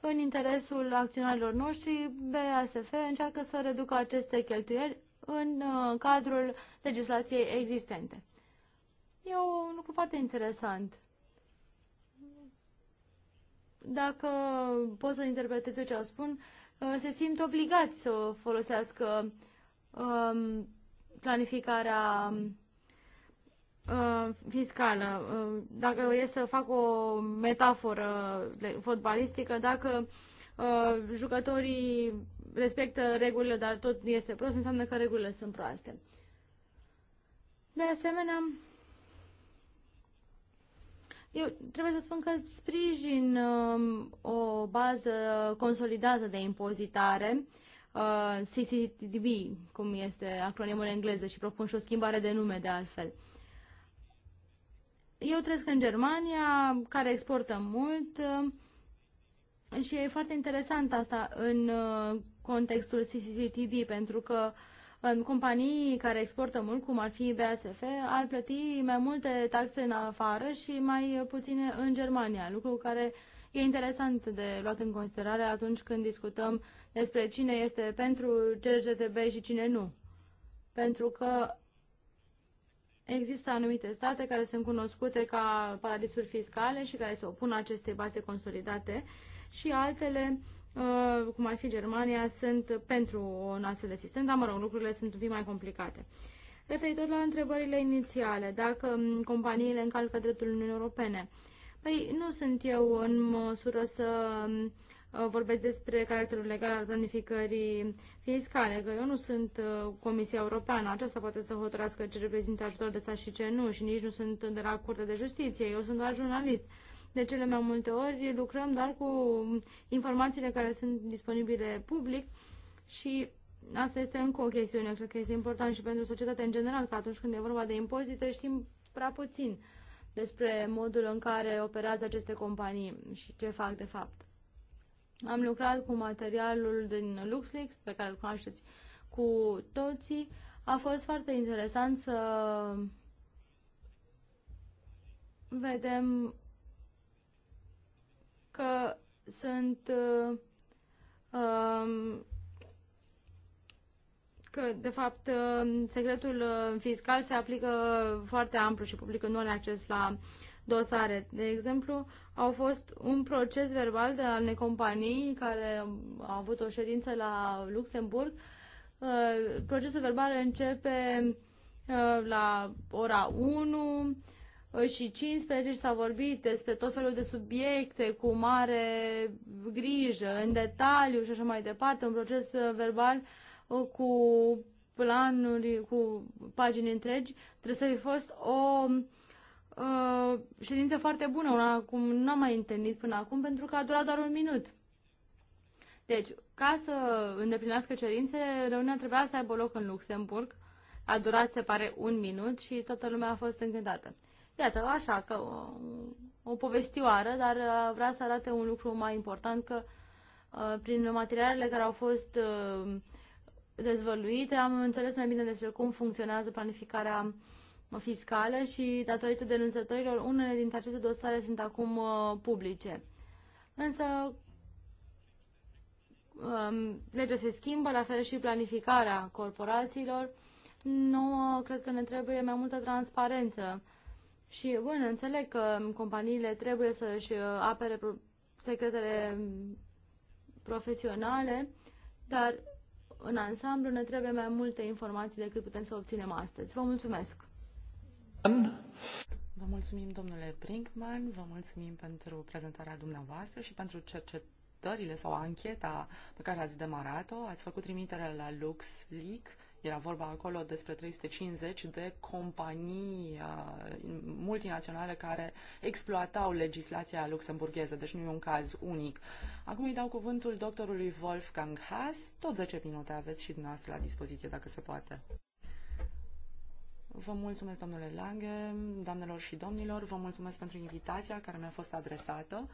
în interesul acționarilor noștri, BASF încearcă să reducă aceste cheltuieli în uh, cadrul legislației existente. E un lucru foarte interesant. Dacă pot să interpretez ce au spun, uh, se simt obligați să folosească um, planificarea uh, fiscală. Uh, dacă e să fac o metaforă fotbalistică, dacă uh, jucătorii respectă regulile, dar tot este prost, înseamnă că regulile sunt proaste. De asemenea, eu trebuie să spun că sprijin um, o bază consolidată de impozitare uh, CCTV, cum este acronimul în engleză, și propun și o schimbare de nume de altfel. Eu trăiesc în Germania, care exportă mult uh, și e foarte interesant asta în uh, contextul CCTV, pentru că în uh, companii care exportă mult, cum ar fi BASF, ar plăti mai multe taxe în afară și mai puține în Germania, lucru care e interesant de luat în considerare atunci când discutăm uh, despre cine este pentru CGTB și cine nu. Pentru că există anumite state care sunt cunoscute ca paradisuri fiscale și care se opun acestei baze consolidate și altele, uh, cum ar fi Germania, sunt pentru un astfel de sistem, dar, mă rog, lucrurile sunt un pic mai complicate. Referitor la întrebările inițiale, dacă um, companiile încalcă dreptul Uniunii Europene, Păi nu sunt eu în măsură să um, Uh, vorbesc despre caracterul legal al planificării fiscale, că eu nu sunt uh, Comisia Europeană, aceasta poate să hotărască ce reprezintă ajutor de stat și ce nu, și nici nu sunt de la Curtea de Justiție, eu sunt doar jurnalist. De cele mai multe ori lucrăm doar cu informațiile care sunt disponibile public și asta este încă o chestiune, cred că este important și pentru societatea în general, că atunci când e vorba de impozite știm prea puțin despre modul în care operează aceste companii și ce fac de fapt. Am lucrat cu materialul din LuxLeaks, pe care îl cunoașteți cu toții. A fost foarte interesant să vedem că sunt um, că, de fapt, um, secretul fiscal se aplică foarte amplu și publicul nu are acces la uh, dosare. De exemplu, au fost un proces verbal de al unei companii care a avut o ședință la Luxemburg. Uh, procesul verbal începe uh, la ora 1 și 15 s-a vorbit despre tot felul de subiecte cu mare grijă, în detaliu și așa mai departe, un proces uh, verbal cu planuri, cu pagini întregi. Trebuie să fi fost o Uh, ședință foarte bună, una cum nu am mai întâlnit până acum, pentru că a durat doar un minut. Deci, ca să îndeplinească cerințele, reuniunea trebuia să aibă loc în Luxemburg. A durat, se pare, un minut și toată lumea a fost încântată. Iată, așa că o, o povestioară, dar uh, vrea să arate un lucru mai important, că uh, prin materialele care au fost dezvăluite am înțeles mai bine despre cum funcționează planificarea fiscală și datorită denunțătorilor, unele dintre aceste dosare sunt acum uh, publice. Însă um, legea se schimbă, la fel și planificarea corporațiilor. Nu cred că ne trebuie mai multă transparență. Și, bun, înțeleg că companiile trebuie să-și uh, apere secretele um, profesionale, dar în ansamblu ne trebuie mai multe informații decât putem să obținem astăzi. Vă mulțumesc! Vă mulțumim, domnule Brinkman, vă mulțumim pentru prezentarea dumneavoastră și pentru cercetările sau ancheta pe care ați demarat-o. Ați făcut trimitere la LuxLeak, era vorba acolo despre 350 de companii uh, multinaționale care exploatau legislația luxemburgheză, deci nu e un caz unic. Acum îi dau cuvântul doctorului Wolfgang Haas, tot 10 minute aveți și dumneavoastră la dispoziție, dacă se poate. Vă mulțumesc, domnule Lange, doamnelor și domnilor, vă mulțumesc pentru invitația care mi-a fost adresată.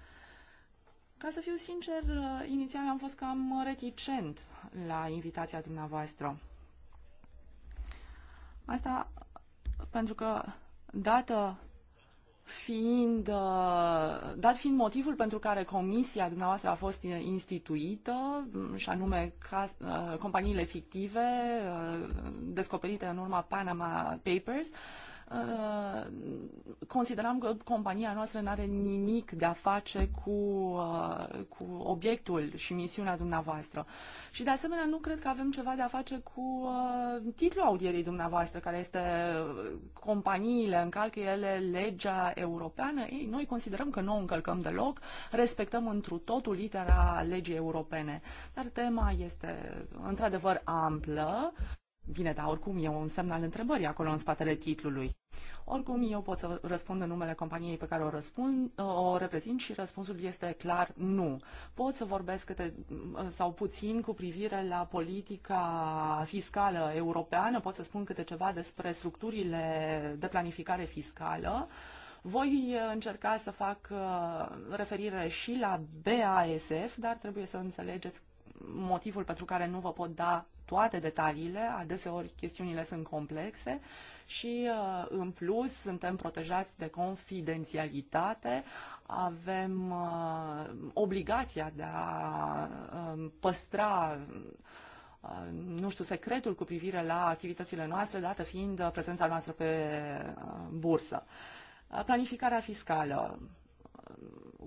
Ca să fiu sincer, uh, inițial am fost cam reticent la invitația dumneavoastră. Asta pentru că, dată fiind, uh, dat fiind motivul pentru care comisia dumneavoastră a fost instituită, mm, și anume ca, uh, companiile fictive uh, descoperite în urma Panama Papers, Uh, considerăm că compania noastră nu are nimic de a face cu, uh, cu obiectul și misiunea dumneavoastră. Și de asemenea nu cred că avem ceva de a face cu uh, titlul audierii dumneavoastră, care este companiile încalcă ele legea europeană. Ei, noi considerăm că nu o încălcăm deloc, respectăm întru totul litera legii europene. Dar tema este într-adevăr amplă. Bine, dar oricum e un semn al întrebării acolo în spatele titlului. Oricum, eu pot să răspund în numele companiei pe care o, răspund, o reprezint și răspunsul este clar nu. Pot să vorbesc câte sau puțin cu privire la politica fiscală europeană, pot să spun câte ceva despre structurile de planificare fiscală, voi încerca să fac uh, referire și la BASF, dar trebuie să înțelegeți motivul pentru care nu vă pot da toate detaliile, adeseori chestiunile sunt complexe și uh, în plus suntem protejați de confidențialitate, avem uh, obligația de a uh, păstra nu știu, secretul cu privire la activitățile noastre, dată fiind prezența noastră pe bursă. Planificarea fiscală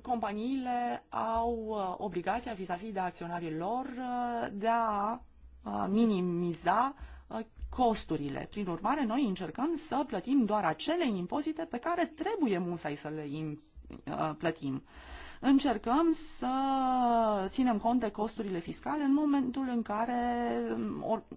companiile au uh, obligația vis-a-vis -vis de acționarii lor uh, de a uh, minimiza costurile. Prin urmare, noi încercăm să plătim doar acele impozite pe care trebuie musai să le plătim. Încercăm să ținem cont de costurile fiscale în momentul în care um,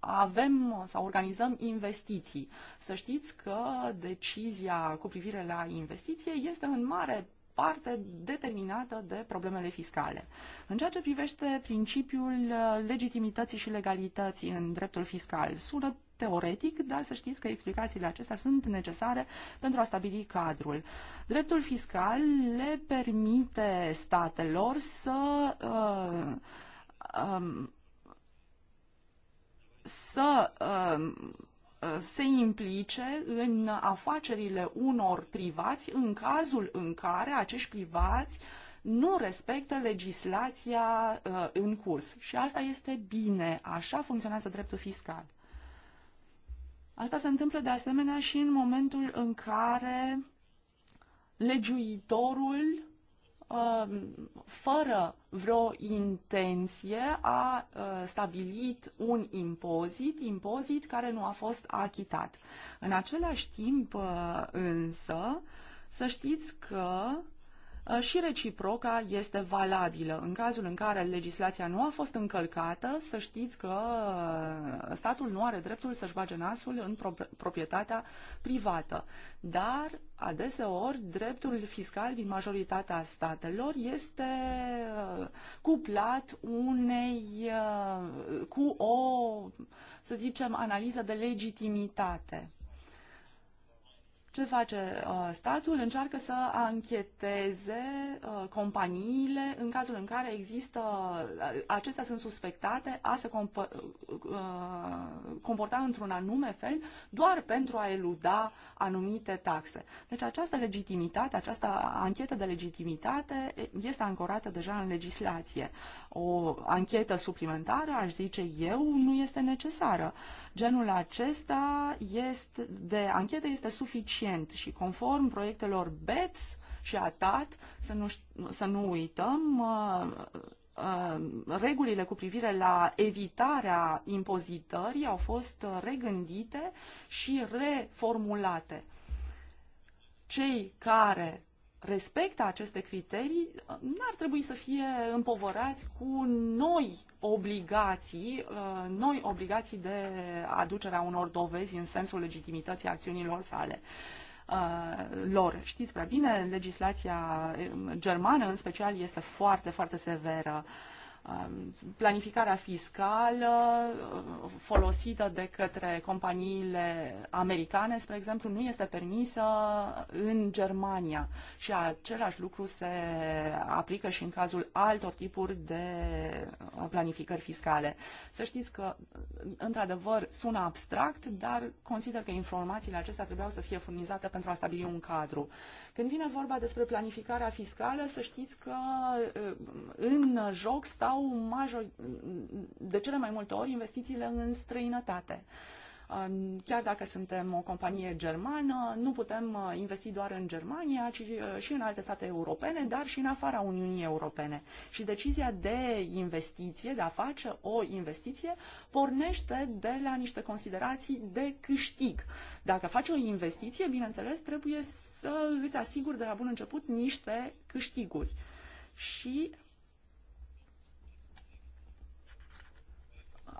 avem sau organizăm investiții. Să știți că decizia cu privire la investiție este în mare parte determinată de problemele fiscale. În ceea ce privește principiul uh, legitimității și legalității în dreptul fiscal, sună teoretic, dar să știți că explicațiile acestea sunt necesare pentru a stabili cadrul. Dreptul fiscal le permite statelor să uh, um, să uh, Uh, se implice în afacerile unor privați în cazul în care acești privați nu respectă legislația uh, în curs. Și asta este bine, așa funcționează dreptul fiscal. Asta se întâmplă de asemenea și în momentul în care legiuitorul Um, fără vreo intenție, a uh, stabilit un impozit, impozit care nu a fost achitat. În același timp, uh, însă, să știți că Uh, și reciproca este valabilă. În cazul în care legislația nu a fost încălcată, să știți că uh, statul nu are dreptul să-și bage nasul în proprietatea privată. Dar, adeseori, dreptul fiscal din majoritatea statelor este uh, cuplat unei, cu o, să zicem, analiză de legitimitate. Ce face uh, statul? Încearcă să ancheteze uh, companiile în cazul în care există, uh, acestea sunt suspectate a se comporta într-un anume fel doar pentru a eluda anumite taxe. Deci această legitimitate, această anchetă de legitimitate este ancorată deja în legislație. O anchetă suplimentară, aș zice eu, nu este necesară. Uh, Genul acesta este, de anchetă este suficient și conform proiectelor BEPS și ATAT, să nu, să nu uităm, uh, uh, regulile cu privire la evitarea impozitării au fost regândite și reformulate. Cei care respectă aceste criterii n-ar trebui să fie împovărați cu noi obligații, uh, noi obligații de aducerea unor dovezi în sensul legitimității acțiunilor sale uh, lor. Știți prea bine, legislația uh, germană în special este foarte, foarte severă. Uh, Um, planificarea fiscală uh, folosită de către companiile americane, spre exemplu, nu este permisă în Germania și același lucru se aplică și în cazul altor tipuri de uh, planificări fiscale. Să știți că, uh, într-adevăr, sună abstract, dar consider că informațiile acestea trebuiau să fie furnizate pentru a stabili un cadru. Când vine vorba despre planificarea fiscală, să știți că în joc stau au major, de cele mai multe ori investițiile în străinătate. Chiar dacă suntem o companie germană, nu putem uh, investi doar în Germania, ci uh, și în alte state europene, dar și în afara Uniunii Europene. Și decizia de investiție, de a face o investiție, pornește de la niște considerații de câștig. Dacă faci o investiție, bineînțeles, trebuie să îți asiguri de la bun început niște câștiguri. Și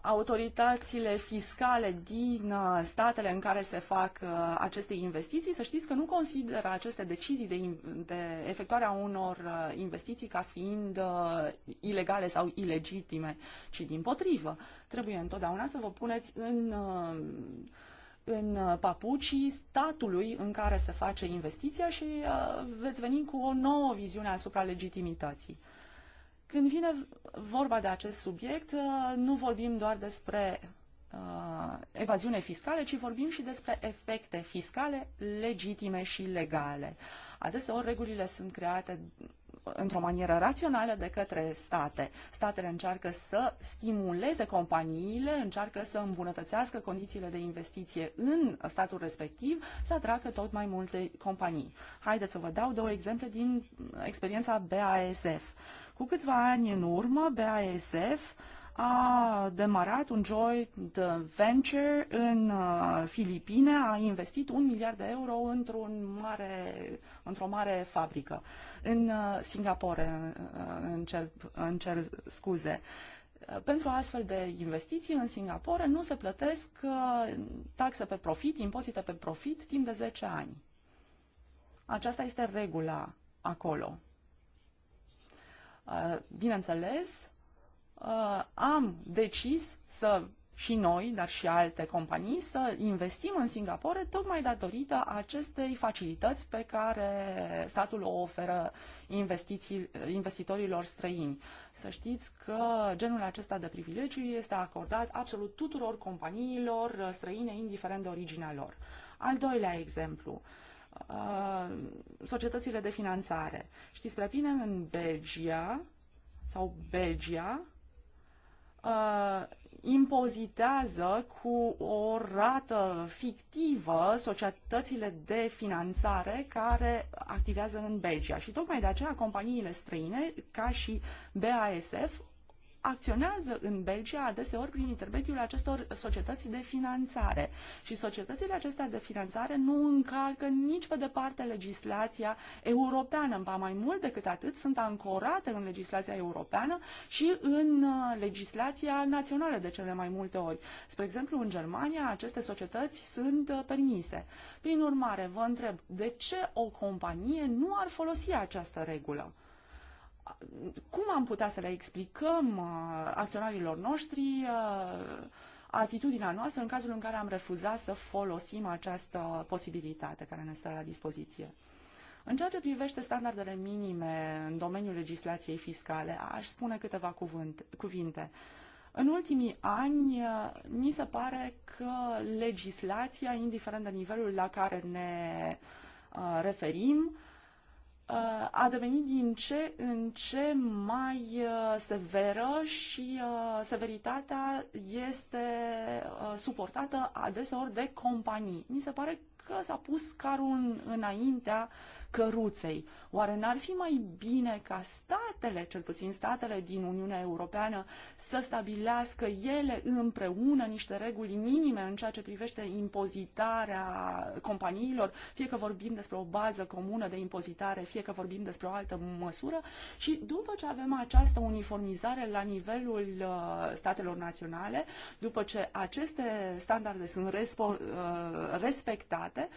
autoritățile fiscale din uh, statele în care se fac uh, aceste investiții, să știți că nu consideră aceste decizii de, de efectuare a unor uh, investiții ca fiind ilegale sau ilegitime, ci din potrivă. Trebuie întotdeauna să vă puneți în în papucii statului în care se face investiția și uh, veți veni cu o nouă viziune asupra legitimității. Când vine vorba de acest subiect, uh, nu vorbim doar despre uh, evaziune fiscale, ci vorbim și despre efecte fiscale legitime și legale. Adeseori regulile sunt create într-o manieră rațională de către state. Statele încearcă să stimuleze companiile, încearcă să îmbunătățească condițiile de investiție în statul respectiv, să atragă tot mai multe companii. Haideți să vă dau două exemple din experiența BASF. Cu câțiva ani în urmă, BASF a demarat un joint venture în uh, Filipine, a investit un miliard de euro într-un mare, într-o mare fabrică, în uh, Singapore, uh, în cel, în cel scuze. Pentru astfel de investiții în Singapore nu se plătesc taxe pe profit, impozite pe profit timp de 10 ani. Aceasta este regula acolo. Uh, bineînțeles, uh, am decis să și noi, dar și alte companii, să investim în Singapore tocmai datorită acestei facilități pe care statul o oferă investitorilor străini. Să știți că genul acesta de privilegiu este acordat absolut tuturor companiilor străine, indiferent de originea lor. Al doilea exemplu. Uh, Uh, societățile de finanțare. Știți prea bine, în Belgia sau Belgia uh, impozitează cu o rată fictivă societățile de finanțare care activează în Belgia. Și tocmai de aceea companiile străine, ca și BASF, acționează în Belgia adeseori prin intermediul acestor societăți de finanțare. Și societățile acestea de finanțare nu încalcă nici pe departe legislația europeană. Ba mai mult decât atât, sunt ancorate în legislația europeană și în uh, legislația națională de cele mai multe ori. Spre exemplu, în Germania, aceste societăți sunt uh, permise. Prin urmare, vă întreb, de ce o companie nu ar folosi această regulă? cum am putea să le explicăm uh, acționarilor noștri uh, atitudinea noastră în cazul în care am refuzat să folosim această posibilitate care ne stă la dispoziție? În ceea ce privește standardele minime în domeniul legislației fiscale, aș spune câteva cuvânt, cuvinte. În ultimii ani, uh, mi se pare că legislația, indiferent de nivelul la care ne referim, a devenit din ce în ce mai uh, severă și uh, severitatea este uh, suportată adeseori de companii. Mi se pare că s-a pus carul înaintea căruței. Oare n-ar fi mai bine ca statele, cel puțin statele din Uniunea Europeană, să stabilească ele împreună niște reguli minime în ceea ce privește impozitarea companiilor, fie că vorbim despre o bază comună de impozitare, fie că vorbim despre o altă măsură și după ce avem această uniformizare la nivelul uh, statelor naționale, după ce aceste standarde sunt uh, respectate,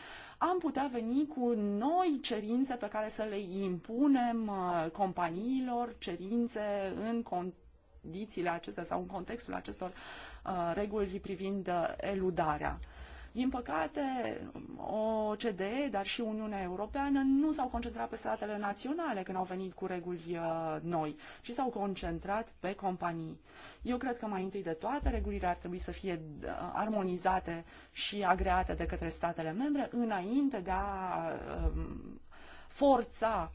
am putea veni cu noi cerințe pe care să le impunem uh, companiilor, cerințe în condițiile acestea sau în contextul acestor uh, reguli privind uh, eludarea. Din păcate, OCDE, dar și Uniunea Europeană nu s-au concentrat pe statele naționale când au venit cu reguli uh, noi, ci s-au concentrat pe companii. Eu cred că mai întâi de toate regulile ar trebui să fie uh, armonizate și agreate de către statele membre înainte de a uh, forța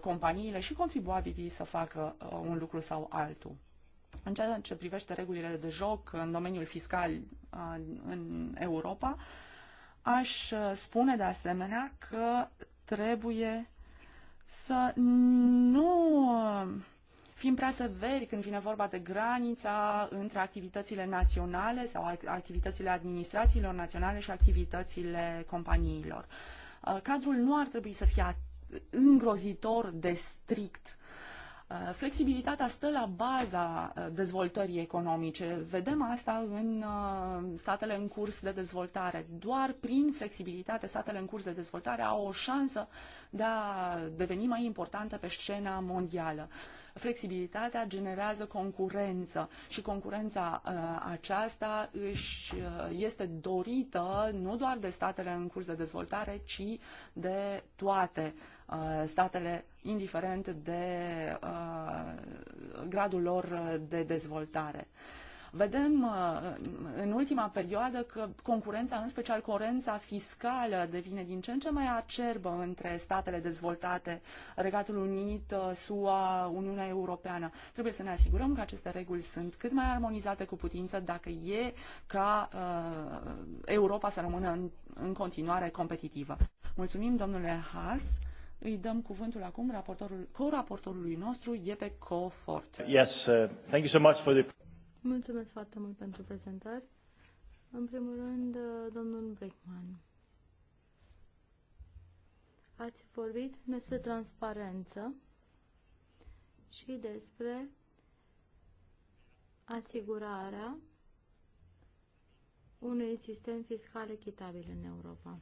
companiile și contribuabilii să facă un lucru sau altul. În ceea ce privește regulile de joc în domeniul fiscal uh, în Europa, aș uh, spune de asemenea că trebuie să nu uh, fim prea severi când vine vorba de granița între activitățile naționale sau activitățile administrațiilor naționale și activitățile companiilor. Cadrul nu ar trebui să fie îngrozitor de strict Uh, flexibilitatea stă la baza uh, dezvoltării economice. Vedem asta în uh, statele în curs de dezvoltare. Doar prin flexibilitate statele în curs de dezvoltare au o șansă de a deveni mai importante pe scena mondială. Flexibilitatea generează concurență și concurența aceasta își este dorită nu doar de statele în curs de dezvoltare, ci de toate Uh, statele, indiferent de uh, gradul lor de dezvoltare vedem uh, în ultima perioadă că concurența, în special concurența fiscală, devine din ce în ce mai acerbă între statele dezvoltate, Regatul Unit, SUA, Uniunea Europeană. Trebuie să ne asigurăm că aceste reguli sunt cât mai armonizate cu putință dacă e ca uh, Europa să rămână în, în continuare competitivă. Mulțumim, domnule Haas. Îi dăm cuvântul acum raportorul, co-raportorului nostru, Iepe Cofort. Yes, uh, thank you so much for the... Mulțumesc foarte mult pentru prezentare. În primul rând, uh, domnul Breckman. Ați vorbit despre transparență și despre asigurarea unui sistem fiscal echitabil în Europa.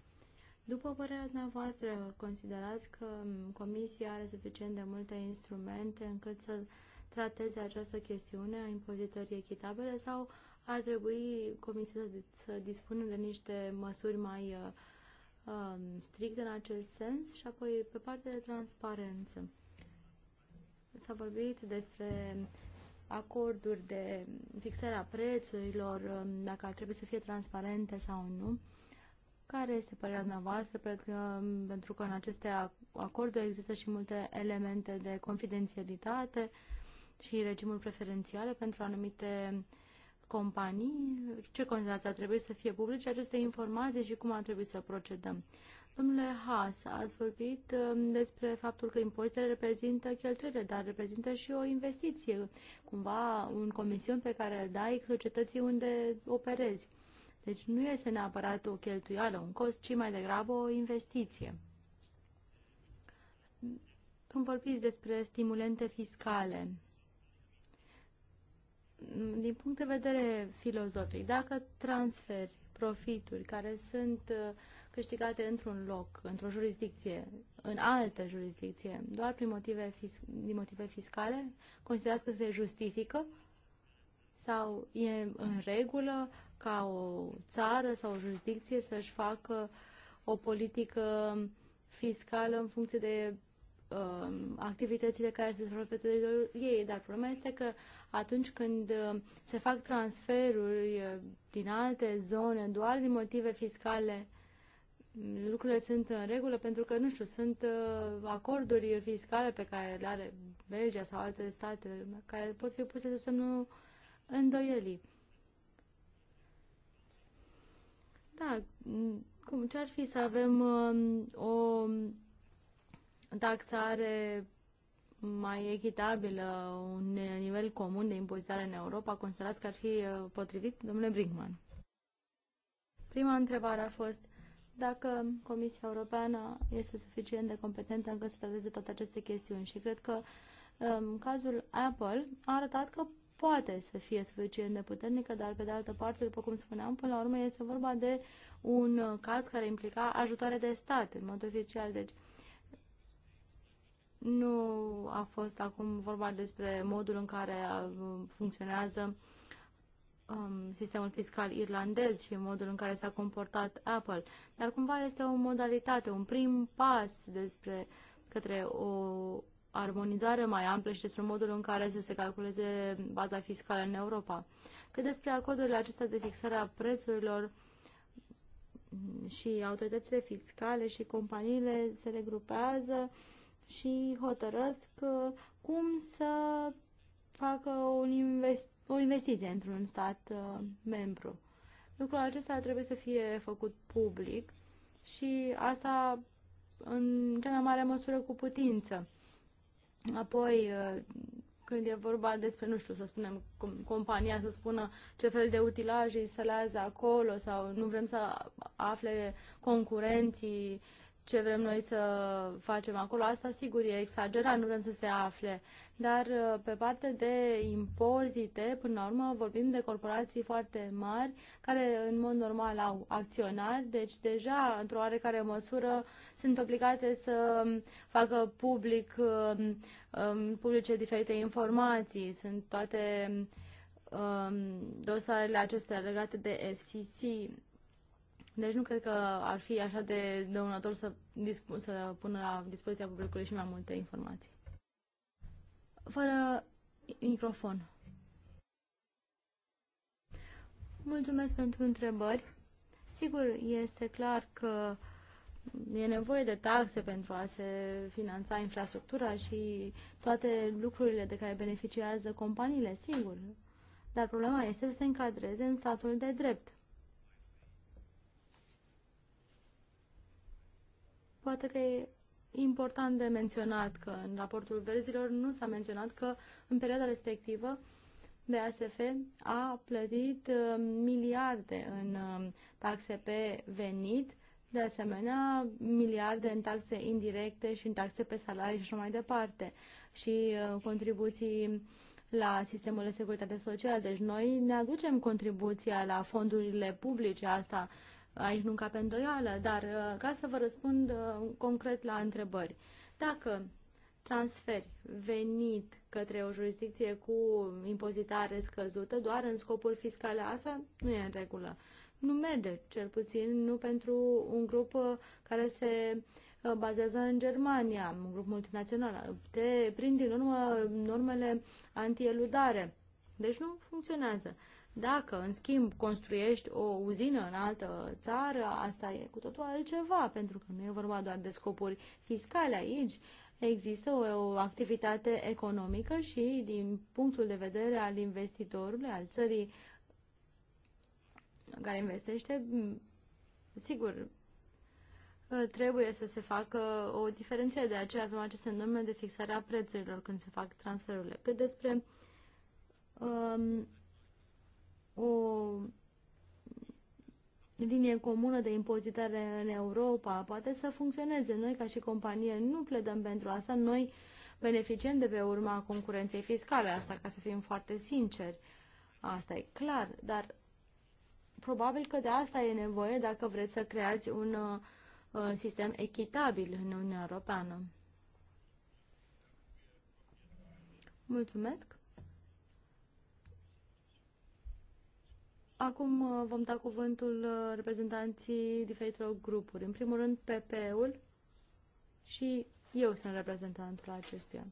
După părerea dumneavoastră, considerați că Comisia are suficient de multe instrumente încât să trateze această chestiune a impozitării echitabile sau ar trebui Comisia să, să dispună de niște măsuri mai uh, um, stricte în acest sens și apoi pe partea de transparență? S-a vorbit despre acorduri de fixarea prețurilor, um, dacă ar trebui să fie transparente sau nu. Care este părerea dumneavoastră? Um, pentru că în aceste acorduri există și multe elemente de confidențialitate și regimuri preferențiale pentru anumite companii. Ce considerați? Ar trebui să fie publice aceste informații și cum ar trebui să procedăm? Domnule Haas, ați vorbit um, despre faptul că impozitele reprezintă cheltuielile, dar reprezintă și o investiție, cumva un comision pe care îl dai societății unde operezi. Deci nu este neapărat o cheltuială, un cost, ci mai degrabă o investiție. Când vorbiți despre stimulente fiscale, din punct de vedere filozofic, dacă transferi profituri care sunt uh, câștigate într-un loc, într-o jurisdicție, în altă jurisdicție, doar prin motive, din motive fiscale, considerați că se justifică? Sau e în regulă ca o țară sau o jurisdicție să-și facă o politică fiscală în funcție de uh, activitățile care se desfășoară pe teritoriul ei, dar problema este că atunci când uh, se fac transferuri uh, din alte zone doar din motive fiscale, lucrurile sunt în regulă pentru că, nu știu, sunt uh, acorduri fiscale pe care le are Belgia sau alte state care pot fi puse sub semnul îndoielii. Da, cum ce ar fi să avem uh, o taxare mai echitabilă, un nivel comun de impozitare în Europa, considerați că ar fi uh, potrivit, domnule Brinkman? Prima întrebare a fost dacă Comisia Europeană este suficient de competentă încât să trateze toate aceste chestiuni și cred că um, cazul Apple a arătat că poate să fie suficient de puternică, dar pe de altă parte, după cum spuneam, până la urmă este vorba de un caz care implica ajutoare de stat în mod oficial. Deci nu a fost acum vorba despre modul în care uh, funcționează um, sistemul fiscal irlandez și modul în care s-a comportat Apple, dar cumva este o modalitate, un prim pas despre către o armonizare mai amplă și despre modul în care să se calculeze baza fiscală în Europa. Cât despre acordurile acestea de fixare a prețurilor și autoritățile fiscale și companiile se regrupează și hotărăsc cum să facă un invest o investiție într-un stat uh, membru. Lucrul acesta trebuie să fie făcut public și asta în cea mai mare măsură cu putință. Apoi, uh, când e vorba despre, nu știu, să spunem, compania să spună ce fel de utilaje instalează acolo sau nu vrem să afle concurenții ce vrem noi să facem acolo. Asta, sigur, e exagerat, nu vrem să se afle. Dar uh, pe parte de impozite, până la urmă, vorbim de corporații foarte mari care, în mod normal, au acționat, deci deja, într-o oarecare măsură, sunt obligate să um, facă public, um, um, publice diferite informații. Sunt toate dosarele acestea legate de FCC deci nu cred că ar fi așa de dăunător să, să pună la dispoziția publicului și mai multe informații. Fără microfon. Mulțumesc pentru întrebări. Sigur, este clar că e nevoie de taxe pentru a se finanța infrastructura și toate lucrurile de care beneficiază companiile, sigur. Dar problema este să se încadreze în statul de drept. Poate că e important de menționat că în raportul verzilor nu s-a menționat că în perioada respectivă BASF a plătit uh, miliarde în uh, taxe pe venit, de asemenea miliarde în taxe indirecte și în taxe pe salarii și așa mai departe și uh, contribuții la sistemul de securitate socială. Deci noi ne aducem contribuția la fondurile publice, asta aici nu cap îndoială, dar uh, ca să vă răspund uh, concret la întrebări. Dacă transferi venit către o jurisdicție cu impozitare scăzută doar în scopul fiscal, asta nu e în regulă. Nu merge, cel puțin nu pentru un grup uh, care se bazează în Germania, un grup multinațional. Te prind din urmă normele antieludare. Deci nu funcționează. Dacă, în schimb, construiești o uzină în altă țară, asta e cu totul altceva, pentru că nu e vorba doar de scopuri fiscale aici. Există o, o activitate economică și, din punctul de vedere al investitorului, al țării care investește, sigur, trebuie să se facă o diferențiere. De aceea avem aceste norme de fixare a prețurilor când se fac transferurile. Cât despre um, o linie comună de impozitare în Europa poate să funcționeze. Noi, ca și companie, nu pledăm pentru asta. Noi beneficiem de pe urma concurenței fiscale, asta ca să fim foarte sinceri. Asta e clar, dar probabil că de asta e nevoie dacă vreți să creați un uh, sistem echitabil în Uniunea Europeană. Mulțumesc! Acum uh, vom da cuvântul uh, reprezentanții diferitelor grupuri. În primul rând, PP-ul și eu sunt reprezentantul acestuia.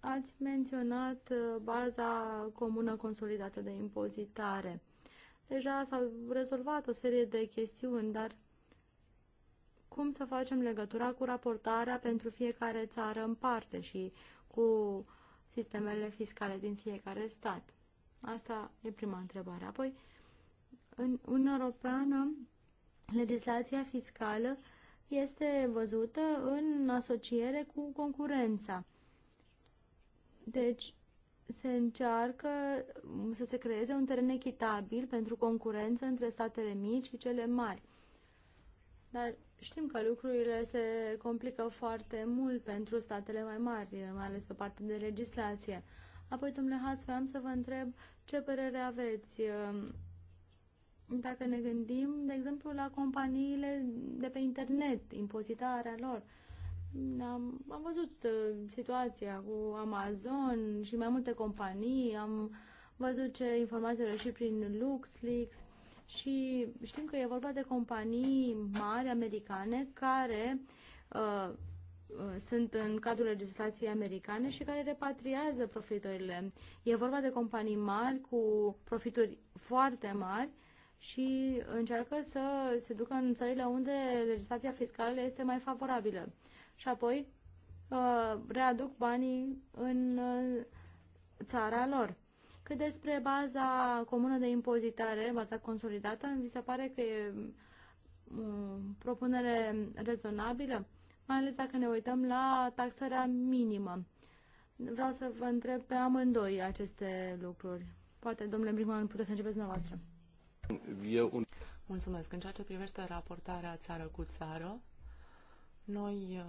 Ați menționat uh, baza comună consolidată de impozitare. Deja s a rezolvat o serie de chestiuni, dar cum să facem legătura cu raportarea pentru fiecare țară în parte și cu sistemele fiscale din fiecare stat? Asta e prima întrebare. Apoi, în Uniunea Europeană, legislația fiscală este văzută în asociere cu concurența. Deci, se încearcă să se creeze un teren echitabil pentru concurență între statele mici și cele mari. Dar știm că lucrurile se complică foarte mult pentru statele mai mari, mai ales pe partea de legislație. Apoi, domnule Haț, voiam să vă întreb ce părere aveți um, dacă ne gândim, de exemplu, la companiile de pe internet, impozitarea lor. Am, am văzut uh, situația cu Amazon și mai multe companii, am văzut ce informații și prin LuxLeaks și știm că e vorba de companii mari americane care uh, Uh, sunt în cadrul legislației americane și care repatriază profiturile. E vorba de companii mari cu profituri foarte mari și încearcă să se ducă în țările unde legislația fiscală este mai favorabilă. Și apoi uh, readuc banii în uh, țara lor. Cât despre baza comună de impozitare, baza consolidată, mi se pare că e o mm, propunere rezonabilă mai ales dacă ne uităm la taxarea minimă. Vreau să vă întreb pe amândoi aceste lucruri. Poate, domnule Brigman, puteți să începeți dumneavoastră. Eu... Mulțumesc. În ceea ce privește raportarea țară cu țară, noi uh,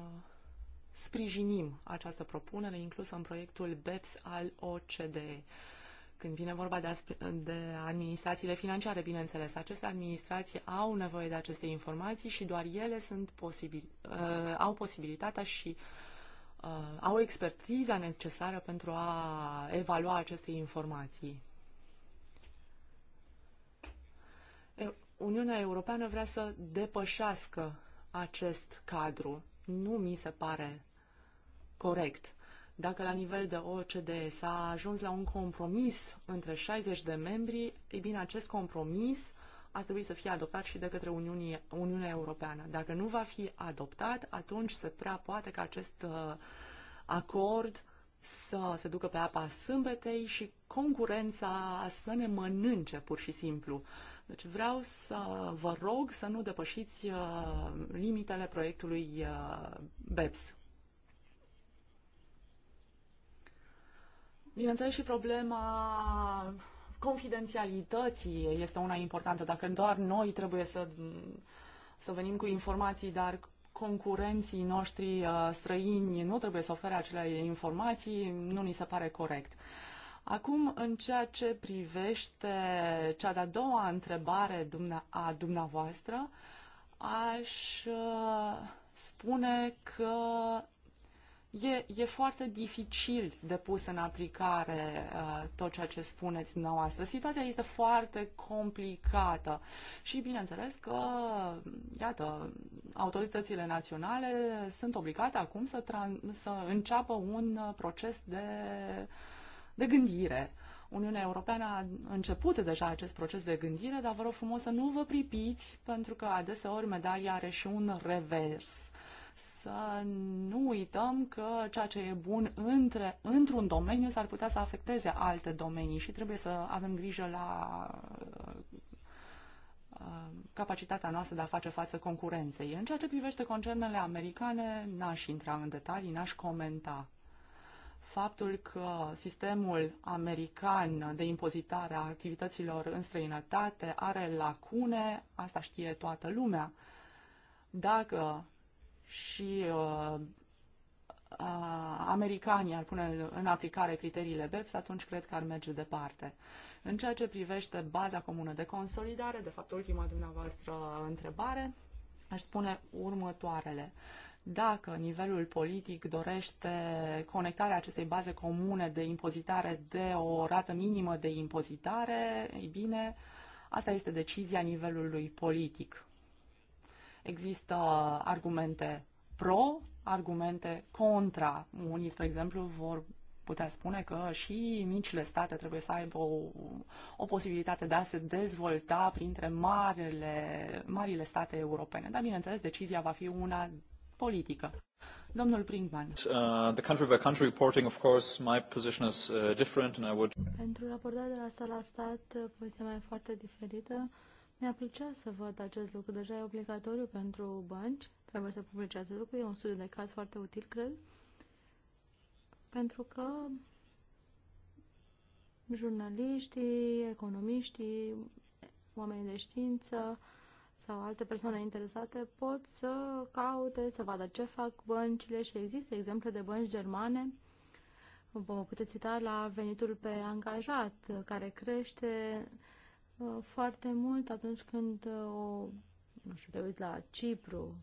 sprijinim această propunere inclusă în proiectul BEPS al OCDE. Când vine vorba de, de administrațiile financiare, bineînțeles, aceste administrații au nevoie de aceste informații și doar ele sunt posibil, uh, au posibilitatea și uh, au expertiza necesară pentru a evalua aceste informații. Uniunea Europeană vrea să depășească acest cadru. Nu mi se pare corect. Dacă la nivel de OCDE s-a ajuns la un compromis între 60 de membri, ei bine, acest compromis ar trebui să fie adoptat și de către Uniunii, Uniunea Europeană. Dacă nu va fi adoptat, atunci se prea poate ca acest uh, acord să se ducă pe apa sâmbetei și concurența să ne mănânce pur și simplu. Deci vreau să vă rog să nu depășiți uh, limitele proiectului uh, BEPS. Bineînțeles și problema confidențialității este una importantă. Dacă doar noi trebuie să, să venim cu informații, dar concurenții noștri uh, străini nu trebuie să ofere acele informații, nu ni se pare corect. Acum, în ceea ce privește cea de-a doua întrebare a dumneavoastră, aș uh, spune că E, e foarte dificil de pus în aplicare uh, tot ceea ce spuneți dumneavoastră. Situația este foarte complicată și bineînțeles că, iată, autoritățile naționale sunt obligate acum să, să înceapă un uh, proces de, de gândire. Uniunea Europeană a început deja acest proces de gândire, dar vă rog frumos să nu vă pripiți, pentru că adeseori medalia are și un revers să nu uităm că ceea ce e bun între, într-un domeniu s-ar putea să afecteze alte domenii și trebuie să avem grijă la uh, capacitatea noastră de a face față concurenței. În ceea ce privește concernele americane, n-aș intra în detalii, n-aș comenta faptul că sistemul american de impozitare a activităților în străinătate are lacune, asta știe toată lumea. Dacă și uh, americanii ar pune în aplicare criteriile BEPS, atunci cred că ar merge departe. În ceea ce privește baza comună de consolidare, de fapt ultima dumneavoastră întrebare, aș spune următoarele. Dacă nivelul politic dorește conectarea acestei baze comune de impozitare de o rată minimă de impozitare, ei bine, asta este decizia nivelului politic. Există argumente pro, argumente contra. Unii, spre exemplu, vor putea spune că și micile state trebuie să aibă o, o posibilitate de a se dezvolta printre marele, marile state europene. Dar, bineînțeles, decizia va fi una politică. Domnul Brinkman. Uh, the country by country reporting, of course, my position is uh, different and I would... Pentru raportarea de la stat la stat, poziția mea e foarte diferită. Uh, mi-a plăcea să văd acest lucru. Deja e obligatoriu pentru bănci. Trebuie să publice acest lucru. E un studiu de caz foarte util, cred. Pentru că jurnaliștii, economiștii, oamenii de știință sau alte persoane interesate pot să caute, să vadă ce fac băncile și există exemple de bănci germane. Vă puteți uita la venitul pe angajat, care crește Uh, foarte mult atunci când uh, o, nu știu, te uiți la Cipru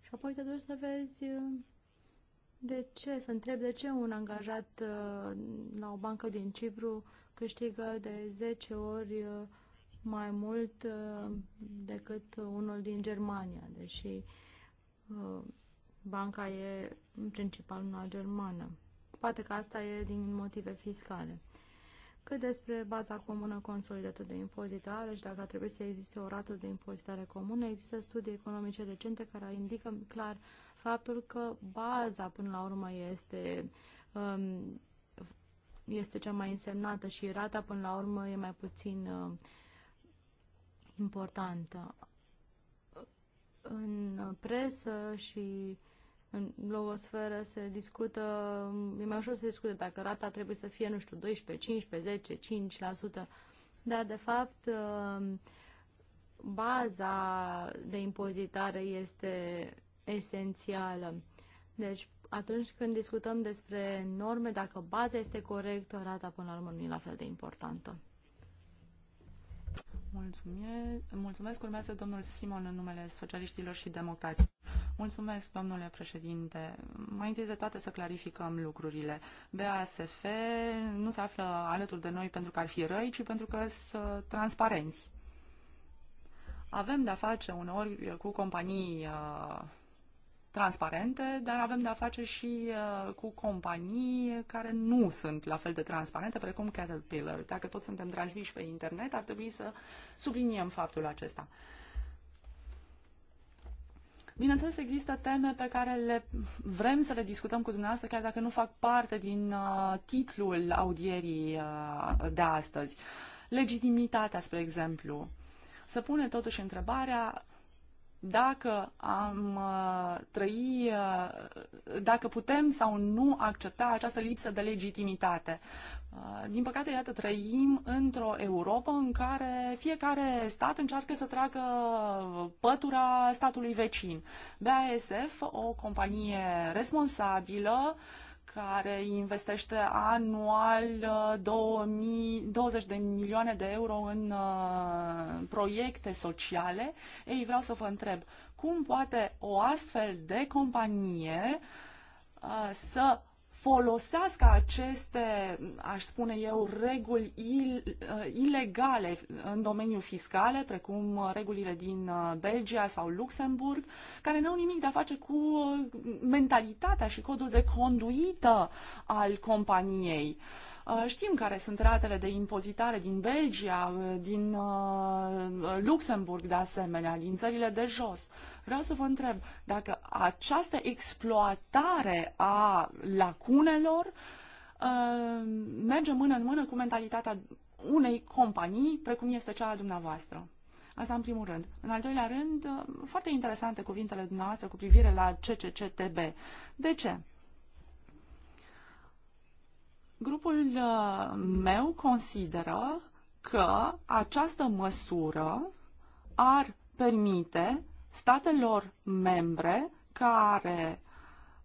și apoi te duci să vezi uh, de ce, să întrebi de ce un angajat la o bancă din Cipru câștigă de 10 ori mai mult decât unul din Germania, deși banca e în principal una germană. Poate că asta e din motive fiscale cât despre baza comună consolidată de impozitare și dacă trebuie să existe o rată de impozitare comună, există studii economice recente care indică clar faptul că baza până la urmă este, um, este cea mai însemnată și rata până la urmă e mai puțin uh, importantă. În presă și în blogosferă se discută, e mai ușor să discute dacă rata trebuie să fie, nu știu, 12, 15, 10, 5%, dar de fapt um, baza de impozitare este esențială. Deci atunci când discutăm despre norme, dacă baza este corectă, rata până la urmă nu e la fel de importantă. Mulțumesc. Mulțumesc. Urmează domnul Simon în numele socialiștilor și democrații. Mulțumesc, domnule președinte. Mai întâi de toate să clarificăm lucrurile. BASF nu se află alături de noi pentru că ar fi răi, ci pentru că sunt transparenți. Avem de-a face uneori cu companii uh, transparente, dar avem de-a face și uh, cu companii care nu sunt la fel de transparente, precum Caterpillar. Dacă tot suntem transmiși pe internet, ar trebui să subliniem faptul acesta. Bineînțeles, există teme pe care le vrem să le discutăm cu dumneavoastră, chiar dacă nu fac parte din uh, titlul audierii uh, de astăzi. Legitimitatea, spre exemplu. Se pune totuși întrebarea dacă am uh, trăi, uh, dacă putem sau nu accepta această lipsă de legitimitate. Uh, din păcate, iată, trăim într-o Europa în care fiecare stat încearcă să tragă pătura statului vecin. BASF, o companie responsabilă, care investește anual 20 uh, de milioane de euro în uh, proiecte sociale. Ei, vreau să vă întreb, cum poate o astfel de companie uh, să folosească aceste, aș spune eu, reguli uh, ilegale în domeniul fiscale, precum uh, regulile din uh, Belgia sau Luxemburg, care nu au nimic de a face cu mentalitatea și codul de conduită al companiei. Uh, Uh, știm care sunt ratele de impozitare din Belgia, uh, din uh, Luxemburg, de asemenea, din țările de jos. Vreau să vă întreb dacă această exploatare a lacunelor merge mână în mână cu mentalitatea unei companii, precum este cea a dumneavoastră. Asta în primul rând. În al doilea rând, foarte interesante cuvintele dumneavoastră cu privire la CCCTB. De ce? Grupul uh, meu consideră că această măsură ar permite statelor membre care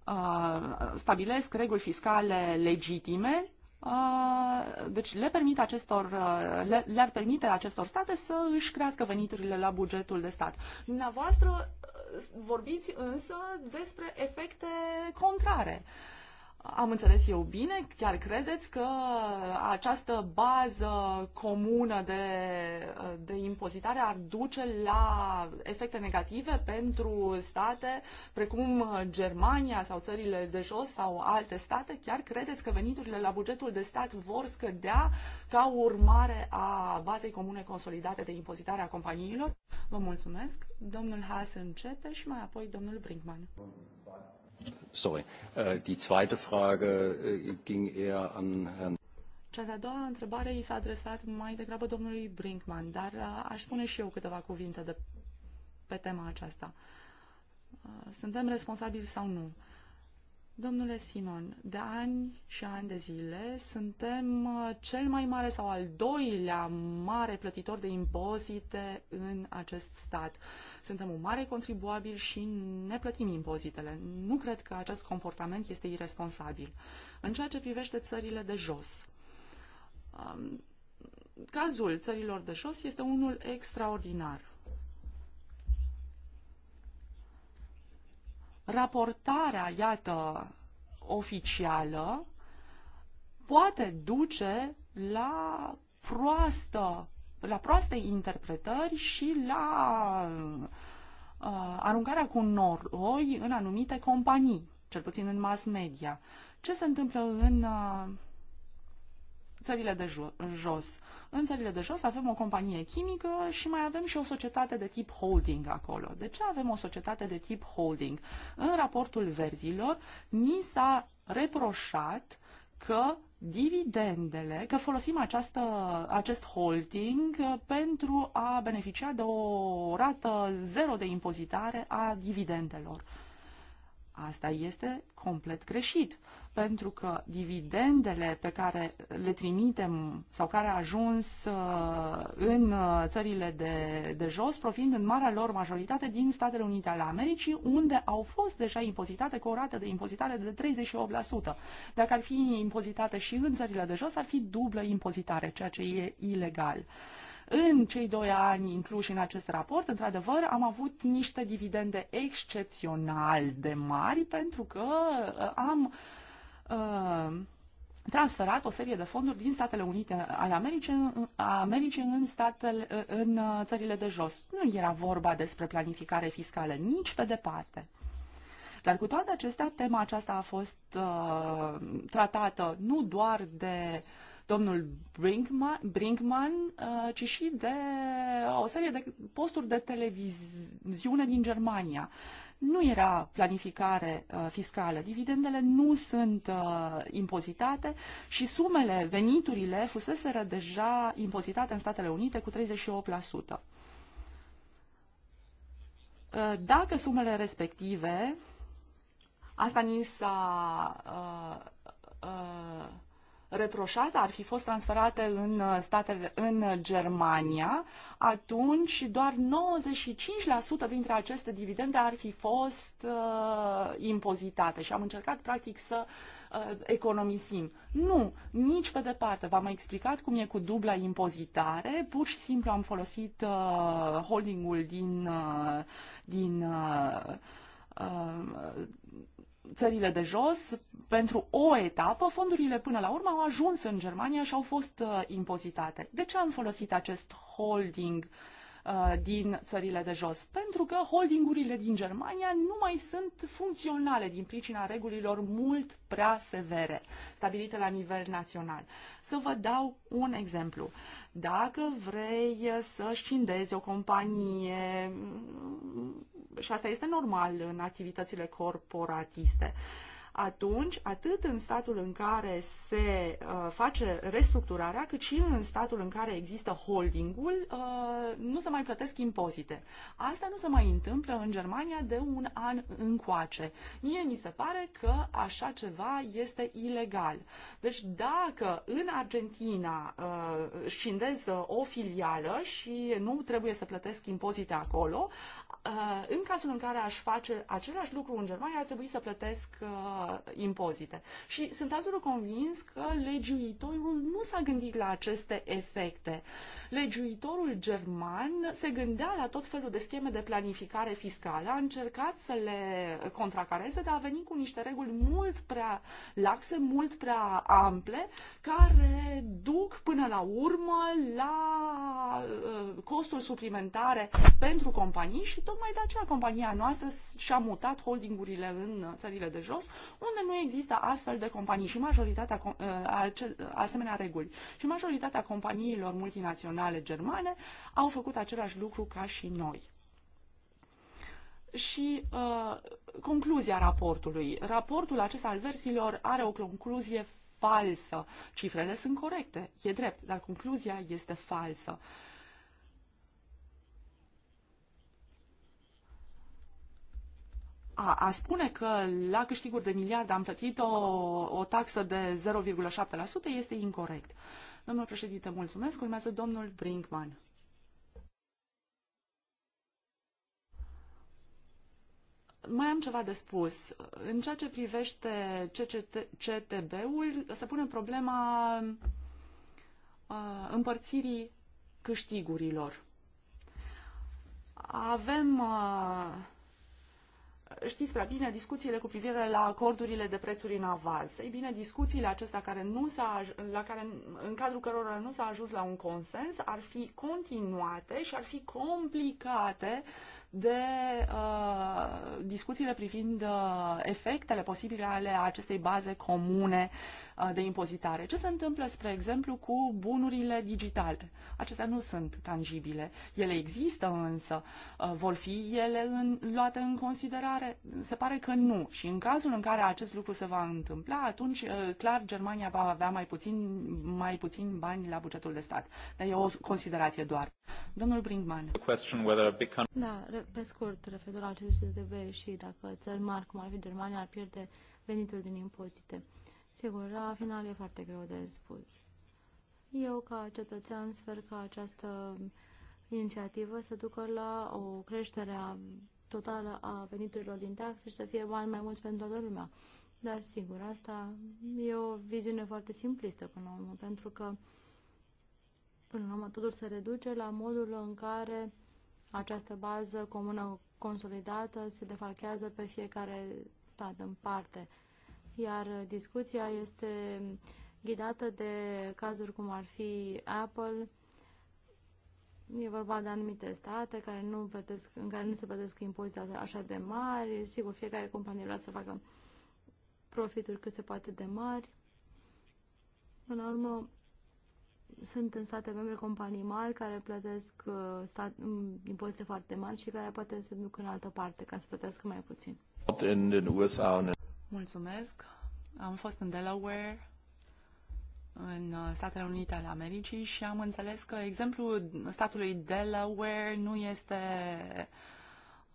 uh, stabilesc reguli fiscale legitime, uh, deci le permite acestor, uh, le, le-ar permite acestor state să își crească veniturile la bugetul de stat. Dumneavoastră uh, vorbiți însă despre efecte contrare. Uh, am înțeles eu bine? Chiar credeți că această bază comună de, de impozitare ar duce la efecte negative pentru state precum Germania sau țările de jos sau alte state? Chiar credeți că veniturile la bugetul de stat vor scădea ca urmare a bazei comune consolidate de impozitare a companiilor? Vă mulțumesc. Domnul Haas începe și mai apoi domnul Brinkman. Sorry. Äh, die zweite Frage äh, ging eher an Herrn cea de-a doua întrebare i s-a adresat mai degrabă domnului Brinkman, dar äh, aș spune și eu câteva cuvinte de, pe tema aceasta. Suntem responsabili sau nu? Domnule Simon, de ani și ani de zile suntem uh, cel mai mare sau al doilea mare plătitor de impozite în acest stat. Suntem un mare contribuabil și ne plătim impozitele. Nu cred că acest comportament este irresponsabil. În ceea ce privește țările de jos, um, cazul țărilor de jos este unul extraordinar. Raportarea, iată, oficială poate duce la proastă, la proaste interpretări și la uh, aruncarea cu noroi în anumite companii, cel puțin în mass media. Ce se întâmplă în uh, țările de jos. În țările de jos avem o companie chimică și mai avem și o societate de tip holding acolo. De ce avem o societate de tip holding? În raportul verzilor ni s-a reproșat că dividendele, că folosim această, acest holding pentru a beneficia de o rată zero de impozitare a dividendelor. Asta este complet greșit pentru că dividendele pe care le trimitem sau care a ajuns uh, în uh, țările de, de jos provin în marea lor majoritate din Statele Unite ale Americii, unde au fost deja impozitate cu o rată de impozitare de 38%. Dacă ar fi impozitate și în țările de jos, ar fi dublă impozitare, ceea ce e ilegal. În cei doi ani incluși în acest raport, într-adevăr, am avut niște dividende excepțional de mari pentru că uh, am uh, Uh, transferat o serie de fonduri din Statele Unite ale Americii, a Americii în, statele, în uh, țările de jos. Nu era vorba despre planificare fiscală nici pe departe. Dar cu toate acestea, tema aceasta a fost uh, tratată nu doar de domnul Brinkman, Brinkman uh, ci și de o serie de posturi de televiziune din Germania. Uh, nu era planificare uh, fiscală. Dividendele nu sunt uh, impozitate și sumele, veniturile fuseseră deja impozitate în Statele Unite cu 38%. Uh, dacă sumele respective, asta ni s-a uh, uh, reproșat ar fi fost transferate în, uh, statele, în Germania, atunci doar 95% dintre aceste dividende ar fi fost uh, impozitate și am încercat practic să uh, economisim. Nu, nici pe departe. V-am explicat cum e cu dubla impozitare. Pur și simplu am folosit uh, holdingul din, uh, din uh, uh țările de jos, pentru o etapă, fondurile până la urmă au ajuns în Germania și au fost uh, impozitate. De ce am folosit acest holding uh, din țările de jos? Pentru că holdingurile din Germania nu mai sunt funcționale din pricina regulilor mult prea severe stabilite la nivel național. Să vă dau un exemplu. Dacă vrei să scindezi o companie și asta este normal în activitățile corporatiste, atunci, atât în statul în care se uh, face restructurarea, cât și în statul în care există holdingul, uh, nu se mai plătesc impozite. Asta nu se mai întâmplă în Germania de un an încoace. Mie mi se pare că așa ceva este ilegal. Deci dacă în Argentina uh, scindez uh, o filială și nu trebuie să plătesc impozite acolo, Uh, în cazul în care aș face același lucru în Germania, ar trebui să plătesc uh, impozite. Și sunt absolut convins că legiuitorul nu s-a gândit la aceste efecte. Legiuitorul german se gândea la tot felul de scheme de planificare fiscală, a încercat să le contracareze, dar a venit cu niște reguli mult prea laxe, mult prea ample, care duc până la urmă la uh, costuri suplimentare pentru companii și tot Tocmai de aceea compania noastră și-a mutat holdingurile în țările de jos, unde nu există astfel de companii și majoritatea ă, asemenea reguli. Și majoritatea companiilor multinaționale germane au făcut același lucru ca și noi și uh, concluzia raportului. Raportul acesta al versilor are o concluzie falsă. Cifrele sunt corecte, e drept, dar concluzia este falsă. Uh, A, a spune că la câștiguri de miliarde am plătit o, o taxă de 0,7% este incorrect. Domnul președinte, mulțumesc. Urmează domnul Brinkman. Mai am ceva de spus. În ceea ce privește ctb ul se pune problema uh, împărțirii câștigurilor. Avem uh, știți prea bine, discuțiile cu privire la acordurile de prețuri în avans. Ei bine, discuțiile acestea care nu s-a, la care, în cadrul cărora nu s-a ajuns la un consens ar fi continuate și ar fi complicate de uh, discuțiile privind uh, efectele posibile ale acestei baze comune uh, de impozitare. Ce se întâmplă, spre exemplu, cu bunurile digitale? Acestea nu sunt tangibile. Ele există însă. Vor fi ele în, luate în considerare? Se pare că nu. Și în cazul în care acest lucru se va întâmpla, atunci, clar, Germania va avea mai puțin, mai puțin bani la bugetul de stat. Dar e o considerație doar. Domnul Brinkman. Da, pe scurt, referitor la acest DB și dacă țări mari, cum ar fi Germania, ar pierde venituri din impozite. Sigur, la final e foarte greu de spus. Eu, ca cetățean, sper că această inițiativă să ducă la o creștere a totală a veniturilor din taxe și să fie bani mai mulți pentru toată lumea. Dar, sigur, asta e o viziune foarte simplistă până la urmă, pentru că până la urmă totul se reduce la modul în care această bază comună consolidată se defalchează pe fiecare stat în parte iar discuția este ghidată de cazuri cum ar fi Apple. E vorba de anumite state care nu plătesc, în care nu se plătesc impozite așa de mari. Sigur, fiecare companie vrea să facă profituri cât se poate de mari. În urmă, sunt în state membre companii mari care plătesc uh, stat, um, impozite foarte mari și care poate să duc în altă parte ca să plătească mai puțin. In, in Mulțumesc. Am fost în Delaware, în uh, Statele Unite ale Americii și am înțeles că exemplul statului Delaware nu este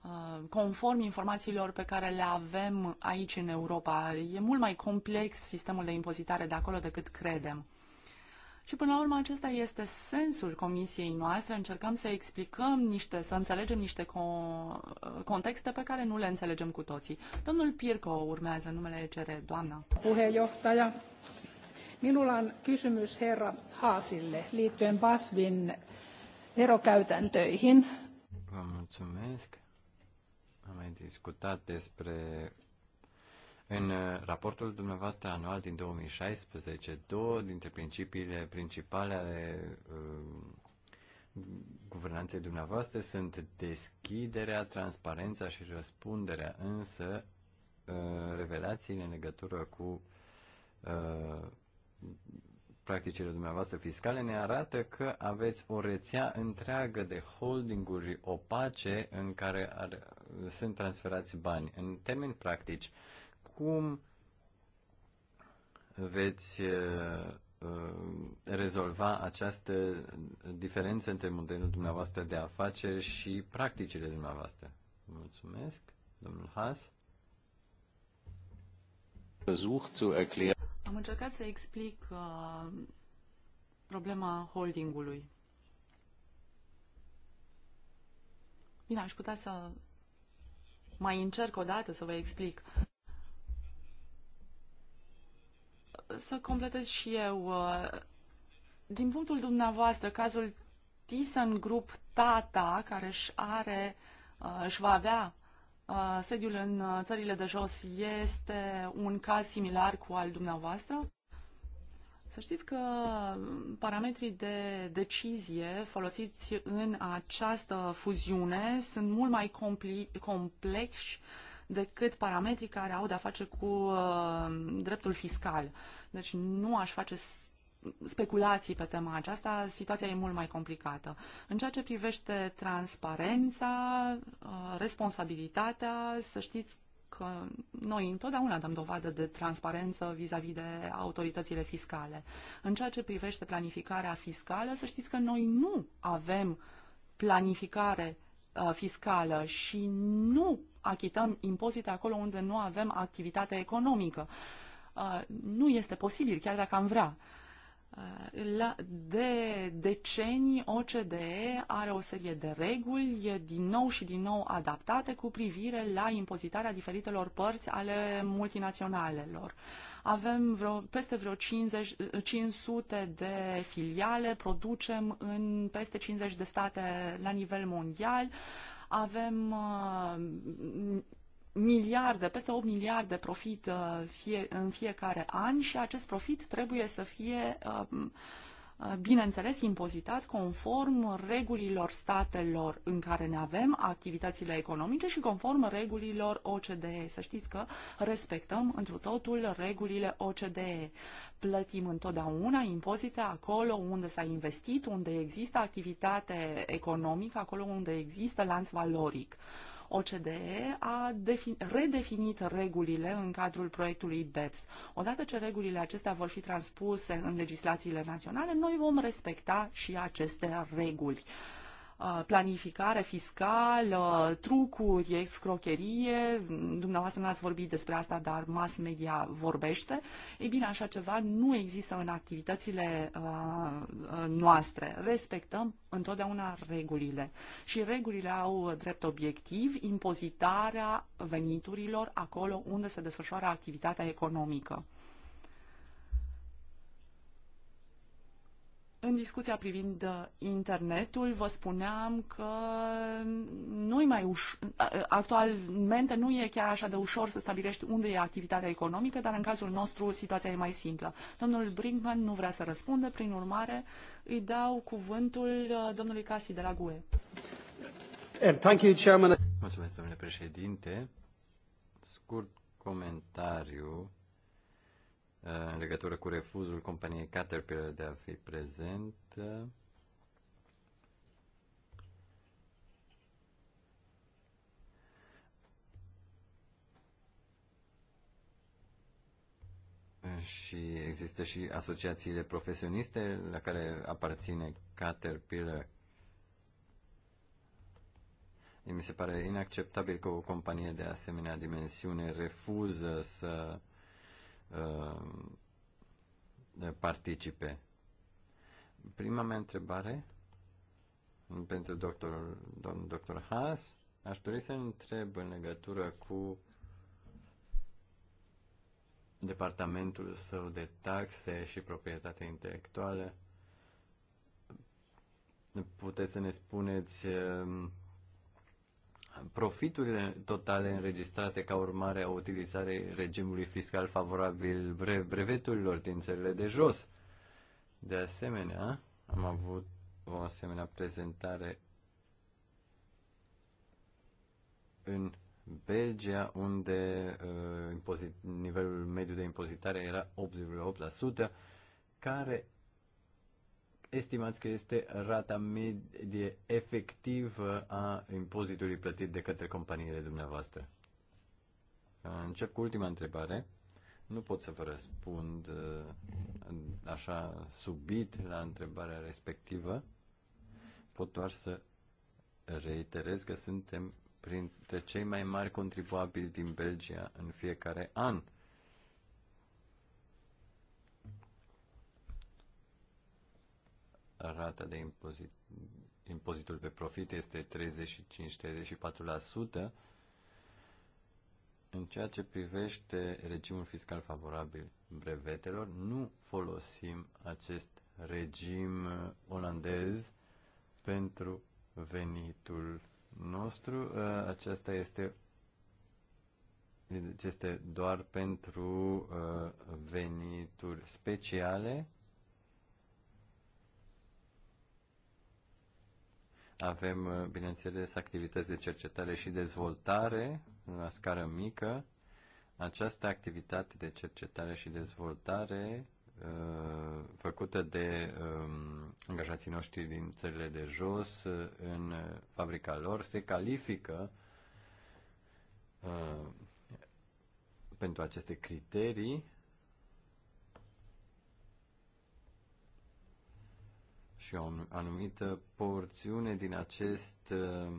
uh, conform informațiilor pe care le avem aici în Europa. E mult mai complex sistemul de impozitare de acolo decât credem. Și până la urmă acesta este sensul comisiei noastre, încercăm să explicăm niște, să înțelegem niște co- contexte pe care nu le înțelegem cu toții. Domnul Pirco urmează numele ECR, doamna. Puheenjohtaja, minulla on kysymys herra Haasille liittyen Basvin verokäytäntöihin. Vă mulțumesc. Am mai discutat despre în uh, raportul dumneavoastră anual din 2016, două dintre principiile principale ale uh, guvernanței dumneavoastră sunt deschiderea, transparența și răspunderea, însă uh, revelațiile în legătură cu practicile dumneavoastră fiscale ne arată că aveți o rețea întreagă de holdinguri opace în care ar, sunt transferați bani. În termeni practici, uh, acum veți uh, uh, rezolva această diferență între modelul dumneavoastră de afaceri și practicile dumneavoastră. Mulțumesc, domnul Haas. Am încercat să explic uh, problema holdingului. Bine, aș putea să mai încerc o dată să vă explic. să completez și eu. Uh, din punctul dumneavoastră, cazul Thyssen Group Tata, care își are, uh, își va avea uh, sediul în țările de jos, este un caz similar cu al dumneavoastră? Să știți că parametrii de decizie folosiți în această fuziune sunt mult mai compli- complexi decât parametrii care au de-a face cu uh, dreptul fiscal. Deci nu aș face speculații pe tema aceasta, situația e mult mai complicată. În ceea ce privește transparența, uh, responsabilitatea, să știți că noi întotdeauna dăm dovadă de transparență vis-a-vis -vis de autoritățile fiscale. În ceea ce privește planificarea fiscală, să știți că noi nu avem planificare Uh, fiscală și nu achităm impozite acolo unde nu avem activitate economică. Uh, nu este posibil, chiar dacă am vrea. Uh, la, de decenii, OCDE are o serie de reguli, din nou și din nou adaptate, cu privire la impozitarea diferitelor părți ale multinaționalelor. Uh, avem vreo, peste vreo 50, 500 de filiale, producem în peste 50 de state la nivel mondial, avem uh, miliarde, peste 8 miliarde profit uh, fie, în fiecare an și acest profit trebuie să fie uh, bineînțeles, impozitat conform regulilor statelor în care ne avem activitățile economice și conform regulilor OCDE. Să știți că respectăm întru totul regulile OCDE. Plătim întotdeauna impozite acolo unde s-a investit, unde există activitate economică, acolo unde există lanț valoric. OCDE a redefinit regulile în cadrul proiectului BEPS. Odată ce regulile acestea vor fi transpuse în legislațiile naționale, noi vom respecta și aceste reguli planificare fiscală, trucuri, excrocherie, dumneavoastră n-ați vorbit despre asta, dar mass media vorbește, ei bine, așa ceva nu există în activitățile noastre. Respectăm întotdeauna regulile și regulile au drept obiectiv impozitarea veniturilor acolo unde se desfășoară activitatea economică. În discuția privind uh, internetul, vă spuneam că nu mai uș- actualmente nu e chiar așa de ușor să stabilești unde e activitatea economică, dar în cazul nostru situația e mai simplă. Domnul Brinkman nu vrea să răspundă, prin urmare îi dau cuvântul uh, domnului Casi de la GUE. Eh, thank you, Chairman. Mulțumesc, domnule președinte. Scurt comentariu Uh, în legătură cu refuzul companiei Caterpillar de a fi prezent. Uh, și există și asociațiile profesioniste la care aparține Caterpillar. Mi se pare inacceptabil că o companie de asemenea dimensiune refuză să Uh, participe. Prima mea întrebare pentru doctorul, domnul doctor Haas, aș dori să întreb în legătură cu departamentul său de taxe și proprietate intelectuală. Puteți să ne spuneți um, Profiturile totale înregistrate ca urmare a utilizării regimului fiscal favorabil breveturilor din țările de jos. De asemenea, am avut o asemenea prezentare în Belgia, unde uh, impozit, nivelul mediu de impozitare era 8,8%, care estimați că este rata medie efectivă a impozitului plătit de către companiile dumneavoastră? Încep cu ultima întrebare. Nu pot să vă răspund uh, așa subit la întrebarea respectivă. Pot doar să reiterez că suntem printre cei mai mari contribuabili din Belgia în fiecare an. rata de impozit, impozitul pe profit este 35-34%, în ceea ce privește regimul fiscal favorabil brevetelor, nu folosim acest regim olandez pentru venitul nostru. Uh, aceasta este este doar pentru uh, venituri speciale Avem, uh, bineînțeles, activități de cercetare și dezvoltare la scară mică. Această activitate de cercetare și dezvoltare uh, făcută de um, angajații noștri din țările de jos uh, în fabrica lor se califică pentru aceste criterii și o anumită porțiune din acest uh,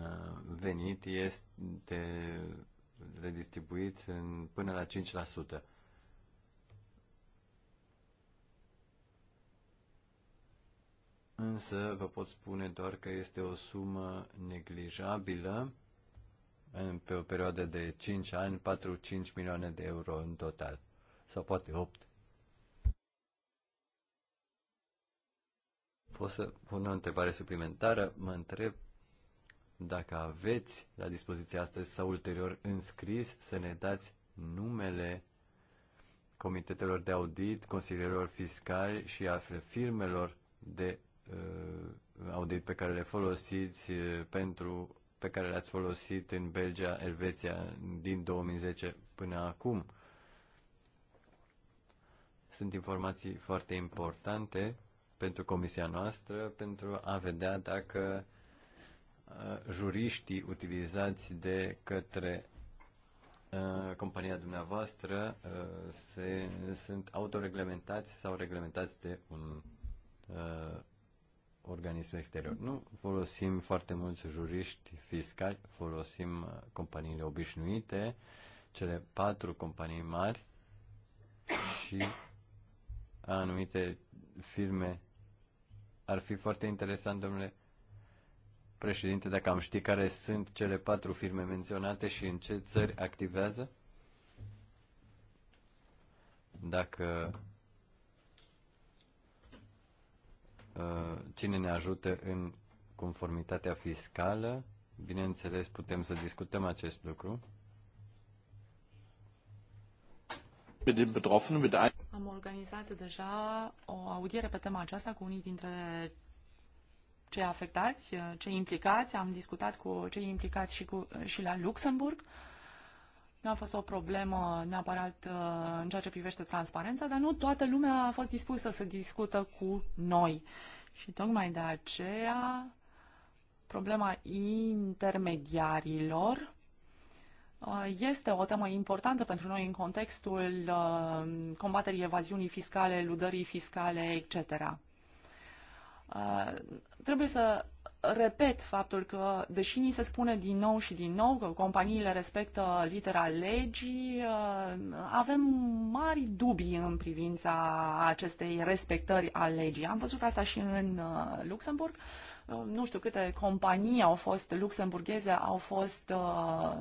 uh, venit este redistribuit în, până la 5%. Însă vă pot spune doar că este o sumă neglijabilă în, pe o perioadă de 5 ani, 4-5 milioane de euro în total, sau poate 8. pot să pun o întrebare suplimentară. Mă întreb dacă aveți la dispoziție astăzi sau ulterior înscris să ne dați numele comitetelor de audit, consilierilor fiscali și a firmelor de uh, audit pe care le folosiți uh, pentru pe care le-ați folosit în Belgia, Elveția din 2010 până acum. Sunt informații foarte importante pentru comisia noastră pentru a vedea dacă uh, juriștii utilizați de către uh, compania dumneavoastră uh, se, sunt autoreglementați sau reglementați de un uh, organism exterior. Nu folosim foarte mulți juriști fiscali, folosim companiile obișnuite, cele patru companii mari și anumite firme ar fi foarte interesant, domnule președinte, dacă am ști care sunt cele patru firme menționate și în ce țări activează. Dacă uh, cine ne ajută în conformitatea fiscală, bineînțeles putem să discutăm acest lucru. Am organizat deja o audiere pe tema aceasta cu unii dintre cei afectați, cei implicați. Am discutat cu cei implicați și, cu, și la Luxemburg. Nu a fost o problemă neapărat uh, în ceea ce privește transparența, dar nu toată lumea a fost dispusă să discută cu noi. Și tocmai de aceea problema intermediarilor Uh, este o temă importantă pentru noi în contextul uh, combaterii evaziunii fiscale, ludării fiscale, etc. Uh, trebuie să repet faptul că, deși ni se spune din nou și din nou că companiile respectă litera legii, avem mari dubii în privința acestei respectări a legii. Am văzut asta și în Luxemburg. Nu știu câte companii au fost luxemburgheze, au fost uh,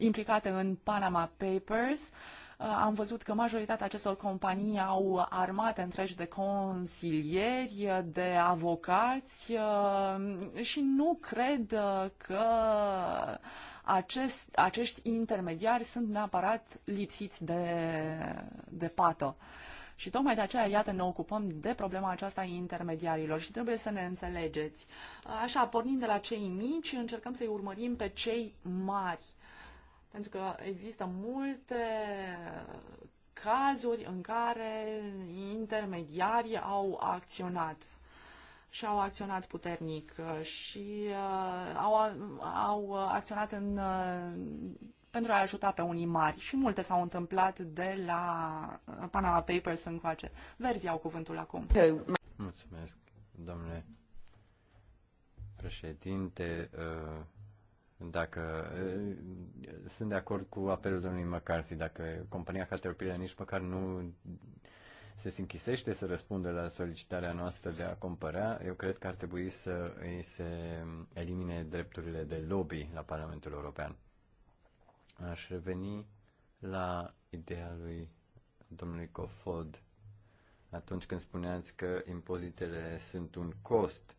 implicate în Panama Papers. Uh, am văzut că majoritatea acestor companii au armate întregi de consilieri, de avocați uh, și nu cred uh, că acest, acești intermediari sunt neapărat lipsiți de, de pată. Și tocmai de aceea, iată, ne ocupăm de problema aceasta a intermediarilor și trebuie să ne înțelegeți. Așa, pornind de la cei mici, încercăm să-i urmărim pe cei mari. Pentru că există multe cazuri în care intermediarii au acționat și au acționat puternic și uh, au, au acționat în, uh, pentru a ajuta pe unii mari. Și multe s-au întâmplat de la Panama Papers încoace. Verzi au cuvântul acum. Mulțumesc, domnule președinte. Uh dacă sunt de acord cu apelul domnului McCarthy, dacă compania Caterpillar nici măcar nu se închisește să răspundă la solicitarea noastră de a cumpăra, eu cred că ar trebui să îi se elimine drepturile de lobby la Parlamentul European. Aș reveni la ideea lui domnului Cofod atunci când spuneați că impozitele sunt un cost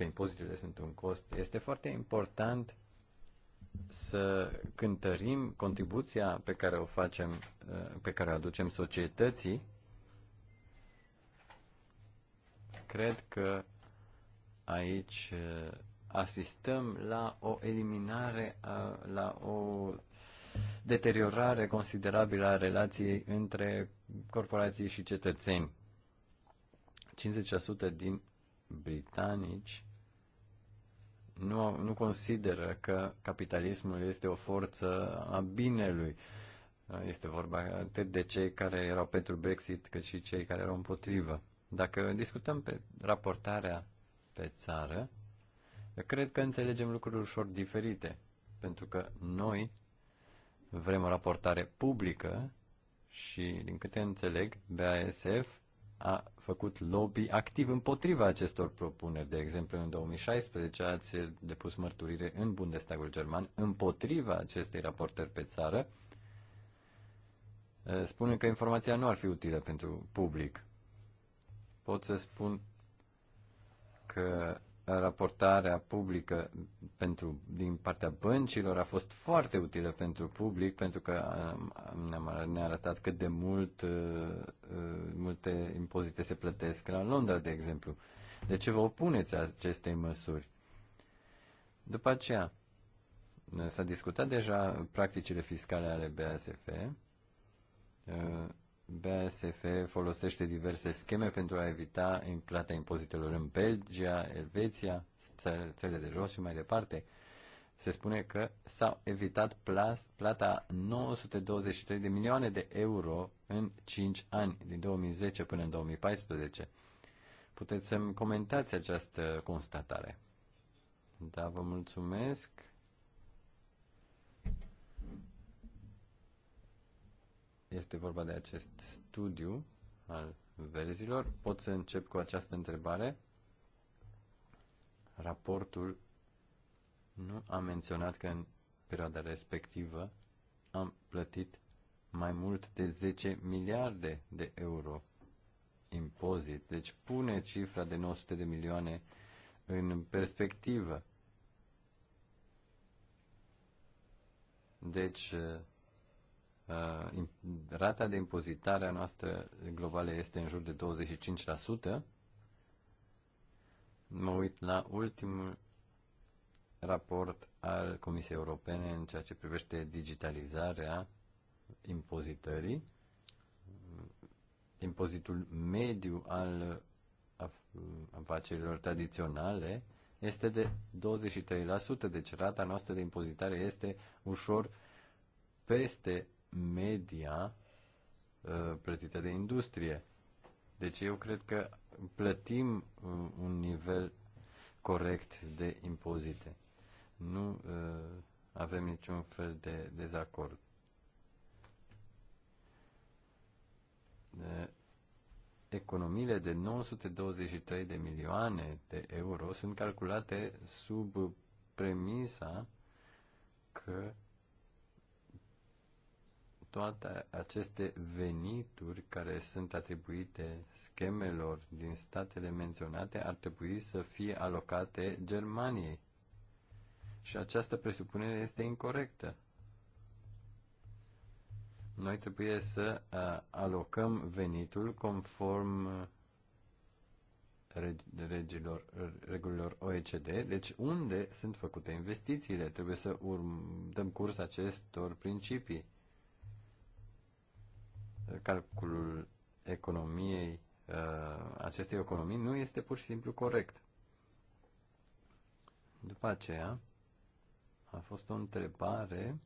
că impozitele sunt un cost, este foarte important să cântărim contribuția pe care o facem, uh, pe care o aducem societății. Cred că aici uh, asistăm la o eliminare, la o deteriorare considerabilă a relației între corporații și cetățeni. 50% din britanici nu, nu consideră că capitalismul este o forță a binelui. Este vorba atât de cei care erau pentru Brexit, cât și cei care erau împotrivă. Dacă discutăm pe raportarea pe țară, cred că înțelegem lucruri ușor diferite, pentru că noi vrem o raportare publică și, din câte înțeleg, BASF a făcut lobby activ împotriva acestor propuneri. De exemplu, în 2016 ați depus mărturire în Bundestagul German împotriva acestei raportări pe țară, eh, spune că informația nu ar fi utilă pentru public. Pot să spun că raportarea publică pentru, din partea băncilor a fost foarte utilă pentru public, pentru că ne-a arătat cât de mult uh, uh, multe impozite se plătesc la Londra, de exemplu. De ce vă opuneți acestei măsuri? După aceea, s-a discutat deja practicile fiscale ale BASF uh, BASF folosește diverse scheme pentru a evita plata impozitelor în Belgia, Elveția, țările de jos și mai departe. Se spune că s-au evitat plata 923 de milioane de euro în 5 ani, din 2010 până în 2014. Puteți să-mi comentați această constatare. Da, vă mulțumesc. este vorba de acest studiu al verzilor. Pot să încep cu această întrebare. Raportul nu a menționat că în perioada respectivă am plătit mai mult de 10 miliarde de euro impozit. Deci pune cifra de 900 de milioane în perspectivă. Deci Uh, rata de impozitare a noastră globală este în jur de 25%. Mă uit la ultimul raport al Comisiei Europene în ceea ce privește digitalizarea impozitării. Impozitul mediu al afacerilor tradiționale este de 23%, deci rata noastră de impozitare este ușor peste media uh, plătită de industrie. Deci eu cred că plătim uh, un nivel corect de impozite. Nu uh, avem niciun fel de dezacord. Economiile de 923 de milioane de euro sunt calculate sub premisa că toate aceste venituri care sunt atribuite schemelor din statele menționate ar trebui să fie alocate Germaniei. Și această presupunere este incorrectă. Noi trebuie să uh, alocăm venitul conform uh, regilor, regulilor OECD, deci unde sunt făcute investițiile. Trebuie să urm, dăm curs acestor principii calculul economiei, uh, acestei economii nu este pur și simplu corect. După aceea, a fost o întrebare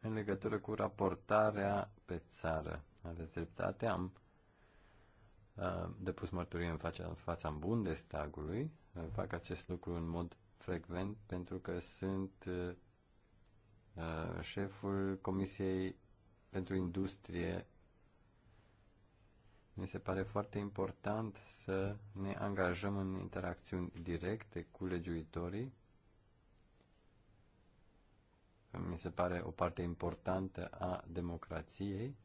în legătură cu raportarea pe țară. Aveți dreptate, am uh, depus mărturie în fața, în fața Bundestagului, fac acest lucru în mod frecvent pentru că sunt uh, șeful Comisiei pentru Industrie. Mi se pare foarte important să ne angajăm în interacțiuni directe cu legiuitorii. Mi se pare o parte importantă a democrației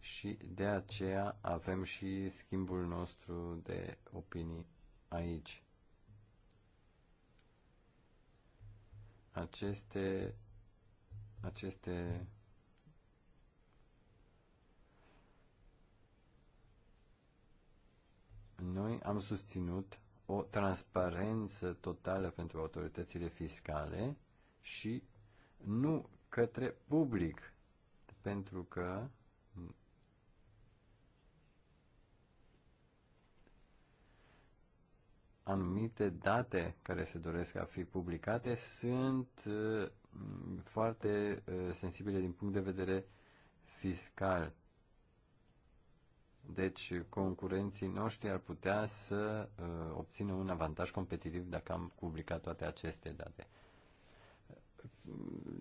și de aceea avem și schimbul nostru de opinii aici. aceste, aceste noi am susținut o transparență totală pentru autoritățile fiscale și nu către public, pentru că anumite date care se doresc a fi publicate sunt uh, foarte uh, sensibile din punct de vedere fiscal. Deci concurenții noștri ar putea să uh, obțină un avantaj competitiv dacă am publicat toate aceste date.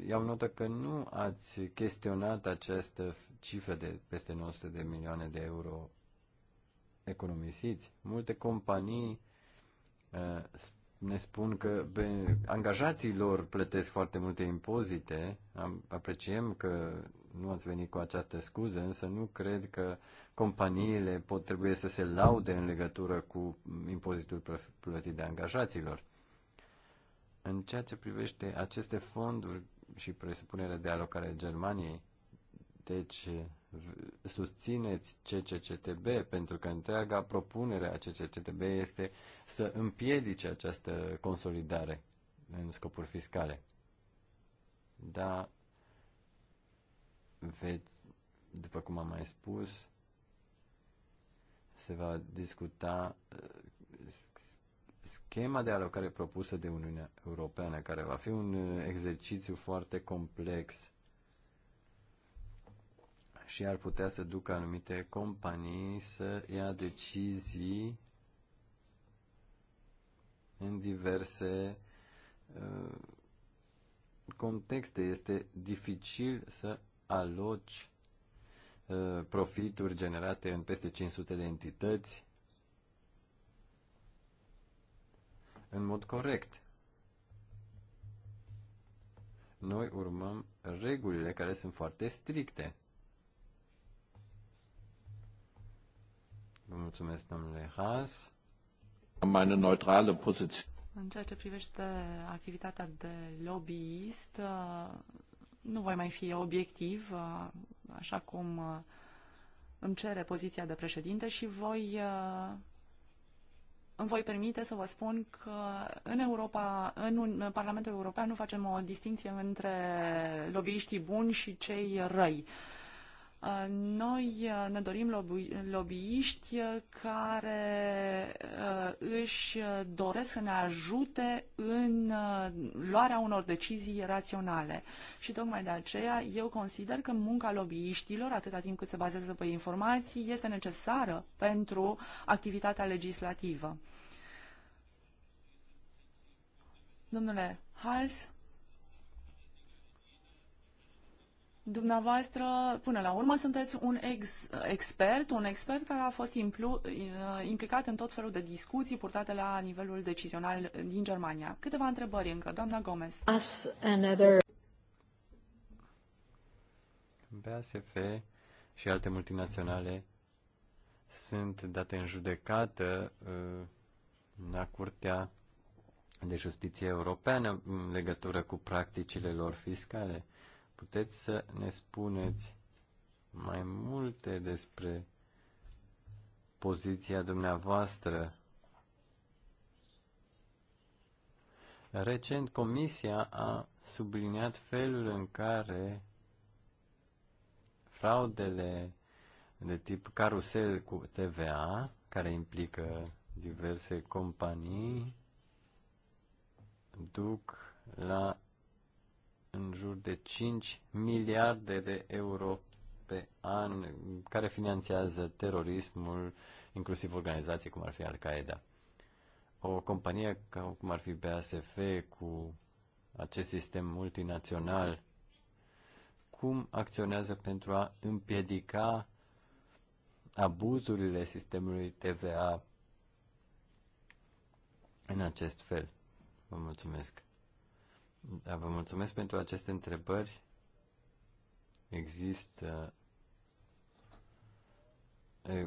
Iau notă că nu ați chestionat această cifră de peste 900 de milioane de euro economisiți. Multe companii ne spun că pe angajații lor plătesc foarte multe impozite. apreciem că nu ați venit cu această scuză, însă nu cred că companiile pot trebuie să se laude în legătură cu impozitul plătit de angajaților. În ceea ce privește aceste fonduri și presupunerea de alocare Germaniei, deci susțineți CCCTB, pentru că întreaga propunere a CCCTB este să împiedice această consolidare în scopuri fiscale. Da, veți, după cum am mai spus, se va discuta uh, schema de alocare propusă de Uniunea Europeană, care va fi un uh, exercițiu foarte complex și ar putea să ducă anumite companii să ia decizii în diverse uh, contexte. Este dificil să aloci uh, profituri generate în peste 500 de entități în mod corect. Noi urmăm regulile care sunt foarte stricte. Vă mulțumesc, domnule Haas. Meine neutrală poziție. În ceea ce privește activitatea de lobbyist, uh, nu voi mai fi obiectiv, uh, așa cum uh, îmi cere poziția de președinte și voi îmi voi permite să vă spun că în Europa, în, un, în Parlamentul European nu facem o distinție între lobbyiștii buni și cei răi. Uh, noi uh, ne dorim lobbyiști uh, care uh, își doresc să ne ajute în luarea unor decizii raționale. Și tocmai de aceea eu consider că munca lobbyiștilor, atâta timp cât se bazează pe informații, este necesară pentru activitatea legislativă. Domnule Hals, Dumneavoastră, până la urmă, sunteți un ex- expert, un expert care a fost implu- uh, implicat în tot felul de discuții purtate la nivelul decizional din Germania. Câteva întrebări încă, doamna Gomez. Another... BASF și alte multinaționale sunt date în judecată uh, la Curtea de Justiție Europeană în legătură cu practicile lor fiscale. Puteți să ne spuneți mai multe despre poziția dumneavoastră. Recent, Comisia a subliniat felul în care fraudele de tip carusel cu TVA, care implică diverse companii, duc la în jur de 5 miliarde de euro pe an care finanțează terorismul, inclusiv organizații cum ar fi Al-Qaeda. O companie ca cum ar fi BASF cu acest sistem multinațional, cum acționează pentru a împiedica abuzurile sistemului TVA în acest fel? Vă mulțumesc. Da, vă mulțumesc pentru aceste întrebări. Există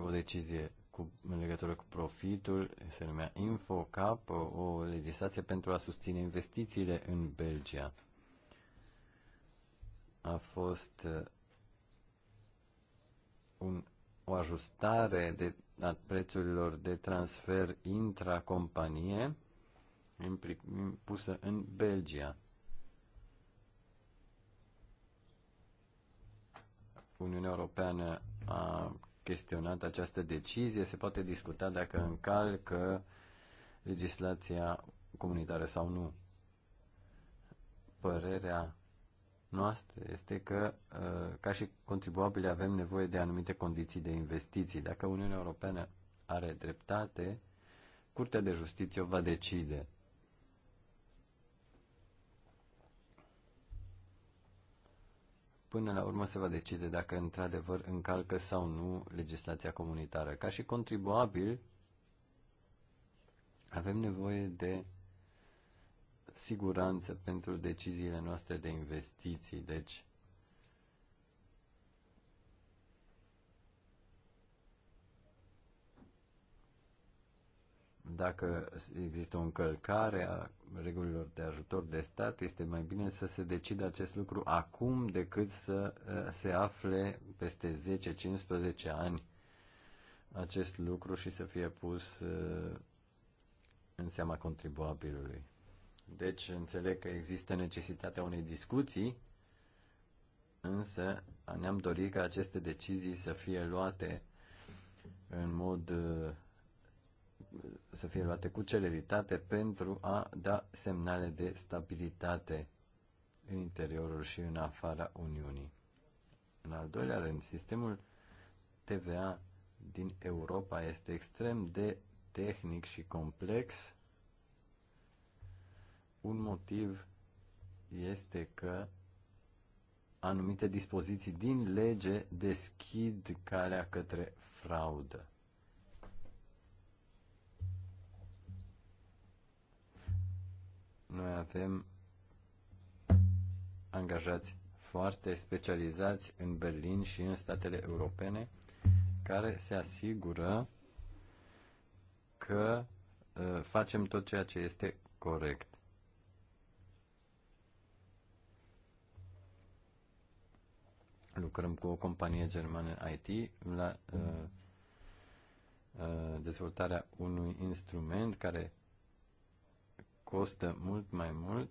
o decizie cu, în legătură cu profitul, se numea InfoCap, o legislație pentru a susține investițiile în Belgia. A fost un, o ajustare de, a prețurilor de transfer intracompanie pusă în Belgia. Uniunea Europeană a chestionat această decizie, se poate discuta dacă încalcă legislația comunitară sau nu. Părerea noastră este că, uh, ca și contribuabili, avem nevoie de anumite condiții de investiții. Dacă Uniunea Europeană are dreptate, Curtea de Justiție o va decide. până la urmă se va decide dacă într-adevăr încalcă sau nu legislația comunitară. Ca și contribuabil, avem nevoie de siguranță pentru deciziile noastre de investiții. Deci, dacă există o încălcare a regulilor de ajutor de stat, este mai bine să se decidă acest lucru acum decât să eh, se afle peste 10-15 ani acest lucru și să fie pus eh, în seama contribuabilului. Deci înțeleg că există necesitatea unei discuții, însă ne-am dorit ca aceste decizii să fie luate în mod eh, să fie luate cu celeritate pentru a da semnale de stabilitate în interiorul și în afara Uniunii. În al doilea rând, sistemul TVA din Europa este extrem de tehnic și complex. Un motiv este că anumite dispoziții din lege deschid calea către fraudă. avem angajați foarte specializați în Berlin și în statele europene care se asigură că uh, facem tot ceea ce este corect. Lucrăm cu o companie germană IT la uh, uh, dezvoltarea unui instrument care costă mult mai mult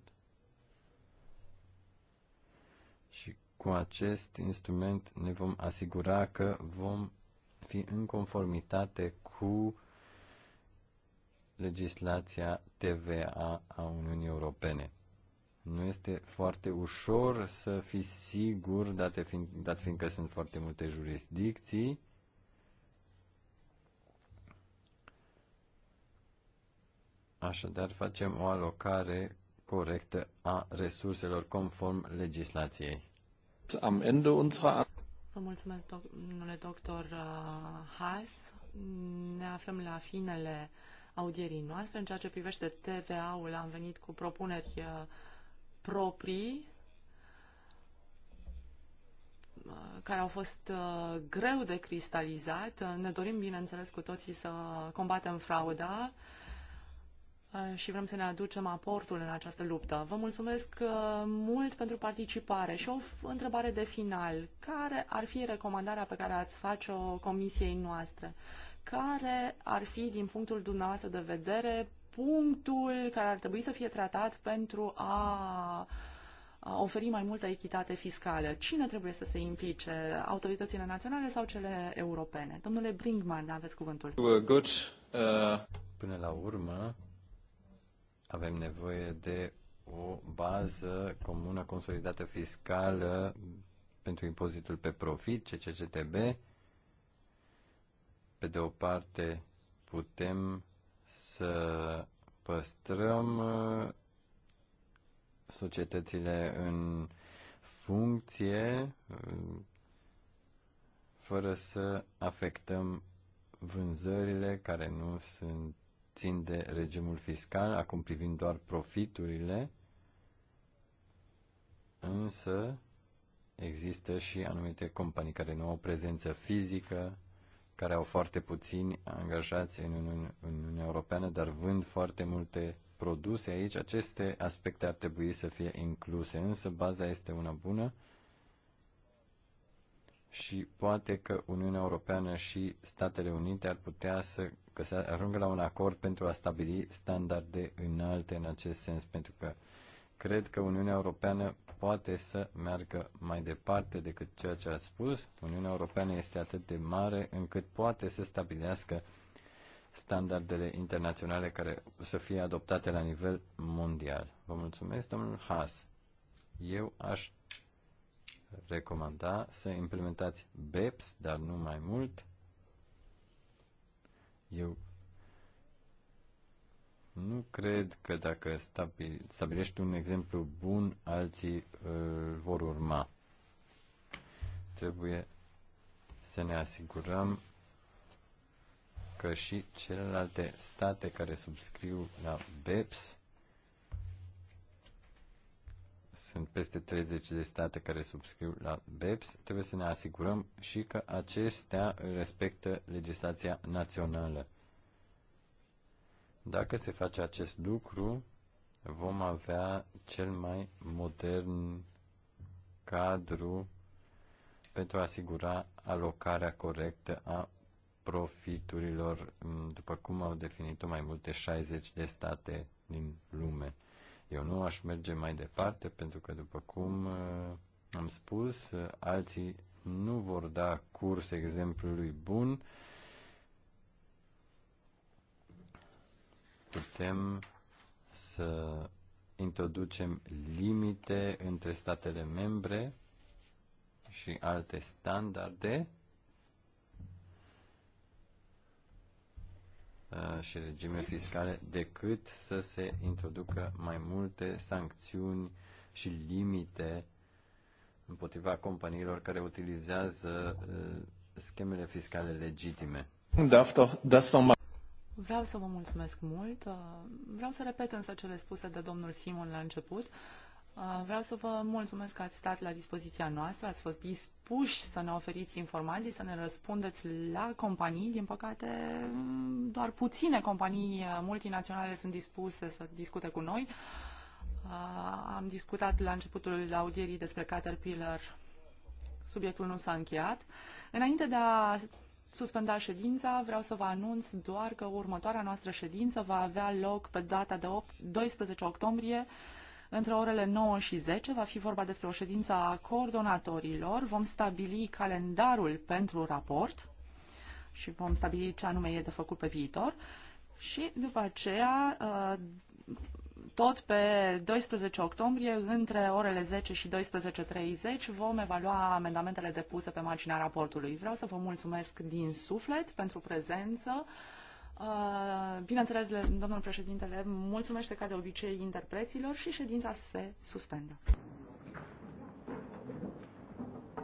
și cu acest instrument ne vom asigura că vom fi în conformitate cu legislația TVA a Uniunii Europene. Nu este foarte ușor să fii sigur, dat fiind, dat fiind că sunt foarte multe jurisdicții, Așadar, facem o alocare corectă a resurselor conform legislației. Am ende unsra... Vă mulțumesc, domnule doctor uh, Haas. Ne aflăm la finele audierii noastre. În ceea ce privește TVA-ul, am venit cu propuneri uh, proprii uh, care au fost greu de cristalizat. Ne dorim, bineînțeles, cu toții să combatem frauda Eh, și vrem să ne aducem aportul în această luptă. Vă mulțumesc eh, mult pentru participare și o întrebare de final. Care ar fi recomandarea pe care ați face-o comisiei noastre? Care ar fi, din punctul dumneavoastră de vedere, punctul care ar trebui să fie tratat pentru a oferi mai multă echitate fiscală. Cine trebuie să se implice? Autoritățile naționale sau cele europene? Domnule Brinkman, aveți cuvântul. Good. Uh, Până la urmă, avem nevoie de o bază comună consolidată fiscală pentru impozitul pe profit, CCCTB. Pe de o parte, putem să păstrăm uh, societățile în funcție uh, fără să afectăm vânzările care nu sunt țin de regimul fiscal, acum privind doar profiturile, însă există și anumite companii care nu au prezență fizică, care au foarte puțini angajați în Uniunea Europeană, dar vând foarte multe produse aici. Aceste aspecte ar trebui să fie incluse, însă baza este una bună și poate că Uniunea Europeană și Statele Unite ar putea să că se ajungă la un acord pentru a stabili standarde înalte în acest sens, pentru că cred că Uniunea Europeană poate să meargă mai departe decât ceea ce ați spus. Uniunea Europeană este atât de mare încât poate să stabilească standardele internaționale care să fie adoptate la nivel mondial. Vă mulțumesc, domnul Haas. Eu aș recomanda să implementați BEPS, dar nu mai mult, eu nu cred că dacă stabilești un exemplu bun, alții îl vor urma. Trebuie să ne asigurăm că și celelalte state care subscriu la BEPS sunt peste 30 de state care subscriu la BEPS, trebuie să ne asigurăm și că acestea respectă legislația națională. Dacă se face acest lucru, vom avea cel mai modern cadru pentru a asigura alocarea corectă a profiturilor, după cum au definit-o mai multe 60 de state din lume. Eu nu aș merge mai departe pentru că, după cum uh, am spus, uh, alții nu vor da curs exemplului bun. Putem să introducem limite între statele membre și alte standarde Uh, și regime fiscale decât să se introducă mai multe sancțiuni și limite împotriva companiilor care utilizează uh, schemele fiscale legitime. Vreau să vă mulțumesc mult. Uh, vreau să repet însă cele spuse de domnul Simon la început. Uh, vreau să vă mulțumesc că ați stat la dispoziția noastră, ați fost dispuși să ne oferiți informații, să ne răspundeți la companii. Din păcate, mm, doar puține companii uh, multinaționale sunt dispuse să discute cu noi. Uh, am discutat la începutul audierii despre Caterpillar. Subiectul nu s-a încheiat. Înainte de a suspenda ședința, vreau să vă anunț doar că următoarea noastră ședință va avea loc pe data de 8, 12 octombrie între orele 9 și 10 va fi vorba despre o ședință a coordonatorilor. Vom stabili calendarul pentru raport și vom stabili ce anume e de făcut pe viitor. Și după aceea, uh, tot pe 12 octombrie, între orele 10 și 12.30, vom evalua amendamentele depuse pe marginea raportului. Vreau să vă mulțumesc din suflet pentru prezență. Uh, bineînțeles, domnul președintele mulțumește ca de obicei interpreților și ședința se suspendă.